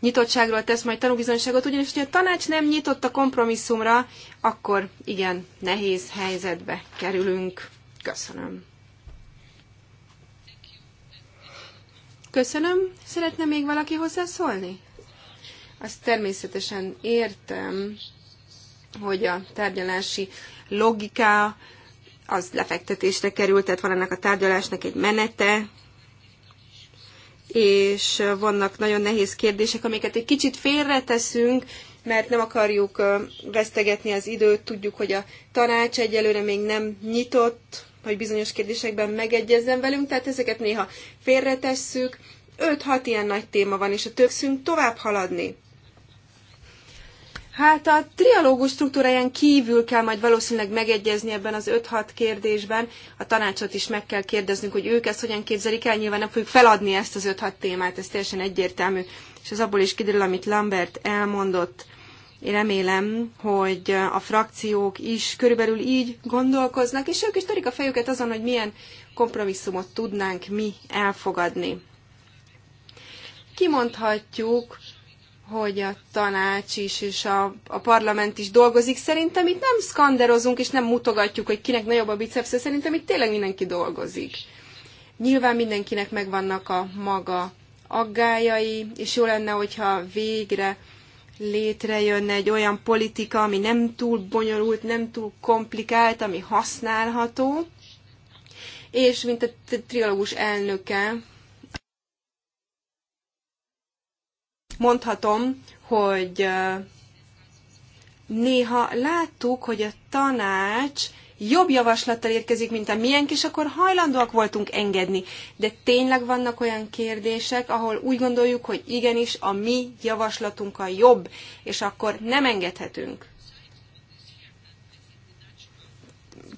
nyitottságról tesz majd tanúbizonyságot, ugyanis ha a tanács nem nyitott a kompromisszumra, akkor igen, nehéz helyzetbe kerülünk. Köszönöm. Köszönöm. Szeretne még valaki hozzászólni? Azt természetesen értem, hogy a tárgyalási logika az lefektetésre került, tehát van ennek a tárgyalásnak egy menete, és vannak nagyon nehéz kérdések, amiket egy kicsit félreteszünk, mert nem akarjuk vesztegetni az időt, tudjuk, hogy a tanács egyelőre még nem nyitott hogy bizonyos kérdésekben megegyezzen velünk, tehát ezeket néha félretesszük. 5-6 ilyen nagy téma van, és a tökszünk tovább haladni. Hát a trialógus struktúráján kívül kell majd valószínűleg megegyezni ebben az 5-6 kérdésben. A tanácsot is meg kell kérdeznünk, hogy ők ezt hogyan képzelik el. Nyilván nem fogjuk feladni ezt az 5-6 témát, ez teljesen egyértelmű. És az abból is kiderül, amit Lambert elmondott. Én remélem, hogy a frakciók is körülbelül így gondolkoznak, és ők is törik a fejüket azon, hogy milyen kompromisszumot tudnánk mi elfogadni. Kimondhatjuk, hogy a tanács is és a, a parlament is dolgozik. Szerintem itt nem szkanderozunk és nem mutogatjuk, hogy kinek nagyobb a bicepsze, szerintem itt tényleg mindenki dolgozik. Nyilván mindenkinek megvannak a maga aggájai, és jó lenne, hogyha végre létrejönne egy olyan politika, ami nem túl bonyolult, nem túl komplikált, ami használható. És mint a trilógus elnöke, mondhatom, hogy néha láttuk, hogy a tanács jobb javaslattal érkezik, mint a miénk, és akkor hajlandóak voltunk engedni. De tényleg vannak olyan kérdések, ahol úgy gondoljuk, hogy igenis a mi javaslatunk a jobb, és akkor nem engedhetünk.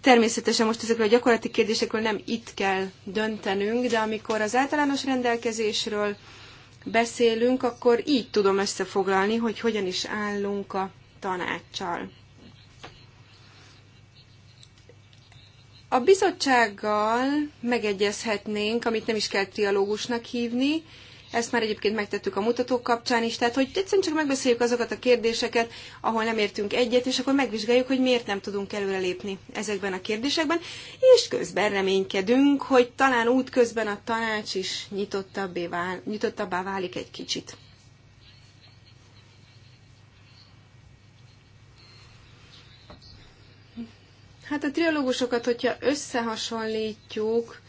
Természetesen most ezekről a gyakorlati kérdésekről nem itt kell döntenünk, de amikor az általános rendelkezésről beszélünk, akkor így tudom összefoglalni, hogy hogyan is állunk a tanácssal. A bizottsággal megegyezhetnénk, amit nem is kell trialógusnak hívni, ezt már egyébként megtettük a mutatók kapcsán is, tehát hogy egyszerűen csak megbeszéljük azokat a kérdéseket, ahol nem értünk egyet, és akkor megvizsgáljuk, hogy miért nem tudunk előrelépni ezekben a kérdésekben, és közben reménykedünk, hogy talán útközben a tanács is nyitottabbá, vál, nyitottabbá válik egy kicsit. Hát a triológusokat, hogyha összehasonlítjuk,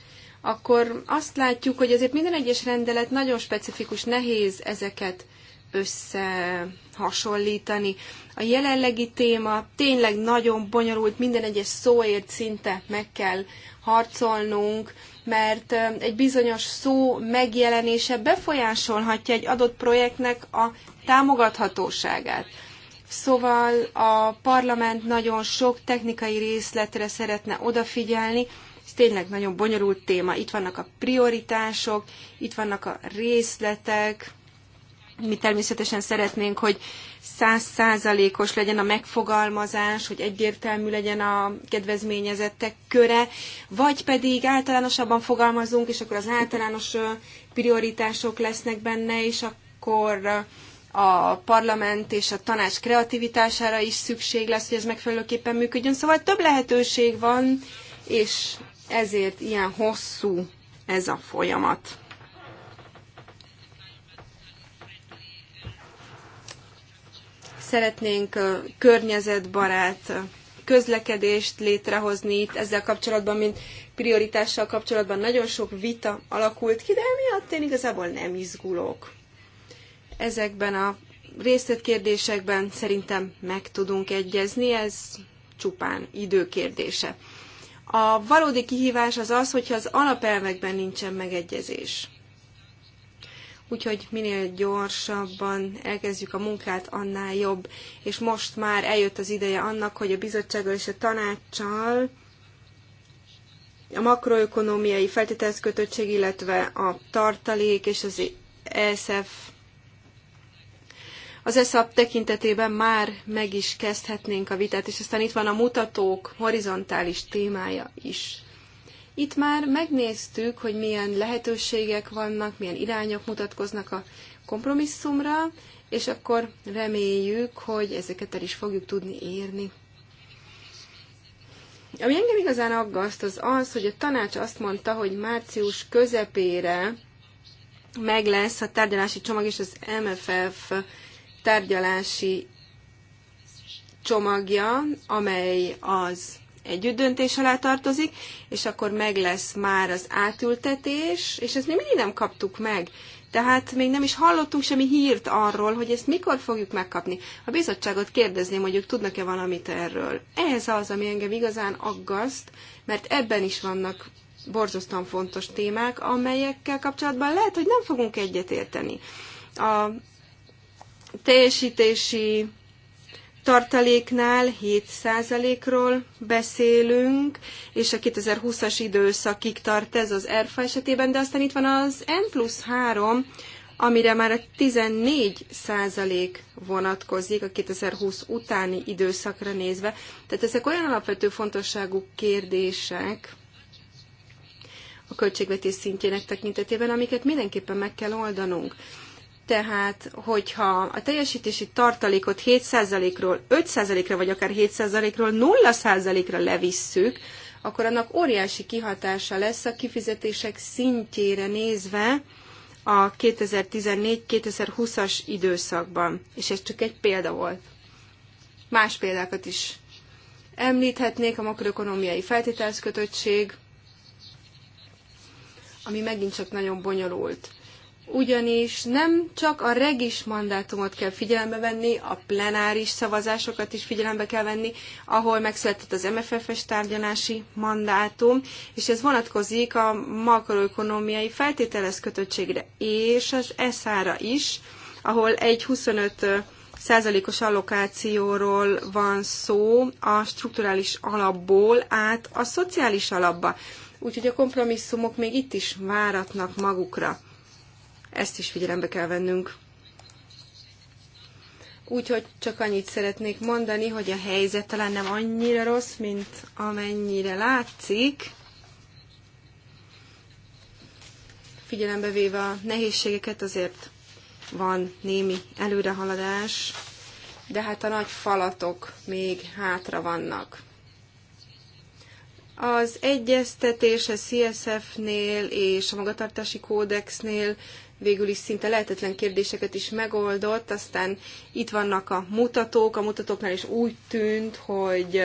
akkor azt látjuk, hogy azért minden egyes rendelet nagyon specifikus, nehéz ezeket összehasonlítani. A jelenlegi téma tényleg nagyon bonyolult, minden egyes szóért szinte meg kell harcolnunk, mert egy bizonyos szó megjelenése befolyásolhatja egy adott projektnek a támogathatóságát. Szóval a parlament nagyon sok technikai részletre szeretne odafigyelni, ez tényleg nagyon bonyolult téma. Itt vannak a prioritások, itt vannak a részletek. Mi természetesen szeretnénk, hogy százszázalékos legyen a megfogalmazás, hogy egyértelmű legyen a kedvezményezettek köre, vagy pedig általánosabban fogalmazunk, és akkor az általános prioritások lesznek benne, és akkor a parlament és a tanács kreativitására is szükség lesz, hogy ez megfelelőképpen működjön. Szóval több lehetőség van, és ezért ilyen hosszú ez a folyamat. Szeretnénk környezetbarát közlekedést létrehozni itt ezzel kapcsolatban, mint prioritással kapcsolatban nagyon sok vita alakult ki, de emiatt én igazából nem izgulok. Ezekben a részletkérdésekben szerintem meg tudunk egyezni, ez csupán időkérdése. A valódi kihívás az az, hogyha az alapelvekben nincsen megegyezés. Úgyhogy minél gyorsabban elkezdjük a munkát, annál jobb. És most már eljött az ideje annak, hogy a bizottsággal és a tanácssal a makroökonomiai feltételezkötöttség, illetve a tartalék és az ESF az ESZAP tekintetében már meg is kezdhetnénk a vitát, és aztán itt van a mutatók horizontális témája is. Itt már megnéztük, hogy milyen lehetőségek vannak, milyen irányok mutatkoznak a kompromisszumra, és akkor reméljük, hogy ezeket el is fogjuk tudni érni. Ami engem igazán aggaszt, az az, hogy a tanács azt mondta, hogy március közepére meg lesz a tárgyalási csomag és az MFF tárgyalási csomagja, amely az együtt döntés alá tartozik, és akkor meg lesz már az átültetés, és ezt mi mindig nem kaptuk meg. Tehát még nem is hallottunk semmi hírt arról, hogy ezt mikor fogjuk megkapni. A bizottságot kérdezném, hogy ők tudnak-e valamit erről. Ez az, ami engem igazán aggaszt, mert ebben is vannak borzasztóan fontos témák, amelyekkel kapcsolatban lehet, hogy nem fogunk egyetérteni. A teljesítési tartaléknál 7%-ról beszélünk, és a 2020-as időszakig tart ez az ERFA esetében, de aztán itt van az N plusz 3, amire már a 14 százalék vonatkozik a 2020 utáni időszakra nézve. Tehát ezek olyan alapvető fontosságú kérdések a költségvetés szintjének tekintetében, amiket mindenképpen meg kell oldanunk. Tehát, hogyha a teljesítési tartalékot 7%-ról 5%-ra, vagy akár 7%-ról 0%-ra levisszük, akkor annak óriási kihatása lesz a kifizetések szintjére nézve a 2014-2020-as időszakban. És ez csak egy példa volt. Más példákat is említhetnék, a makroökonomiai feltételezkötöttség, ami megint csak nagyon bonyolult ugyanis nem csak a regis mandátumot kell figyelembe venni, a plenáris szavazásokat is figyelembe kell venni, ahol megszületett az MFF-es tárgyalási mandátum, és ez vonatkozik a makroökonomiai feltételez kötöttségre és az ESZ-ra is, ahol egy 25 százalékos allokációról van szó a strukturális alapból át a szociális alapba. Úgyhogy a kompromisszumok még itt is váratnak magukra. Ezt is figyelembe kell vennünk. Úgyhogy csak annyit szeretnék mondani, hogy a helyzet talán nem annyira rossz, mint amennyire látszik. Figyelembe véve a nehézségeket azért van némi előrehaladás, de hát a nagy falatok még hátra vannak. Az egyeztetés a CSF-nél és a magatartási kódexnél végül is szinte lehetetlen kérdéseket is megoldott, aztán itt vannak a mutatók, a mutatóknál is úgy tűnt, hogy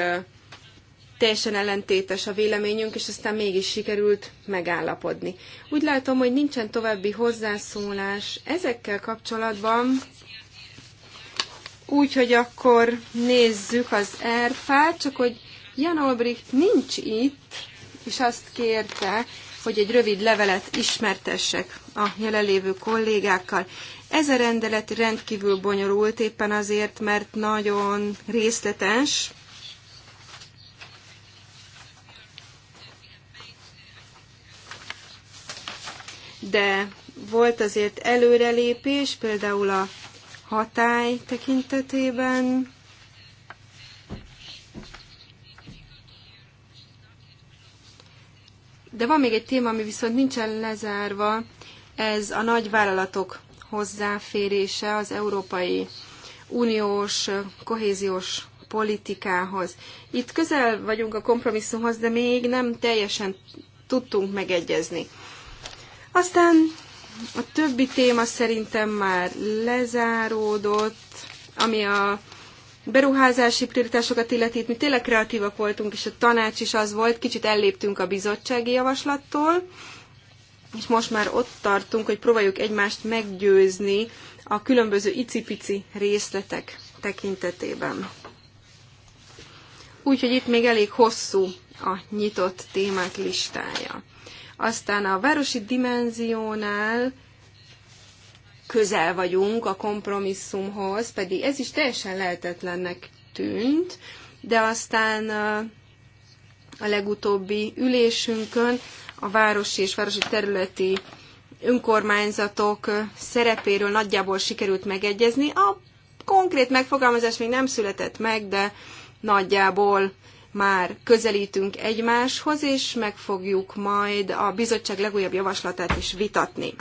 teljesen ellentétes a véleményünk, és aztán mégis sikerült megállapodni. Úgy látom, hogy nincsen további hozzászólás ezekkel kapcsolatban, úgyhogy akkor nézzük az erfát, csak hogy Jan Olbricht nincs itt, és azt kérte, hogy egy rövid levelet ismertessek a jelenlévő kollégákkal. Ez a rendelet rendkívül bonyolult éppen azért, mert nagyon részletes, de volt azért előrelépés, például a hatály tekintetében, De van még egy téma, ami viszont nincsen lezárva, ez a nagy vállalatok hozzáférése az Európai Uniós kohéziós politikához. Itt közel vagyunk a kompromisszumhoz, de még nem teljesen tudtunk megegyezni. Aztán a többi téma szerintem már lezáródott, ami a beruházási prioritásokat illeti, mi tényleg kreatívak voltunk, és a tanács is az volt, kicsit elléptünk a bizottsági javaslattól, és most már ott tartunk, hogy próbáljuk egymást meggyőzni a különböző icipici részletek tekintetében. Úgyhogy itt még elég hosszú a nyitott témák listája. Aztán a városi dimenziónál közel vagyunk a kompromisszumhoz, pedig ez is teljesen lehetetlennek tűnt, de aztán a legutóbbi ülésünkön a városi és városi területi önkormányzatok szerepéről nagyjából sikerült megegyezni. A konkrét megfogalmazás még nem született meg, de nagyjából már közelítünk egymáshoz, és meg fogjuk majd a bizottság legújabb javaslatát is vitatni.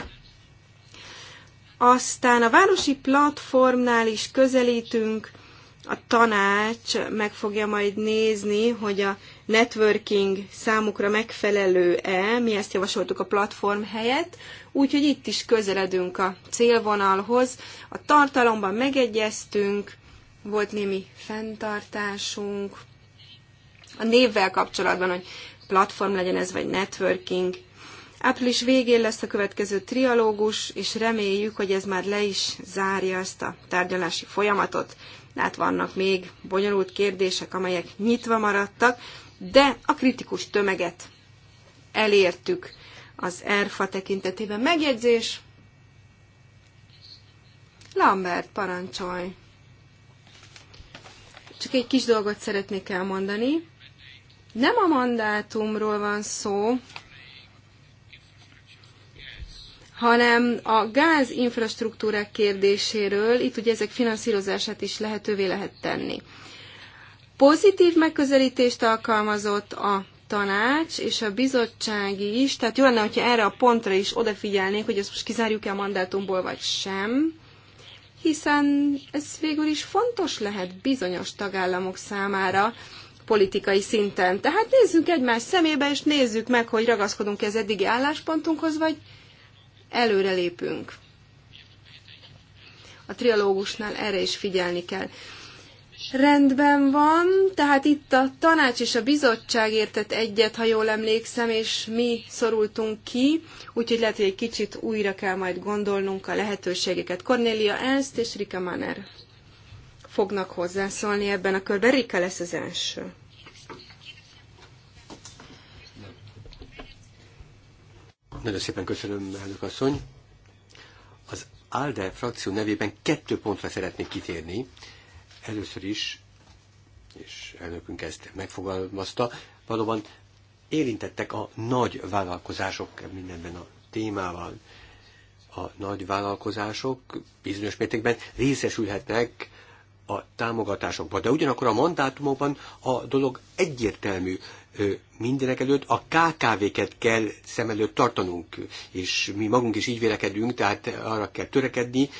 Aztán a városi platformnál is közelítünk, a tanács meg fogja majd nézni, hogy a networking számukra megfelelő-e, mi ezt javasoltuk a platform helyett, úgyhogy itt is közeledünk a célvonalhoz. A tartalomban megegyeztünk, volt némi fenntartásunk, a névvel kapcsolatban, hogy platform legyen ez, vagy networking, Április végén lesz a következő trialógus, és reméljük, hogy ez már le is zárja ezt a tárgyalási folyamatot. Hát vannak még bonyolult kérdések, amelyek nyitva maradtak, de a kritikus tömeget elértük az ERFA tekintetében. Megjegyzés? Lambert, parancsolj! Csak egy kis dolgot szeretnék elmondani. Nem a mandátumról van szó, hanem a gáz infrastruktúrák kérdéséről, itt ugye ezek finanszírozását is lehetővé lehet tenni. Pozitív megközelítést alkalmazott a tanács és a bizottság is, tehát jó lenne, hogyha erre a pontra is odafigyelnénk, hogy ezt most kizárjuk-e a mandátumból, vagy sem, hiszen ez végül is fontos lehet bizonyos tagállamok számára, politikai szinten. Tehát nézzünk egymás szemébe, és nézzük meg, hogy ragaszkodunk e az eddigi álláspontunkhoz, vagy előre lépünk. A trialógusnál erre is figyelni kell. Rendben van, tehát itt a tanács és a bizottság értett egyet, ha jól emlékszem, és mi szorultunk ki, úgyhogy lehet, hogy egy kicsit újra kell majd gondolnunk a lehetőségeket. Cornelia Ernst és Rika Manner fognak hozzászólni ebben a körben. Rika lesz az első. Nagyon szépen köszönöm, elnök asszony. Az ALDE frakció nevében kettő pontra szeretnék kitérni. Először is, és elnökünk ezt megfogalmazta, valóban érintettek a nagy vállalkozások mindenben a témával. A nagy vállalkozások bizonyos mértékben részesülhetnek a támogatásokban, de ugyanakkor a mandátumokban a dolog egyértelmű mindenek előtt a KKV-ket kell szem előtt tartanunk, és mi magunk is így vélekedünk, tehát arra kell törekedni,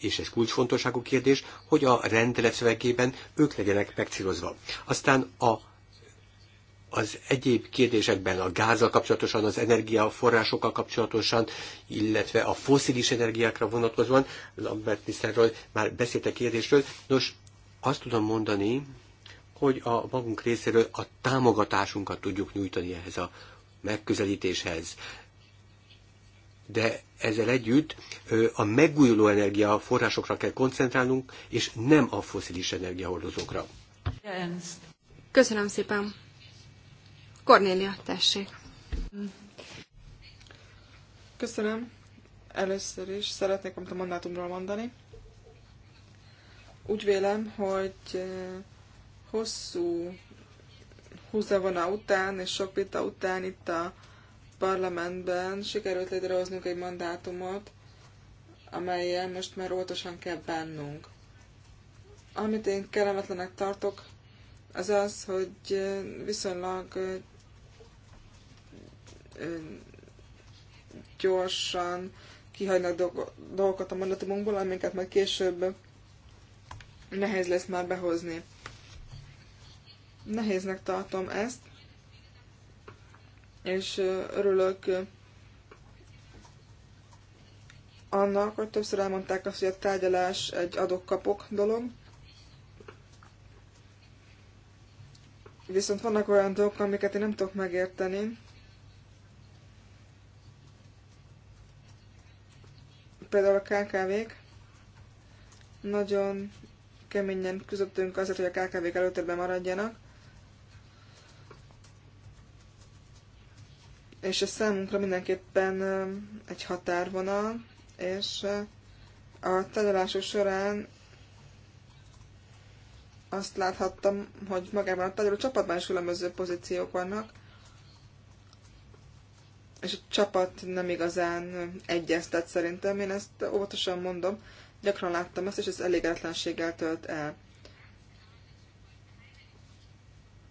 és ez kulcsfontosságú kérdés, hogy a rendelet szövegében ők legyenek megcírozva. Aztán a az egyéb kérdésekben, a gázzal kapcsolatosan, az energiaforrásokkal kapcsolatosan, illetve a foszilis energiákra vonatkozóan, Lambert Nisztáról már beszélt a kérdésről. Nos, azt tudom mondani, hogy a magunk részéről a támogatásunkat tudjuk nyújtani ehhez a megközelítéshez. De ezzel együtt a megújuló energia forrásokra kell koncentrálnunk, és nem a foszilis energiahordozókra. Köszönöm szépen. Kornélia, tessék. Köszönöm. Először is szeretnék amit a mandátumról mondani. Úgy vélem, hogy hosszú húzavona után és sok vita után itt a parlamentben sikerült létrehoznunk egy mandátumot, amelyel most már óvatosan kell bánnunk. Amit én kellemetlenek tartok, az az, hogy viszonylag gyorsan kihagynak dolgokat a mandatumunkból, amiket majd később nehéz lesz már behozni. Nehéznek tartom ezt, és örülök annak, hogy többször elmondták azt, hogy a tárgyalás egy adok-kapok dolog. Viszont vannak olyan dolgok, amiket én nem tudok megérteni. Például a KKV-k. Nagyon keményen küzdöttünk azért, hogy a KKV-k előtérben maradjanak. és ez számunkra mindenképpen egy határvonal, és a tanulások során azt láthattam, hogy magában a tanuló csapatban is különböző pozíciók vannak, és a csapat nem igazán egyeztet szerintem. Én ezt óvatosan mondom, gyakran láttam ezt, és ez elégedetlenséggel tölt el.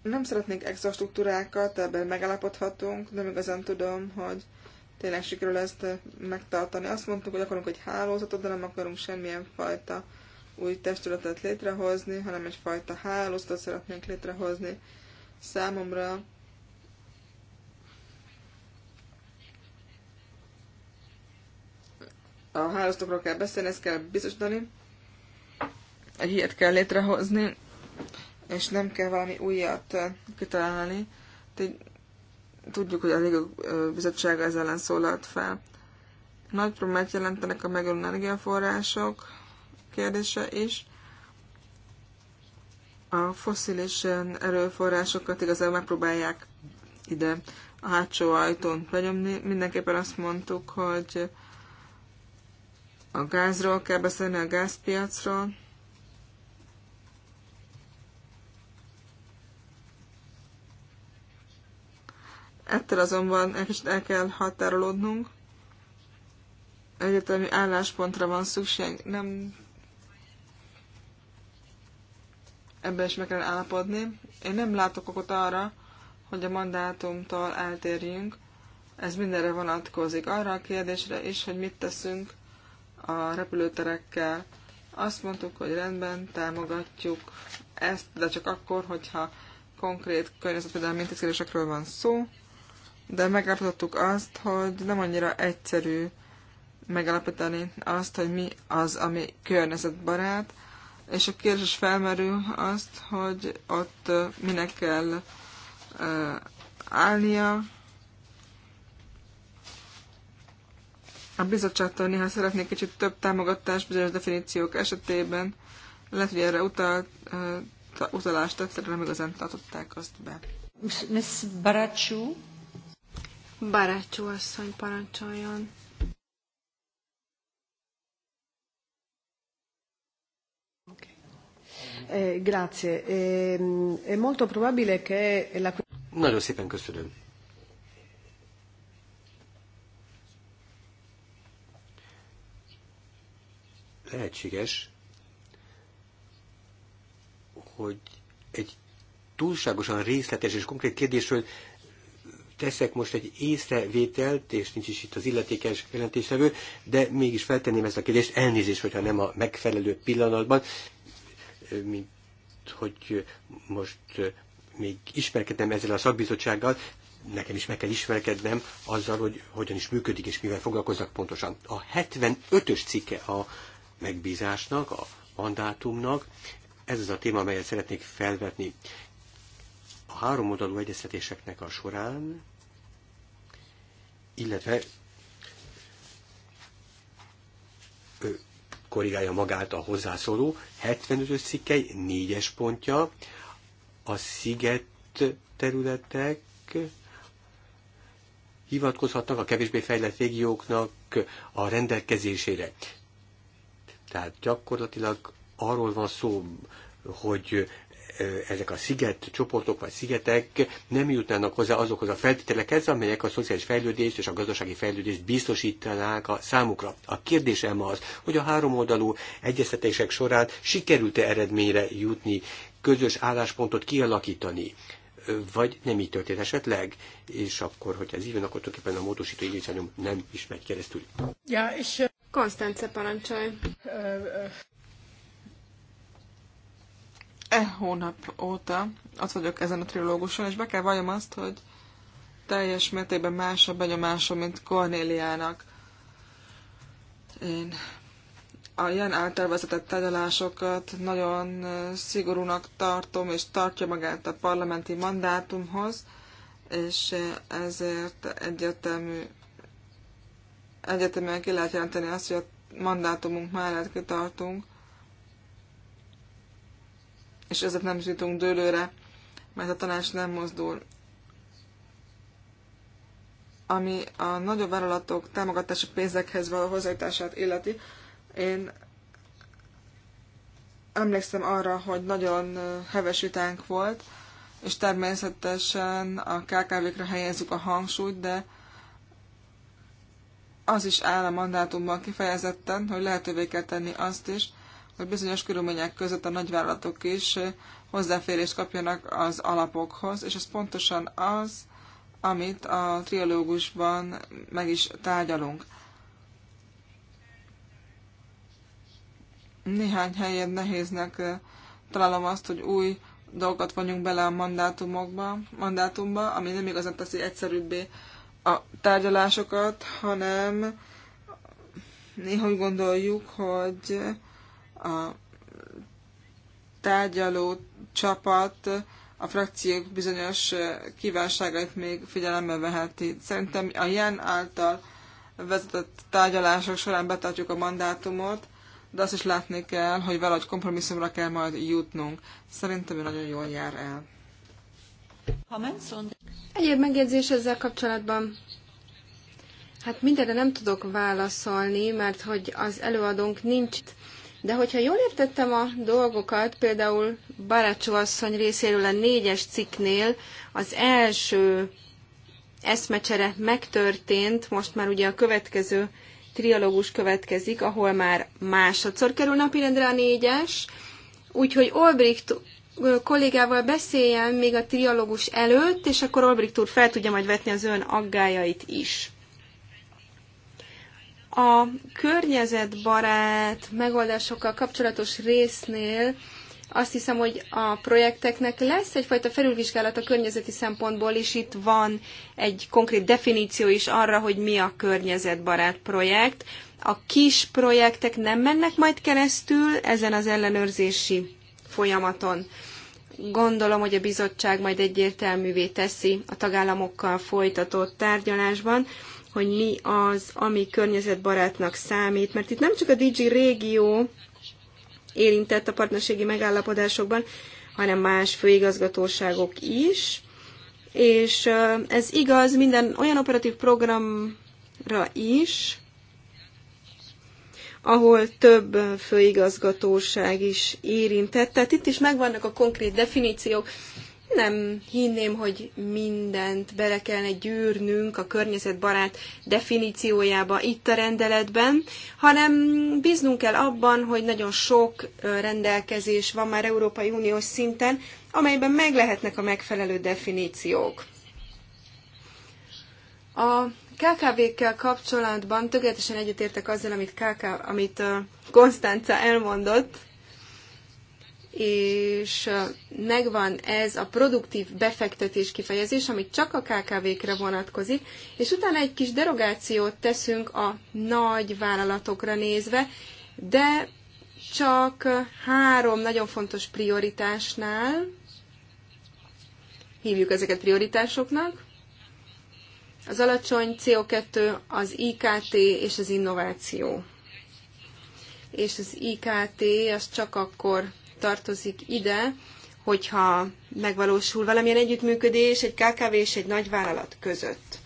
nem szeretnénk extra struktúrákat, ebben megállapodhatunk, nem igazán tudom, hogy tényleg sikerül ezt megtartani. Azt mondtuk, hogy akarunk egy hálózatot, de nem akarunk semmilyen fajta új testületet létrehozni, hanem egyfajta hálózatot szeretnénk létrehozni. Számomra a hálózatokról kell beszélni, ezt kell biztosítani, egy ilyet kell létrehozni, és nem kell valami újat kitalálni. Tudjuk, hogy a Liga Bizottsága ez ellen szólalt fel. Nagy problémát jelentenek a megújuló energiaforrások kérdése is. A foszilis erőforrásokat igazából megpróbálják ide a hátsó ajtón benyomni. Mindenképpen azt mondtuk, hogy a gázról kell beszélni, a gázpiacról, Ettől azonban egy kicsit el kell határolódnunk. Egyetemi álláspontra van szükség, nem ebben is meg kell állapodni. Én nem látok okot arra, hogy a mandátumtól eltérjünk. Ez mindenre vonatkozik. Arra a kérdésre is, hogy mit teszünk a repülőterekkel. Azt mondtuk, hogy rendben, támogatjuk ezt, de csak akkor, hogyha konkrét környezetvédelmi intézkedésekről van szó de megállapítottuk azt, hogy nem annyira egyszerű megállapítani azt, hogy mi az, ami környezetbarát, és a kérdés is felmerül azt, hogy ott minek kell állnia. A bizottságtól néha szeretnék kicsit több támogatást bizonyos definíciók esetében. Lehet, hogy erre utal, utalást tettek, nem igazán tartották azt be. Ms. Baracsú? Barátyú asszony parancsoljon. Eh, grazie. Eh, è molto probabile che la... Nagyon szépen köszönöm. Lehetséges, hogy egy túlságosan részletes és konkrét kérdésről teszek most egy észrevételt, és nincs is itt az illetékes jelentéslevő, de mégis feltenném ezt a kérdést, elnézést, hogyha nem a megfelelő pillanatban, mint hogy most még ismerkedem ezzel a szakbizottsággal, nekem is meg kell ismerkednem azzal, hogy hogyan is működik és mivel foglalkoznak pontosan. A 75-ös cikke a megbízásnak, a mandátumnak, ez az a téma, amelyet szeretnék felvetni a oldalú egyeztetéseknek a során, illetve ő korrigálja magát a hozzászóló, 75-ös cikkely 4 pontja, a sziget területek hivatkozhatnak a kevésbé fejlett régióknak a rendelkezésére. Tehát gyakorlatilag arról van szó, hogy ezek a sziget csoportok vagy szigetek nem jutnának hozzá azokhoz a feltételekhez, amelyek a szociális fejlődést és a gazdasági fejlődést biztosítanák a számukra. A kérdésem az, hogy a háromoldalú egyeztetések során sikerült-e eredményre jutni, közös álláspontot kialakítani vagy nem így történt esetleg, és akkor, hogy ez így van, akkor tulajdonképpen a módosító indítványom nem is megy keresztül. Ja, és Konstance parancsolj e hónap óta ott vagyok ezen a trilóguson, és be kell valljam azt, hogy teljes mértékben más a benyomásom, mint Cornéliának. Én a ilyen által vezetett tárgyalásokat nagyon szigorúnak tartom, és tartja magát a parlamenti mandátumhoz, és ezért egyetemű, egyeteműen ki lehet jelenteni azt, hogy a mandátumunk mellett kitartunk, és ezért nem jutunk dőlőre, mert a tanács nem mozdul. Ami a nagyobb vállalatok támogatása pénzekhez való hozzájutását illeti, én emlékszem arra, hogy nagyon heves ütánk volt, és természetesen a KKV-kra helyezzük a hangsúlyt, de az is áll a mandátumban kifejezetten, hogy lehetővé kell tenni azt is, hogy bizonyos körülmények között a nagyvállalatok is hozzáférést kapjanak az alapokhoz, és ez pontosan az, amit a triológusban meg is tárgyalunk. Néhány helyen nehéznek eh, találom azt, hogy új dolgokat vonjunk bele a mandátumokba, mandátumba, ami nem igazán teszi egyszerűbbé a tárgyalásokat, hanem néha úgy gondoljuk, hogy a tárgyaló csapat a frakciók bizonyos kívánságait még figyelembe veheti. Szerintem a Jen által vezetett tárgyalások során betartjuk a mandátumot, de azt is látni kell, hogy valahogy kompromisszumra kell majd jutnunk. Szerintem ő nagyon jól jár el. Egyéb megjegyzés ezzel kapcsolatban? Hát mindenre nem tudok válaszolni, mert hogy az előadónk nincs. De hogyha jól értettem a dolgokat, például Barácsó asszony részéről a négyes cikknél az első eszmecsere megtörtént, most már ugye a következő trialógus következik, ahol már másodszor kerül napirendre a négyes, úgyhogy Olbricht kollégával beszéljen még a trialógus előtt, és akkor Olbricht úr fel tudja majd vetni az ön aggájait is. A környezetbarát megoldásokkal kapcsolatos résznél azt hiszem, hogy a projekteknek lesz egyfajta felülvizsgálat a környezeti szempontból, és itt van egy konkrét definíció is arra, hogy mi a környezetbarát projekt. A kis projektek nem mennek majd keresztül ezen az ellenőrzési folyamaton. Gondolom, hogy a bizottság majd egyértelművé teszi a tagállamokkal folytatott tárgyalásban, hogy mi az, ami környezetbarátnak számít, mert itt nem csak a DG régió érintett a partnerségi megállapodásokban, hanem más főigazgatóságok is, és ez igaz minden olyan operatív programra is, ahol több főigazgatóság is érintett. Tehát itt is megvannak a konkrét definíciók, nem hinném, hogy mindent bele kellene gyűrnünk a környezetbarát definíciójába itt a rendeletben, hanem bíznunk kell abban, hogy nagyon sok rendelkezés van már Európai Uniós szinten, amelyben meg lehetnek a megfelelő definíciók. A KKV-kkel kapcsolatban tökéletesen egyetértek azzal, amit, KK, amit Konstanca elmondott, és megvan ez a produktív befektetés kifejezés, amit csak a KKV-kre vonatkozik, és utána egy kis derogációt teszünk a nagy vállalatokra nézve, de csak három nagyon fontos prioritásnál, hívjuk ezeket prioritásoknak, az alacsony CO2, az IKT és az innováció. És az IKT az csak akkor tartozik ide, hogyha megvalósul valamilyen együttműködés egy KKV és egy nagyvállalat között.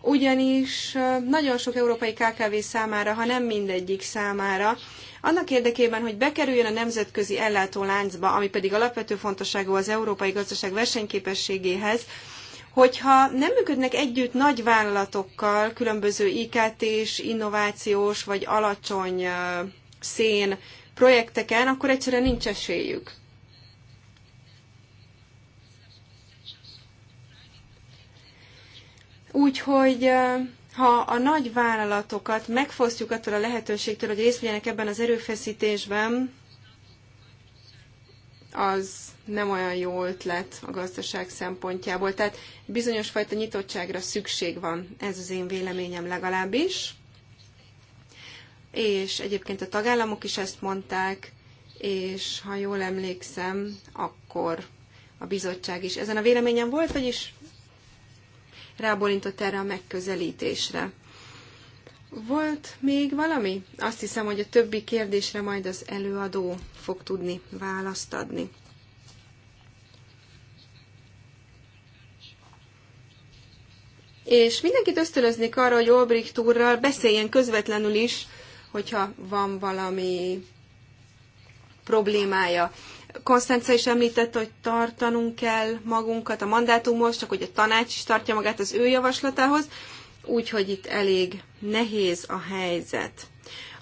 Ugyanis nagyon sok európai KKV számára, ha nem mindegyik számára, annak érdekében, hogy bekerüljön a nemzetközi ellátóláncba, ami pedig alapvető fontosságú az európai gazdaság versenyképességéhez, hogyha nem működnek együtt nagy vállalatokkal, különböző IKT-s, innovációs vagy alacsony szén projekteken, akkor egyszerűen nincs esélyük. Úgyhogy ha a nagy vállalatokat megfosztjuk attól a lehetőségtől, hogy részt vegyenek ebben az erőfeszítésben, az nem olyan jó ötlet a gazdaság szempontjából. Tehát bizonyos fajta nyitottságra szükség van, ez az én véleményem legalábbis és egyébként a tagállamok is ezt mondták, és ha jól emlékszem, akkor a bizottság is ezen a véleményen volt, vagyis rábólintott erre a megközelítésre. Volt még valami? Azt hiszem, hogy a többi kérdésre majd az előadó fog tudni választ adni. És mindenkit ösztönöznék arra, hogy Olbricht úrral beszéljen közvetlenül is hogyha van valami problémája. Konstanca is említette, hogy tartanunk kell magunkat a mandátumhoz, csak hogy a tanács is tartja magát az ő javaslatához, úgyhogy itt elég nehéz a helyzet.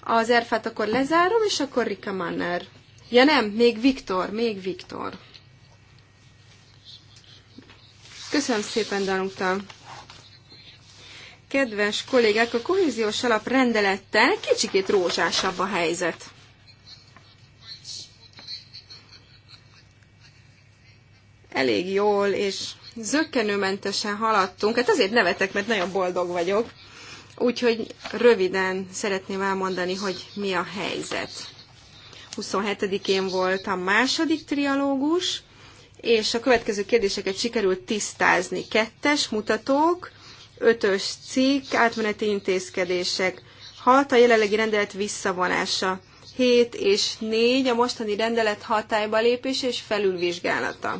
Az erfát akkor lezárom, és akkor Rika Manner. Ja nem, még Viktor, még Viktor. Köszönöm szépen, Danuta. Kedves kollégák, a kohéziós alap rendelettel kicsikét rózsásabb a helyzet. Elég jól és zöggenőmentesen haladtunk. Hát azért nevetek, mert nagyon boldog vagyok. Úgyhogy röviden szeretném elmondani, hogy mi a helyzet. 27-én volt a második trialógus, és a következő kérdéseket sikerült tisztázni. Kettes mutatók, Ötös cikk, átmeneti intézkedések. 6. A jelenlegi rendelet visszavonása. 7 és 4. A mostani rendelet hatályba lépés és felülvizsgálata.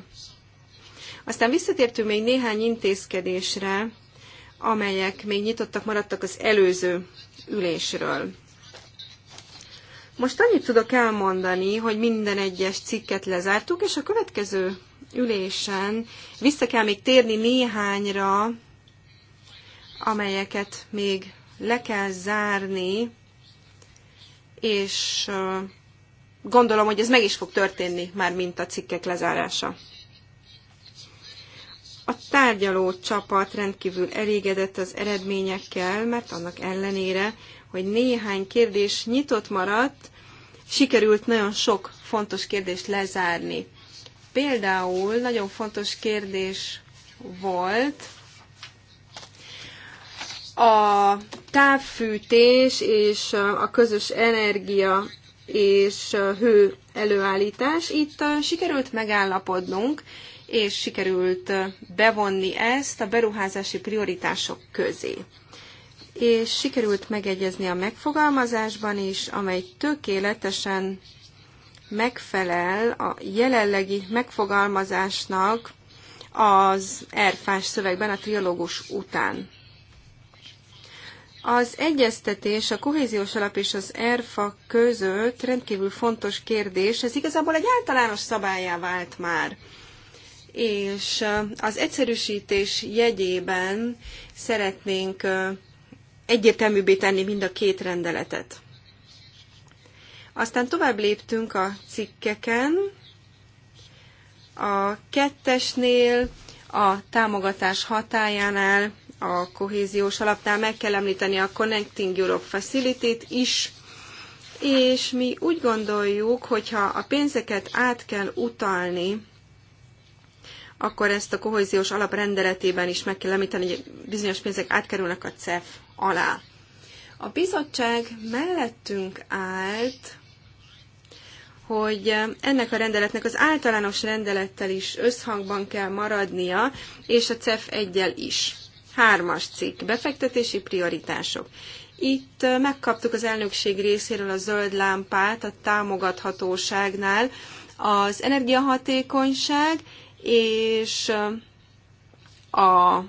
Aztán visszatértünk még néhány intézkedésre, amelyek még nyitottak maradtak az előző ülésről. Most annyit tudok elmondani, hogy minden egyes cikket lezártuk, és a következő ülésen vissza kell még térni néhányra, amelyeket még le kell zárni, és gondolom, hogy ez meg is fog történni, már mint a cikkek lezárása. A tárgyaló csapat rendkívül elégedett az eredményekkel, mert annak ellenére, hogy néhány kérdés nyitott maradt, sikerült nagyon sok fontos kérdést lezárni. Például nagyon fontos kérdés volt a távfűtés és a közös energia és hő előállítás. Itt sikerült megállapodnunk, és sikerült bevonni ezt a beruházási prioritások közé. És sikerült megegyezni a megfogalmazásban is, amely tökéletesen megfelel a jelenlegi megfogalmazásnak az erfás szövegben a triológus után. Az egyeztetés a kohéziós alap és az ERFA között rendkívül fontos kérdés, ez igazából egy általános szabályá vált már. És az egyszerűsítés jegyében szeretnénk egyértelműbbé tenni mind a két rendeletet. Aztán tovább léptünk a cikkeken. A kettesnél, a támogatás hatájánál a kohéziós alapnál meg kell említeni a Connecting Europe Facility-t is, és mi úgy gondoljuk, hogyha a pénzeket át kell utalni, akkor ezt a kohéziós alap rendeletében is meg kell említeni, hogy bizonyos pénzek átkerülnek a CEF alá. A bizottság mellettünk állt, hogy ennek a rendeletnek az általános rendelettel is összhangban kell maradnia, és a CEF egyel is. Hármas cikk, befektetési prioritások. Itt megkaptuk az elnökség részéről a zöld lámpát a támogathatóságnál, az energiahatékonyság és a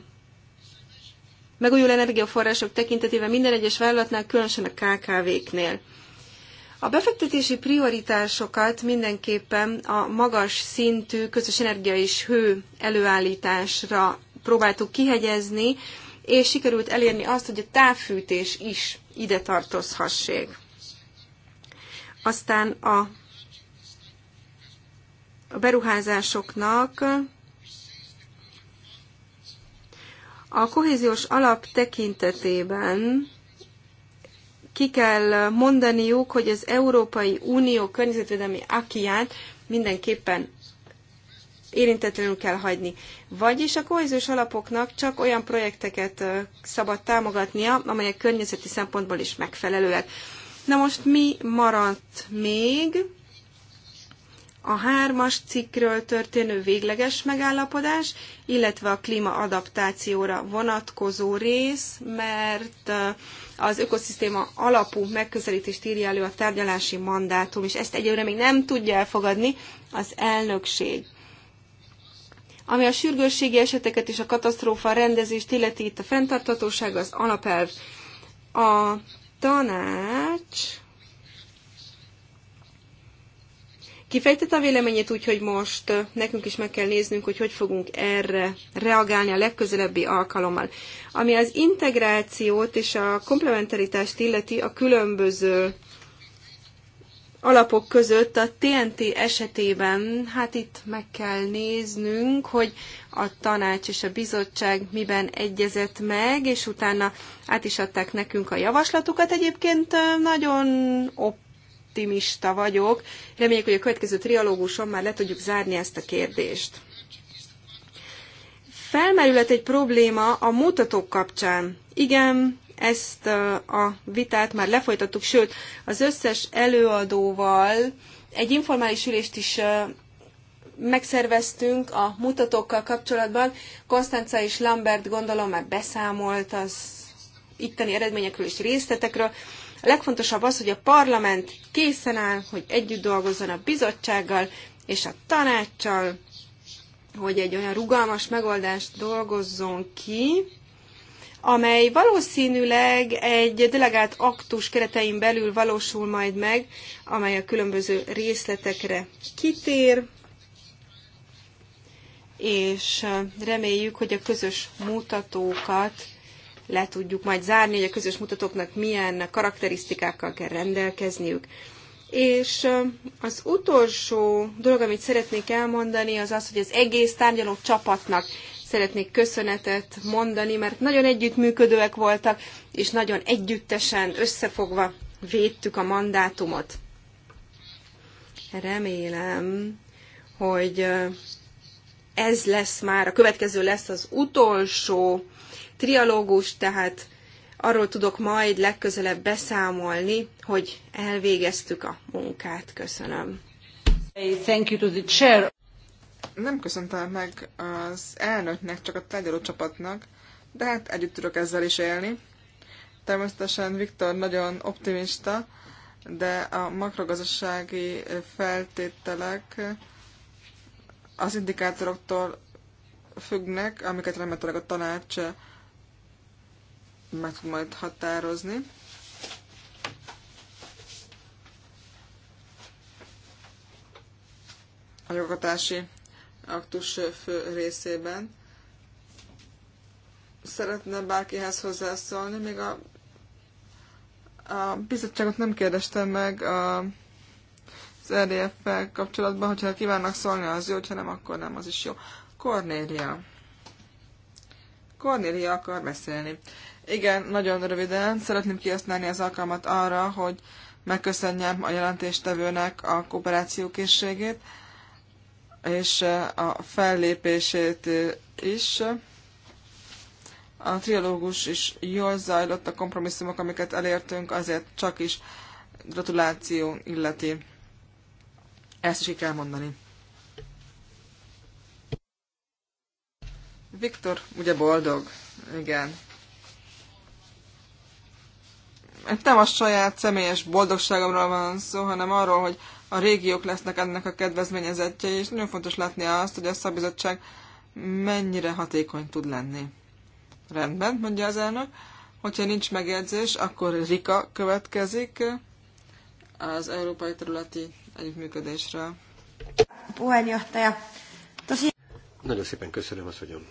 megújuló energiaforrások tekintetében minden egyes vállalatnál, különösen a KKV-knél. A befektetési prioritásokat mindenképpen a magas szintű közös energia és hő előállításra próbáltuk kihegyezni, és sikerült elérni azt, hogy a távfűtés is ide tartozhassék. Aztán a beruházásoknak a kohéziós alap tekintetében ki kell mondaniuk, hogy az Európai Unió környezetvédelmi akiát mindenképpen érintetlenül kell hagyni. Vagyis a kohéziós alapoknak csak olyan projekteket szabad támogatnia, amelyek környezeti szempontból is megfelelőek. Na most mi maradt még? a hármas cikkről történő végleges megállapodás, illetve a klímaadaptációra vonatkozó rész, mert az ökoszisztéma alapú megközelítést írja elő a tárgyalási mandátum, és ezt egyelőre még nem tudja elfogadni az elnökség. Ami a sürgősségi eseteket és a katasztrófa rendezést illeti, itt a fenntartatóság az alapelv. A tanács kifejtette a véleményét úgy, hogy most nekünk is meg kell néznünk, hogy hogy fogunk erre reagálni a legközelebbi alkalommal. Ami az integrációt és a komplementaritást illeti a különböző alapok között a TNT esetében, hát itt meg kell néznünk, hogy a tanács és a bizottság miben egyezett meg, és utána át is adták nekünk a javaslatukat. Egyébként nagyon optimista vagyok. Reméljük, hogy a következő trialóguson már le tudjuk zárni ezt a kérdést. Felmerülhet egy probléma a mutatók kapcsán. Igen, ezt a vitát már lefolytattuk, sőt, az összes előadóval egy informális ülést is megszerveztünk a mutatókkal kapcsolatban. Konstanca és Lambert gondolom már beszámolt az itteni eredményekről és részletekről. A legfontosabb az, hogy a parlament készen áll, hogy együtt dolgozzon a bizottsággal és a tanácssal, hogy egy olyan rugalmas megoldást dolgozzon ki, amely valószínűleg egy delegált aktus keretein belül valósul majd meg, amely a különböző részletekre kitér, és reméljük, hogy a közös mutatókat le tudjuk majd zárni, hogy a közös mutatóknak milyen karakterisztikákkal kell rendelkezniük. És az utolsó dolog, amit szeretnék elmondani, az az, hogy az egész tárgyaló csapatnak Szeretnék köszönetet mondani, mert nagyon együttműködőek voltak, és nagyon együttesen, összefogva védtük a mandátumot. Remélem, hogy ez lesz már, a következő lesz az utolsó trialógus, tehát arról tudok majd legközelebb beszámolni, hogy elvégeztük a munkát. Köszönöm. Thank you to the chair nem köszöntem meg az elnöknek, csak a tárgyaló csapatnak, de hát együtt tudok ezzel is élni. Természetesen Viktor nagyon optimista, de a makrogazdasági feltételek az indikátoroktól függnek, amiket remélhetőleg a tanács meg tud majd határozni. A jogatási aktus fő részében. Szeretne bárkihez hozzászólni, még a, a bizottságot nem kérdeztem meg a, az RDF-fel kapcsolatban, hogyha kívánnak szólni, az jó, ha nem, akkor nem, az is jó. Kornélia, Kornélia akar beszélni. Igen, nagyon röviden. Szeretném kihasználni az alkalmat arra, hogy megköszönjem a jelentéstevőnek a kooperáció készségét és a fellépését is. A trialógus is jól zajlott, a kompromisszumok, amiket elértünk, azért csak is gratuláció illeti. Ezt is ki kell mondani. Viktor, ugye boldog? Igen. nem a saját személyes boldogságomról van szó, hanem arról, hogy a régiók lesznek ennek a kedvezményezettje, és nagyon fontos látni azt, hogy a szabizottság mennyire hatékony tud lenni. Rendben, mondja az elnök. Hogyha nincs megjegyzés, akkor Rika következik az Európai Területi együttműködésre. Nagyon szépen köszönöm az, hogy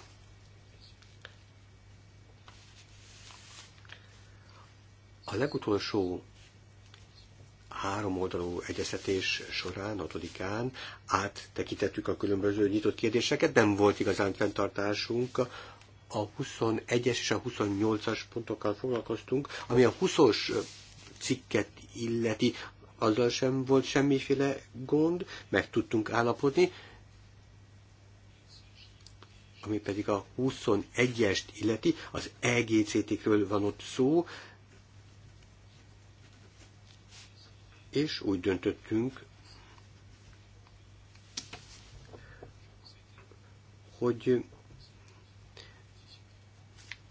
A legutolsó három oldalú egyeztetés során, hatodikán án áttekintettük a különböző nyitott kérdéseket, nem volt igazán fenntartásunk, a 21-es és a 28-as pontokkal foglalkoztunk, ami a 20-os cikket illeti, azzal sem volt semmiféle gond, meg tudtunk állapodni, ami pedig a 21-est illeti, az EGCT-kről van ott szó, és úgy döntöttünk, hogy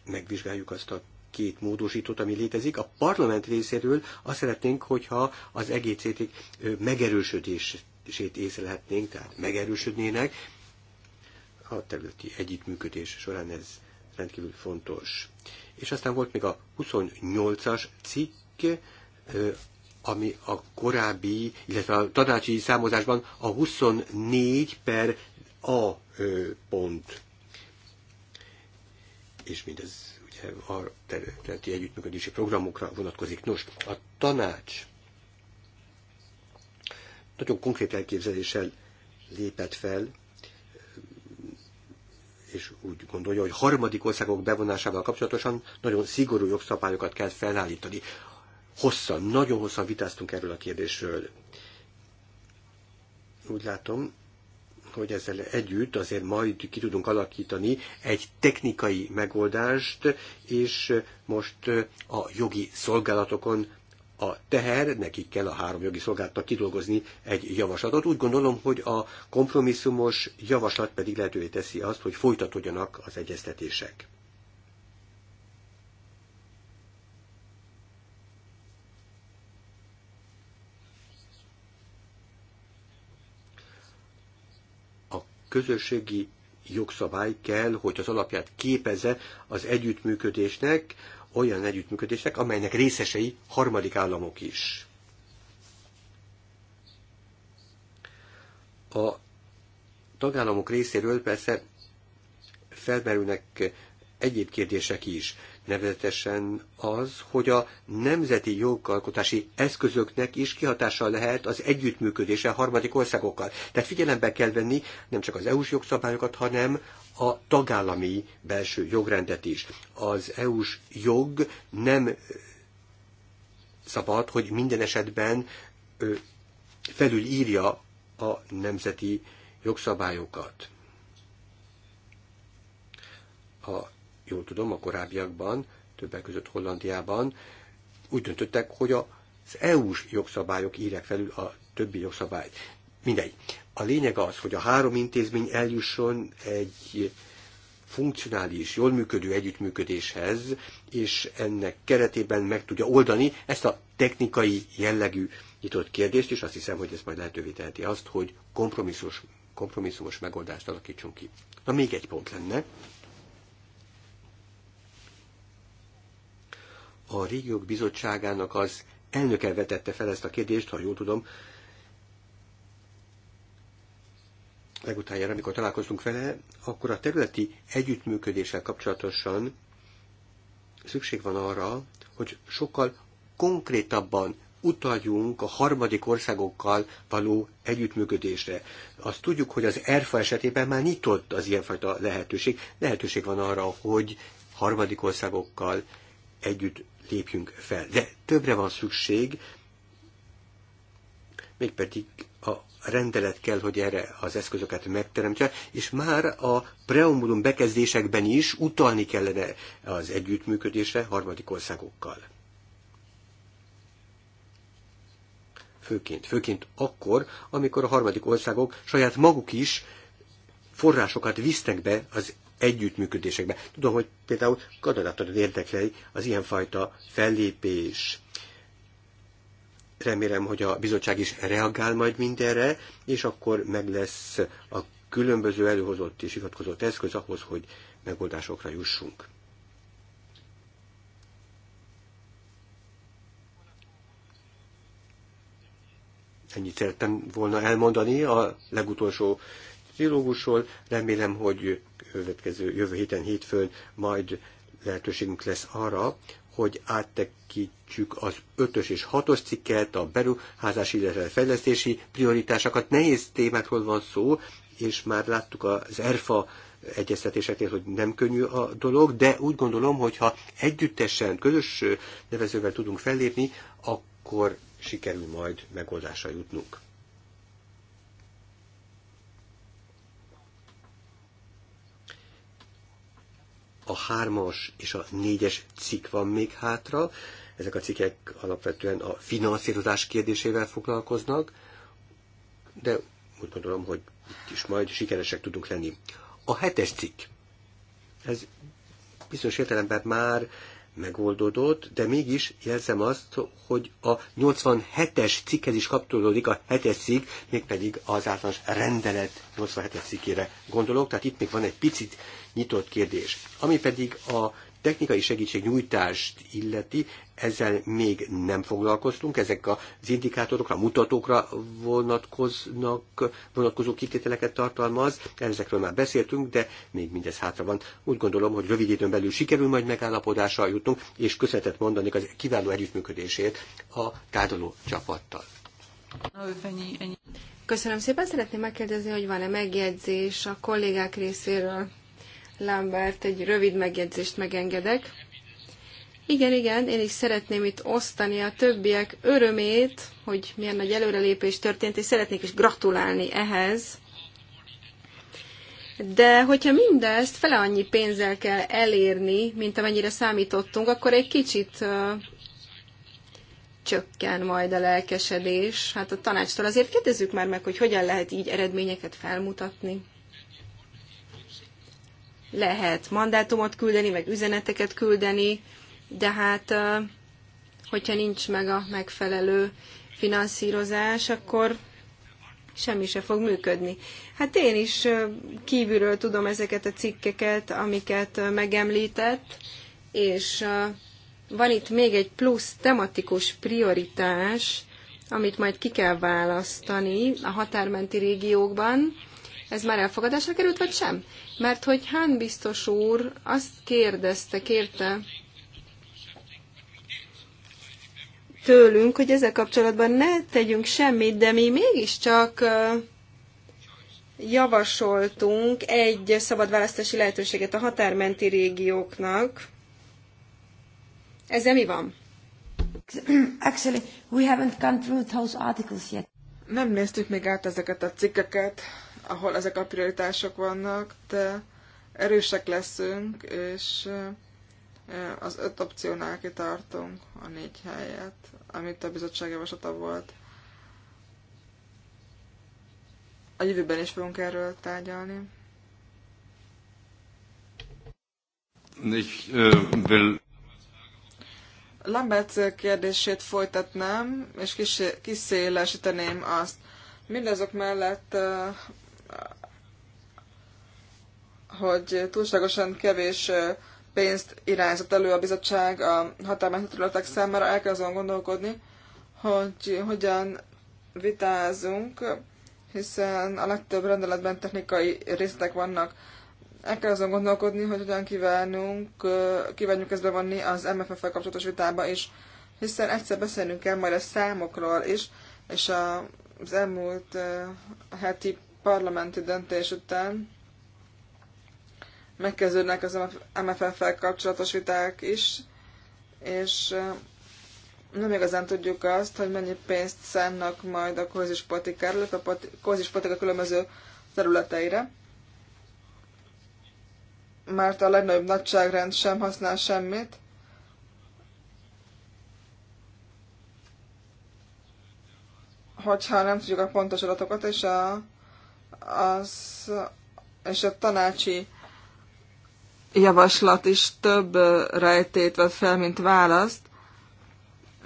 megvizsgáljuk azt a két módosítót, ami létezik. A parlament részéről azt szeretnénk, hogyha az EGCT megerősödését észlelhetnénk, tehát megerősödnének. A területi együttműködés során ez rendkívül fontos. És aztán volt még a 28-as cikk, ami a korábbi, illetve a tanácsi számozásban a 24 per A pont. És mindez ugye a területi együttműködési programokra vonatkozik. Nos, a tanács nagyon konkrét elképzeléssel lépett fel, és úgy gondolja, hogy harmadik országok bevonásával kapcsolatosan nagyon szigorú jogszabályokat kell felállítani hosszan, nagyon hosszan vitáztunk erről a kérdésről. Úgy látom, hogy ezzel együtt azért majd ki tudunk alakítani egy technikai megoldást, és most a jogi szolgálatokon a teher, nekik kell a három jogi szolgálatnak kidolgozni egy javaslatot. Úgy gondolom, hogy a kompromisszumos javaslat pedig lehetővé teszi azt, hogy folytatódjanak az egyeztetések. közösségi jogszabály kell, hogy az alapját képeze az együttműködésnek, olyan együttműködésnek, amelynek részesei harmadik államok is. A tagállamok részéről persze felmerülnek egyéb kérdések is nevezetesen az, hogy a nemzeti jogalkotási eszközöknek is kihatással lehet az együttműködése a harmadik országokkal. Tehát figyelembe kell venni nem csak az EU-s jogszabályokat, hanem a tagállami belső jogrendet is. Az EU-s jog nem szabad, hogy minden esetben felülírja a nemzeti jogszabályokat. A jól tudom, a korábbiakban, többek között Hollandiában úgy döntöttek, hogy az EU-s jogszabályok írják felül a többi jogszabályt. Mindegy. A lényeg az, hogy a három intézmény eljusson egy funkcionális, jól működő együttműködéshez, és ennek keretében meg tudja oldani ezt a technikai jellegű nyitott kérdést, és azt hiszem, hogy ez majd lehetővé teheti azt, hogy kompromisszumos, kompromisszumos megoldást alakítsunk ki. Na még egy pont lenne, a régiók bizottságának az elnöke vetette fel ezt a kérdést, ha jól tudom, legutáljára, amikor találkoztunk vele, akkor a területi együttműködéssel kapcsolatosan szükség van arra, hogy sokkal konkrétabban utaljunk a harmadik országokkal való együttműködésre. Azt tudjuk, hogy az ERFA esetében már nyitott az ilyenfajta lehetőség. Lehetőség van arra, hogy harmadik országokkal együtt lépjünk fel. De többre van szükség, mégpedig a rendelet kell, hogy erre az eszközöket megteremtse, és már a preambulum bekezdésekben is utalni kellene az együttműködésre harmadik országokkal. Főként, főként akkor, amikor a harmadik országok saját maguk is forrásokat visznek be az együttműködésekben. Tudom, hogy például Kanadától érdekli az ilyenfajta fellépés. Remélem, hogy a bizottság is reagál majd mindenre, és akkor meg lesz a különböző előhozott és hivatkozott eszköz ahhoz, hogy megoldásokra jussunk. ennyit szerettem volna elmondani a legutolsó trilógusról. Remélem, hogy következő jövő héten, hétfőn majd lehetőségünk lesz arra, hogy áttekintjük az ötös és hatos cikket, a beruházási, illetve fejlesztési prioritásokat. Nehéz témákról van szó, és már láttuk az ERFA egyeztetéseknél, hogy nem könnyű a dolog, de úgy gondolom, hogy ha együttesen, közös nevezővel tudunk fellépni, akkor sikerül majd megoldásra jutnunk. a hármas és a négyes cikk van még hátra. Ezek a cikkek alapvetően a finanszírozás kérdésével foglalkoznak, de úgy gondolom, hogy itt is majd sikeresek tudunk lenni. A hetes cikk. Ez bizonyos értelemben már megoldódott, de mégis jelzem azt, hogy a 87-es cikkhez is kapcsolódik a 7-es cikk, mégpedig az általános rendelet 87-es cikkére gondolok, tehát itt még van egy picit nyitott kérdés. Ami pedig a technikai segítségnyújtást illeti, ezzel még nem foglalkoztunk, ezek az indikátorokra, mutatókra vonatkoznak, vonatkozó kitételeket tartalmaz, ezekről már beszéltünk, de még mindez hátra van. Úgy gondolom, hogy rövid időn belül sikerül majd megállapodásra jutnunk, és köszönetet mondanék az kiváló együttműködését a tárgyaló csapattal. Köszönöm szépen, szeretném megkérdezni, hogy van-e megjegyzés a kollégák részéről. Lambert, egy rövid megjegyzést megengedek. Igen, igen, én is szeretném itt osztani a többiek örömét, hogy milyen nagy előrelépés történt, és szeretnék is gratulálni ehhez. De hogyha mindezt fele annyi pénzzel kell elérni, mint amennyire számítottunk, akkor egy kicsit csökken majd a lelkesedés. Hát a tanácstól azért kérdezzük már meg, hogy hogyan lehet így eredményeket felmutatni lehet mandátumot küldeni, meg üzeneteket küldeni, de hát hogyha nincs meg a megfelelő finanszírozás, akkor semmi se fog működni. Hát én is kívülről tudom ezeket a cikkeket, amiket megemlített, és van itt még egy plusz tematikus prioritás, amit majd ki kell választani a határmenti régiókban. Ez már elfogadásra került, vagy sem? Mert hogy Hán biztos úr azt kérdezte, kérte tőlünk, hogy ezzel kapcsolatban ne tegyünk semmit, de mi mégiscsak javasoltunk egy szabad választási lehetőséget a határmenti régióknak. Ezzel mi van? Actually, we haven't gone through those articles yet. Nem néztük még át ezeket a cikkeket ahol ezek a prioritások vannak, de erősek leszünk, és az öt opciónál kitartunk a négy helyet, amit a bizottság javaslata volt. A jövőben is fogunk erről tárgyalni. Ich, uh, will... Lambert kérdését folytatnám, és kiszélesíteném azt. Mindazok mellett, hogy túlságosan kevés pénzt irányzott elő a bizottság a határmányzat területek számára, el kell azon gondolkodni, hogy hogyan vitázunk, hiszen a legtöbb rendeletben technikai részletek vannak. El kell azon gondolkodni, hogy hogyan kívánunk, kívánjuk ezt bevonni az MFF-fel kapcsolatos vitába is, hiszen egyszer beszélnünk kell majd a számokról is, és az elmúlt heti parlamenti döntés után megkezdődnek az MFF-fel kapcsolatos viták is, és nem igazán tudjuk azt, hogy mennyi pénzt szánnak majd a kohézis politikára, illetve a kohézis politika különböző területeire. Mert a legnagyobb nagyságrend sem használ semmit. Hogyha nem tudjuk a pontos adatokat, és a az, és a tanácsi javaslat is több rejtét vett fel, mint választ.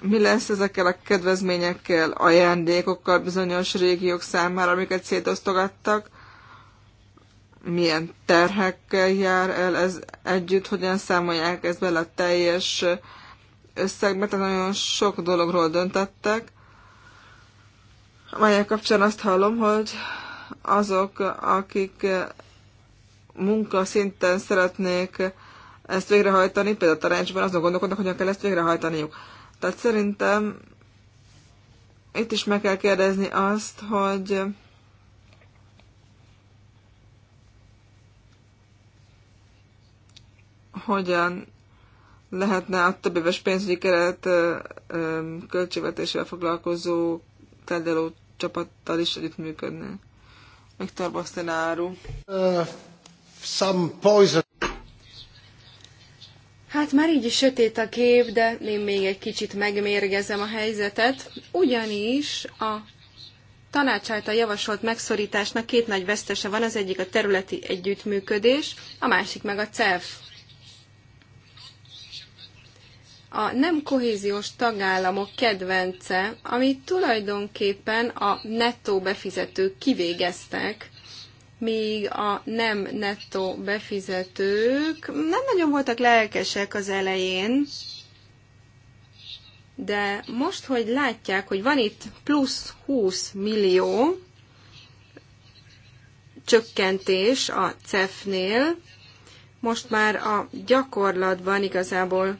Mi lesz ezekkel a kedvezményekkel, ajándékokkal bizonyos régiók számára, amiket szétosztogattak? Milyen terhekkel jár el ez együtt, hogyan számolják ezt bele a teljes összegbe, tehát nagyon sok dologról döntettek, amelyek kapcsán azt hallom, hogy azok, akik munka szinten szeretnék ezt végrehajtani, például a tanácsban azon gondolkodnak, hogyan kell ezt végrehajtaniuk. Tehát szerintem itt is meg kell kérdezni azt, hogy hogyan lehetne a több éves pénzügyi keret költségvetésével foglalkozó tárgyaló csapattal is együttműködni. Viktor Uh, some poison. Hát már így is sötét a kép, de én még egy kicsit megmérgezem a helyzetet, ugyanis a tanács által javasolt megszorításnak két nagy vesztese van, az egyik a területi együttműködés, a másik meg a CEF a nem kohéziós tagállamok kedvence, amit tulajdonképpen a nettó befizetők kivégeztek, míg a nem nettó befizetők nem nagyon voltak lelkesek az elején, de most, hogy látják, hogy van itt plusz 20 millió csökkentés a CEF-nél, most már a gyakorlatban igazából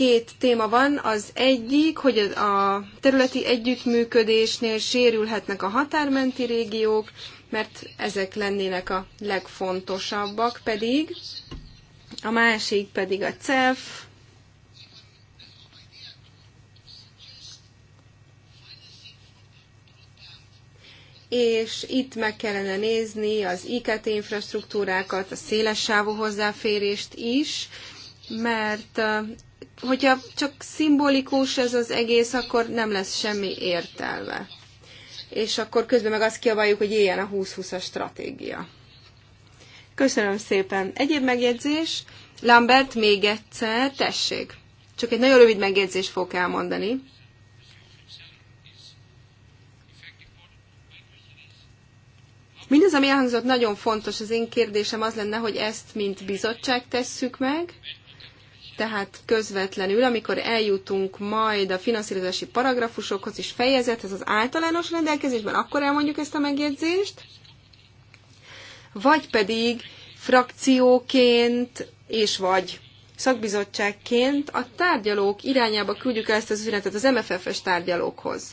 két téma van. Az egyik, hogy a területi együttműködésnél sérülhetnek a határmenti régiók, mert ezek lennének a legfontosabbak pedig. A másik pedig a CEF, és itt meg kellene nézni az IKT infrastruktúrákat, a széles sávú hozzáférést is, mert hogyha csak szimbolikus ez az egész, akkor nem lesz semmi értelme. És akkor közben meg azt kiabáljuk, hogy éljen a 20-20-as stratégia. Köszönöm szépen. Egyéb megjegyzés? Lambert, még egyszer, tessék. Csak egy nagyon rövid megjegyzés fogok elmondani. Mindez, ami elhangzott, nagyon fontos. Az én kérdésem az lenne, hogy ezt, mint bizottság tesszük meg, tehát közvetlenül, amikor eljutunk majd a finanszírozási paragrafusokhoz és fejezethez az általános rendelkezésben, akkor elmondjuk ezt a megjegyzést, vagy pedig frakcióként és vagy szakbizottságként a tárgyalók irányába küldjük el ezt az üzenetet az MFF-es tárgyalókhoz.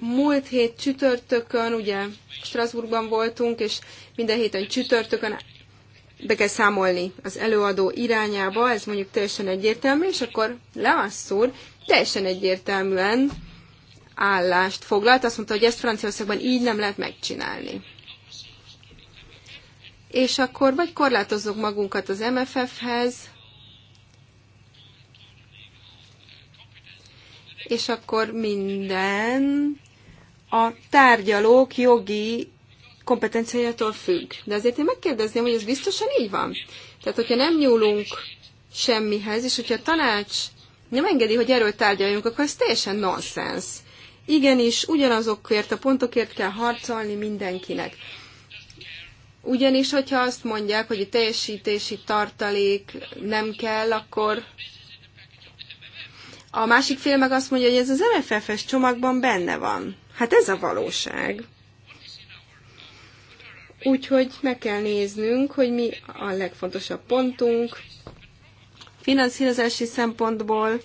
Múlt hét csütörtökön, ugye Strasbourgban voltunk, és minden héten csütörtökön be kell számolni az előadó irányába, ez mondjuk teljesen egyértelmű, és akkor Leasszúr teljesen egyértelműen állást foglalt, azt mondta, hogy ezt Franciaországban így nem lehet megcsinálni. És akkor vagy korlátozzuk magunkat az MFF-hez, és akkor minden a tárgyalók jogi kompetenciájától függ. De azért én megkérdezném, hogy ez biztosan így van? Tehát, hogyha nem nyúlunk semmihez, és hogyha a tanács nem engedi, hogy erről tárgyaljunk, akkor ez teljesen nonsens. Igenis, ugyanazokért a pontokért kell harcolni mindenkinek. Ugyanis, hogyha azt mondják, hogy a teljesítési tartalék nem kell, akkor a másik fél meg azt mondja, hogy ez az MFF-es csomagban benne van. Hát ez a valóság. Úgyhogy meg kell néznünk, hogy mi a legfontosabb pontunk finanszírozási szempontból,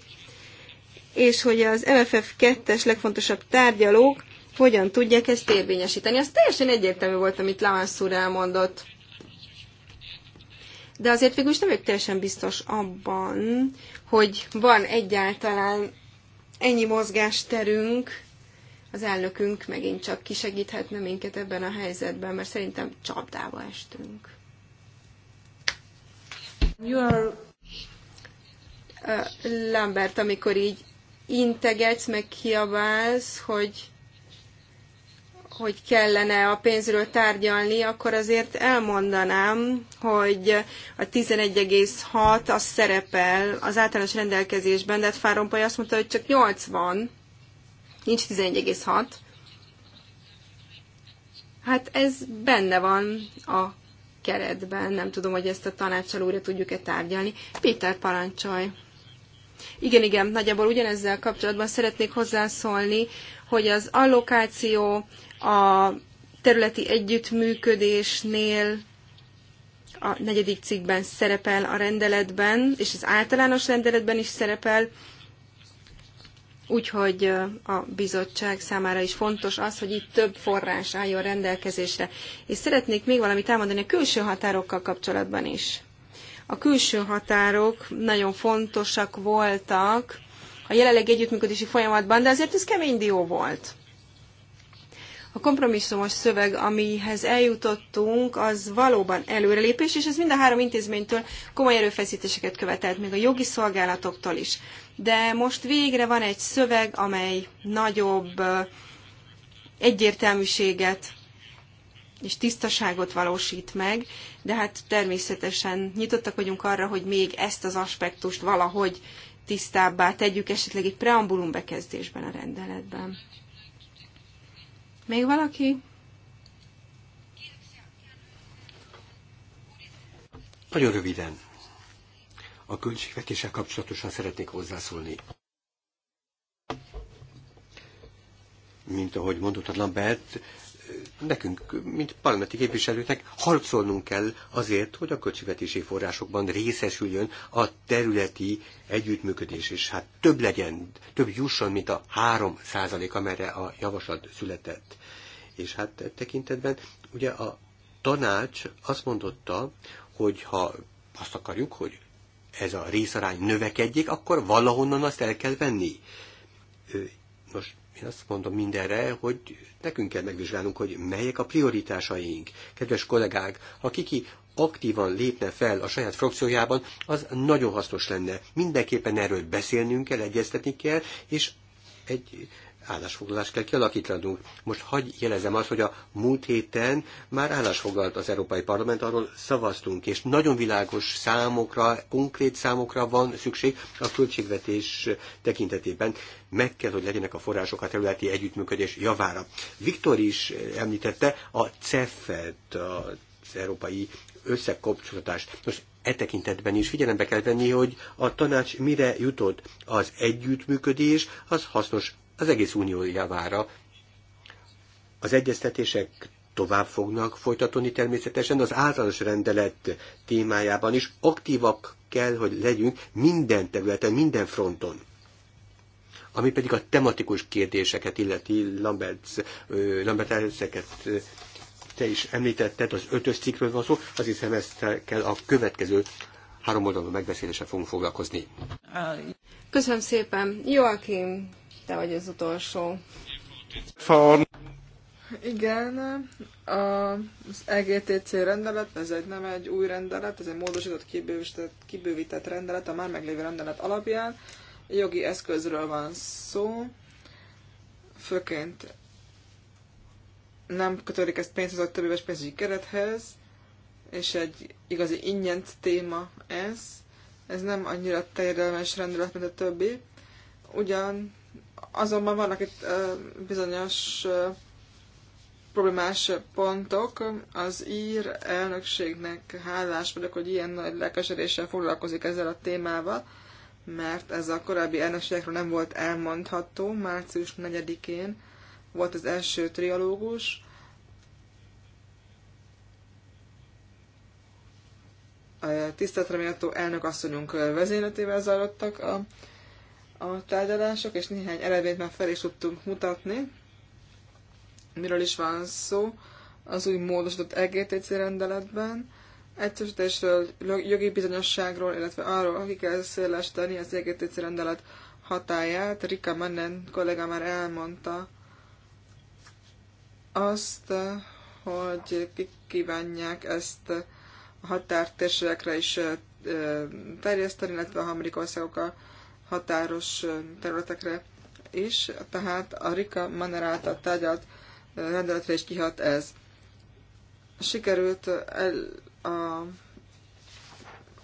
és hogy az MFF 2-es legfontosabb tárgyalók hogyan tudják ezt érvényesíteni. Az teljesen egyértelmű volt, amit Lamassoure elmondott. De azért végül is nem vagyok teljesen biztos abban, hogy van egyáltalán ennyi mozgásterünk, az elnökünk megint csak kisegíthetne minket ebben a helyzetben, mert szerintem csapdába estünk. uh, Lambert, amikor így integetsz, meg kiabálsz, hogy hogy kellene a pénzről tárgyalni, akkor azért elmondanám, hogy a 11,6 az szerepel az általános rendelkezésben, de Fáronpaj azt mondta, hogy csak 80. van nincs 11,6. Hát ez benne van a keretben, nem tudom, hogy ezt a tanácsal újra tudjuk-e tárgyalni. Péter, parancsolj! Igen, igen, nagyjából ugyanezzel kapcsolatban szeretnék hozzászólni, hogy az allokáció a területi együttműködésnél a negyedik cikkben szerepel a rendeletben, és az általános rendeletben is szerepel, Úgyhogy a bizottság számára is fontos az, hogy itt több forrás álljon rendelkezésre. És szeretnék még valamit elmondani a külső határokkal kapcsolatban is. A külső határok nagyon fontosak voltak a jelenleg együttműködési folyamatban, de azért ez kemény dió volt. A kompromisszumos szöveg, amihez eljutottunk, az valóban előrelépés, és ez mind a három intézménytől komoly erőfeszítéseket követelt, még a jogi szolgálatoktól is de most végre van egy szöveg, amely nagyobb egyértelműséget és tisztaságot valósít meg, de hát természetesen nyitottak vagyunk arra, hogy még ezt az aspektust valahogy tisztábbá tegyük, esetleg egy preambulum bekezdésben a rendeletben. Még valaki? Nagyon röviden a költségvetéssel kapcsolatosan szeretnék hozzászólni. Mint ahogy mondott a Lambert, nekünk, mint parlamenti képviselőknek harcolnunk kell azért, hogy a költségvetési forrásokban részesüljön a területi együttműködés, és hát több legyen, több jusson, mint a 3 százalék, amerre a javaslat született. És hát e tekintetben ugye a tanács azt mondotta, hogy ha azt akarjuk, hogy ez a részarány növekedjék, akkor valahonnan azt el kell venni. Nos, én azt mondom mindenre, hogy nekünk kell megvizsgálnunk, hogy melyek a prioritásaink. Kedves kollégák, ha kiki aktívan lépne fel a saját frakciójában, az nagyon hasznos lenne. Mindenképpen erről beszélnünk kell, egyeztetni kell, és egy állásfoglalást kell kialakítanunk. Most hagyj! jelezem azt, hogy a múlt héten már állásfoglalt az Európai Parlament, arról szavaztunk, és nagyon világos számokra, konkrét számokra van szükség a költségvetés tekintetében. Meg kell, hogy legyenek a források a területi együttműködés javára. Viktor is említette a cef az Európai Összekapcsolatást. Most e tekintetben is figyelembe kell venni, hogy a tanács mire jutott. Az együttműködés az hasznos az egész unió javára. Az egyeztetések tovább fognak folytatni természetesen az általános rendelet témájában is. Aktívak kell, hogy legyünk minden területen, minden fronton. Ami pedig a tematikus kérdéseket illeti, Lambert, Lambert ezeket te is említetted, az ötös cikkről van szó, azt hiszem ezt kell a következő három oldalon megbeszéléssel fogunk foglalkozni. Köszönöm szépen. Joachim te vagy az utolsó. Igen, az EGTC rendelet, ez egy, nem egy új rendelet, ez egy módosított, kibővített, kibővített rendelet, a már meglévő rendelet alapján. Jogi eszközről van szó, főként nem kötődik ezt pénzhez, a többéves pénzügyi kerethez, és egy igazi ingyent téma ez. Ez nem annyira terjedelmes rendelet, mint a többi. Ugyan Azonban vannak itt bizonyos problémás pontok. Az ír elnökségnek hálás vagyok, hogy ilyen nagy lelkesedéssel foglalkozik ezzel a témával, mert ez a korábbi elnökségekről nem volt elmondható. Március 4-én volt az első trialógus. Tiszteletre méltó elnök asszonyunk vezényletével zajlottak a a tárgyalások, és néhány eredményt már fel is tudtunk mutatni. Miről is van szó az új módosított LGTC rendeletben, egyszerűsítésről, jogi bizonyosságról, illetve arról, ki kell szélesteni az LGTC rendelet hatáját. Rika Mennen kollega már elmondta azt, hogy ki kívánják ezt a határtérségekre is terjeszteni, illetve a harmadik országokkal határos területekre is, tehát a Rika Manner által tárgyalt rendeletre is kihat ez. Sikerült el a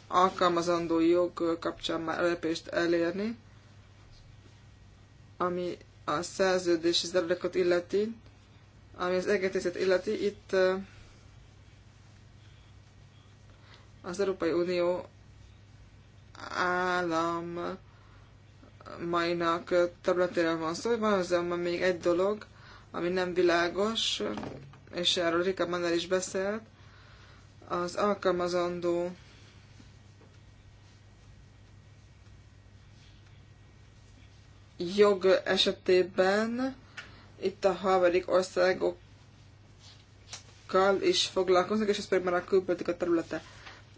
alkalmazandó jog kapcsán már elépést elérni, ami a szerződési területeket illeti, ami az egetészet illeti, itt az Európai Unió állam mainak területéről van szó, van azonban még egy dolog, ami nem világos, és erről Rika Mandel is beszélt, az alkalmazandó jog esetében itt a harmadik országokkal is foglalkoznak, és ez pedig már a külpolitika területe.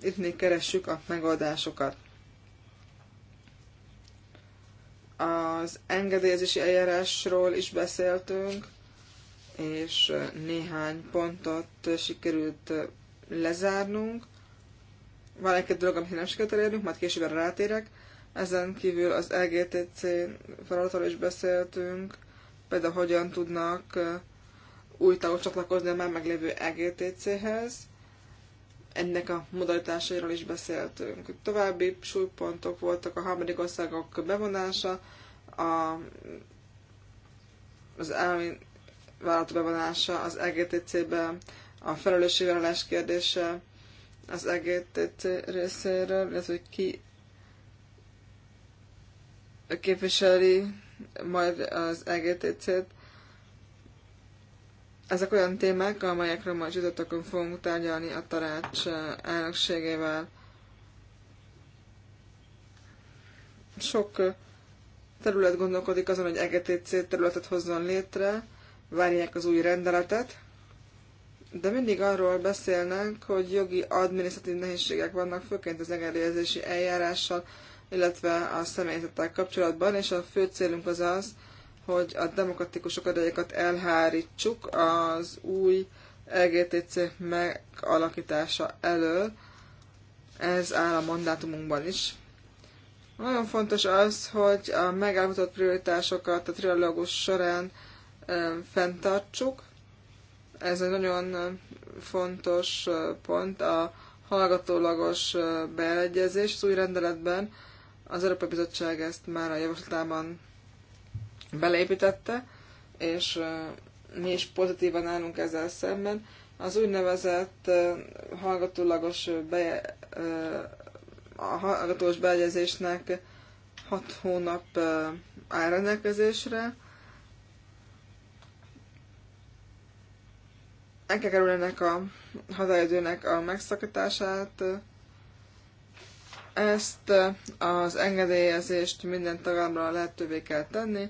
Itt még keressük a megoldásokat. Az engedélyezési eljárásról is beszéltünk, és néhány pontot sikerült lezárnunk. Van egy-két dolog, amit nem sikerült elérnünk, majd később erre rátérek. Ezen kívül az LGTC feladatról is beszéltünk, például hogyan tudnak új tagok csatlakozni a már meglévő LGTC-hez ennek a modalitásairól is beszéltünk. További súlypontok voltak a harmadik országok bevonása, a, az állami vállalat bevonása, az EGTC-be a felelősségvállalás kérdése az EGTC részéről, illetve hogy ki képviseli majd az EGTC-t, ezek olyan témák, amelyekről majd csütörtökön fogunk tárgyalni a tanács eh, elnökségével. Sok eh, terület gondolkodik azon, hogy EGTC területet hozzon létre, várják az új rendeletet, de mindig arról beszélnek, hogy jogi adminisztratív nehézségek vannak, főként az engedélyezési eljárással, illetve a személyzettel kapcsolatban, és a fő célunk az az, hogy a demokratikus akadályokat elhárítsuk az új LGTC megalakítása elől. Ez áll a mandátumunkban is. Nagyon fontos az, hogy a megállapodott prioritásokat a trilógus során fenntartsuk. Ez egy nagyon fontos pont a hallgatólagos beegyezés az új rendeletben. Az Európai Bizottság ezt már a javaslatában beleépítette, és mi is pozitívan állunk ezzel szemben. Az úgynevezett hallgatólagos be, a hallgatós beegyezésnek 6 hónap áll rendelkezésre. El kell kerülni ennek a határidőnek a megszakítását. Ezt az engedélyezést minden tagállamra lehetővé kell tenni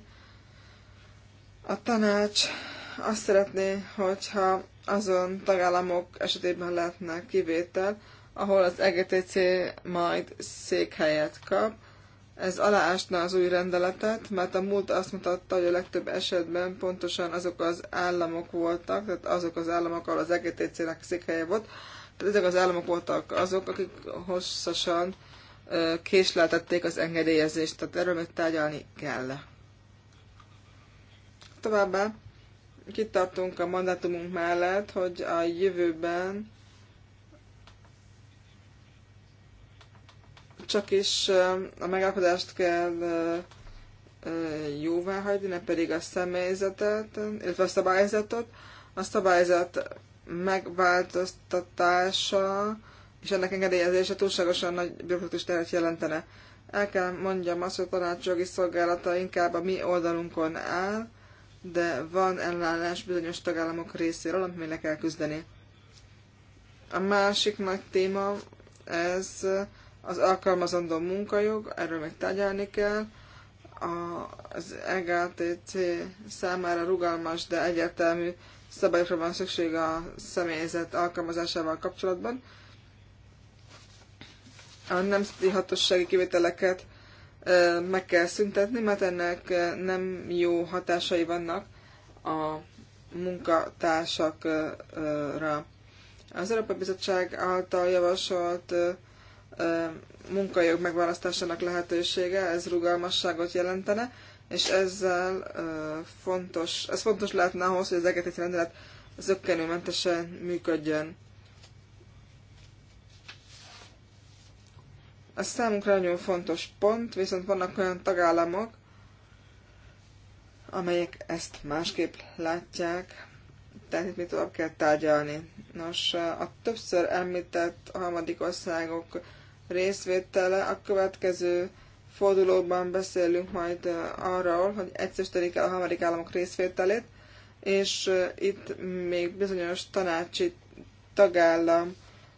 a tanács azt szeretné, hogyha azon tagállamok esetében lehetne kivétel, ahol az EGTC majd székhelyet kap. Ez aláásna az új rendeletet, mert a múlt azt mutatta, hogy a legtöbb esetben pontosan azok az államok voltak, tehát azok az államok, ahol az EGTC-nek székhelye volt, tehát ezek az államok voltak azok, akik hosszasan késleltették az engedélyezést, tehát erről még tárgyalni kell. Továbbá kitartunk a mandátumunk mellett, hogy a jövőben csak is a megállapodást kell jóvá hagyni, nem pedig a személyzetet, illetve a szabályzatot. A szabályzat megváltoztatása és ennek engedélyezése túlságosan nagy bürokratikus teret jelentene. El kell mondjam azt, hogy a tanácsjogi szolgálata inkább a mi oldalunkon áll, de van ellenállás bizonyos tagállamok részéről, amit még le kell küzdeni. A másik nagy téma ez az alkalmazandó munkajog, erről még tárgyalni kell. A, az EGTC számára rugalmas, de egyértelmű szabályokra van szükség a személyzet alkalmazásával kapcsolatban. A nemzeti hatossági kivételeket meg kell szüntetni, mert ennek nem jó hatásai vannak a munkatársakra. Az Európai Bizottság által javasolt munkajog megválasztásának lehetősége, ez rugalmasságot jelentene, és ezzel fontos, ez fontos lehetne ahhoz, hogy az egész rendelet zöggenőmentesen működjön. Ez számunkra nagyon fontos pont, viszont vannak olyan tagállamok, amelyek ezt másképp látják, tehát itt mi tovább kell tárgyalni. Nos, a többször említett harmadik országok részvétele a következő fordulóban beszélünk majd arról, hogy egyszerűsítelik el a harmadik államok részvételét, és itt még bizonyos tanácsi tagállam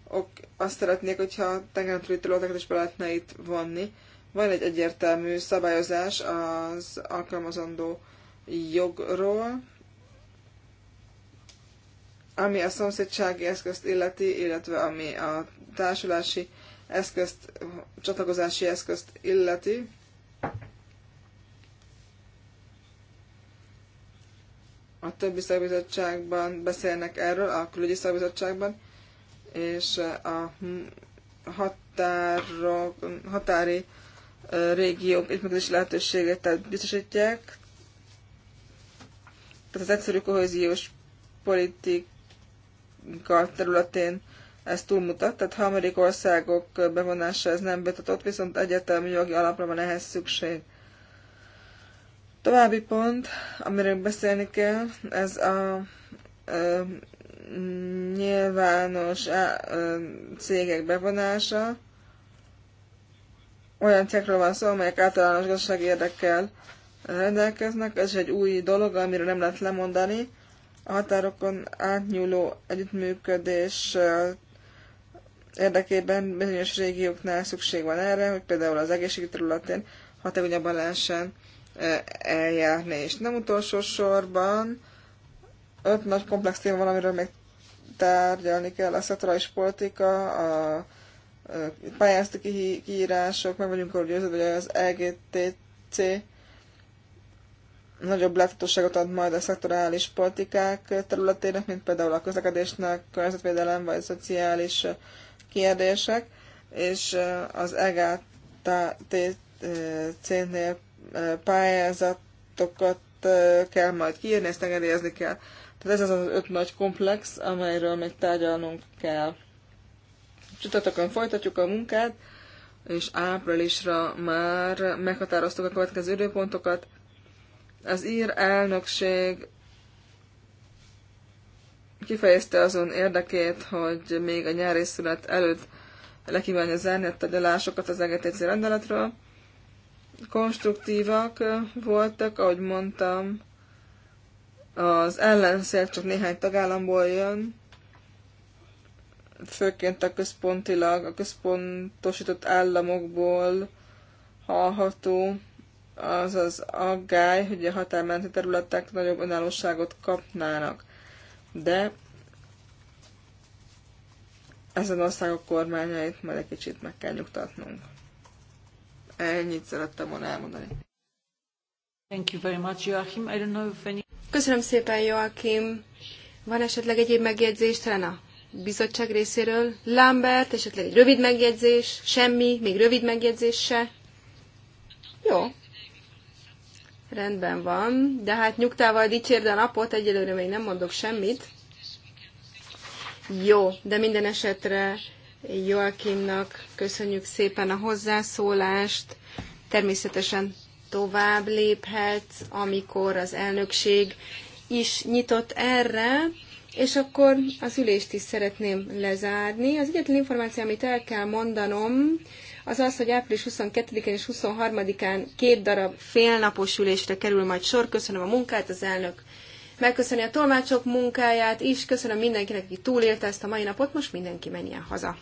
ok, azt szeretnék, hogyha tengerentúli területeket is be lehetne itt vonni. Van egy egyértelmű szabályozás az alkalmazandó jogról, ami a szomszédsági eszközt illeti, illetve ami a társulási eszközt, csatlakozási eszközt illeti. A többi szakbizottságban beszélnek erről, a külügyi szakbizottságban és a határok, határi régiók együttműködési lehetőségét tehát biztosítják. Tehát az egyszerű kohéziós politika területén ez túlmutat, tehát harmadik országok bevonása ez nem betatott, viszont egyetemi jogi alapra van ehhez szükség. További pont, amiről beszélni kell, ez a nyilvános cégek bevonása. Olyan cégekről van szó, amelyek általános gazdasági érdekkel rendelkeznek. Ez egy új dolog, amiről nem lehet lemondani. A határokon átnyúló együttműködés érdekében bizonyos régióknál szükség van erre, hogy például az egészségügyi területén hatékonyabban lehessen eljárni. És nem utolsó sorban öt nagy komplex téma van, amiről még tárgyalni kell, a szektorális politika, a pályázati kiírások, meg vagyunk arról győződve, hogy az LGTC e nagyobb láthatóságot ad majd a szektorális politikák területének, mint például a közlekedésnek, környezetvédelem vagy szociális kérdések, és az EGTC-nél pályázatokat kell majd kiírni, ezt engedélyezni kell. Tehát ez az az öt nagy komplex, amelyről még tárgyalnunk kell. Csütörtökön folytatjuk a munkát, és áprilisra már meghatároztuk a következő időpontokat. Az ír elnökség kifejezte azon érdekét, hogy még a nyári szület előtt kívánja zárni a tagyalásokat az EGTC rendeletről. Konstruktívak voltak, ahogy mondtam, az ellenszer csak néhány tagállamból jön, főként a központilag, a központosított államokból hallható az az aggály, hogy a határmenti területek nagyobb önállóságot kapnának. De ezen országok kormányait majd egy kicsit meg kell nyugtatnunk. Ennyit szerettem volna elmondani. Thank you very much, Joachim. I don't know if any... Köszönöm szépen, Joachim. Van esetleg egyéb megjegyzés, talán a bizottság részéről? Lambert, esetleg egy rövid megjegyzés? Semmi, még rövid megjegyzés se? Jó. Rendben van, de hát nyugtával dicsérde a napot, egyelőre még nem mondok semmit. Jó, de minden esetre Joakimnak köszönjük szépen a hozzászólást. Természetesen tovább léphetsz, amikor az elnökség is nyitott erre, és akkor az ülést is szeretném lezárni. Az egyetlen információ, amit el kell mondanom, az az, hogy április 22-én és 23-án két darab félnapos ülésre kerül majd sor. Köszönöm a munkát, az elnök megköszöni a tolmácsok munkáját is, köszönöm mindenkinek, aki túlélte ezt a mai napot, most mindenki menjen haza.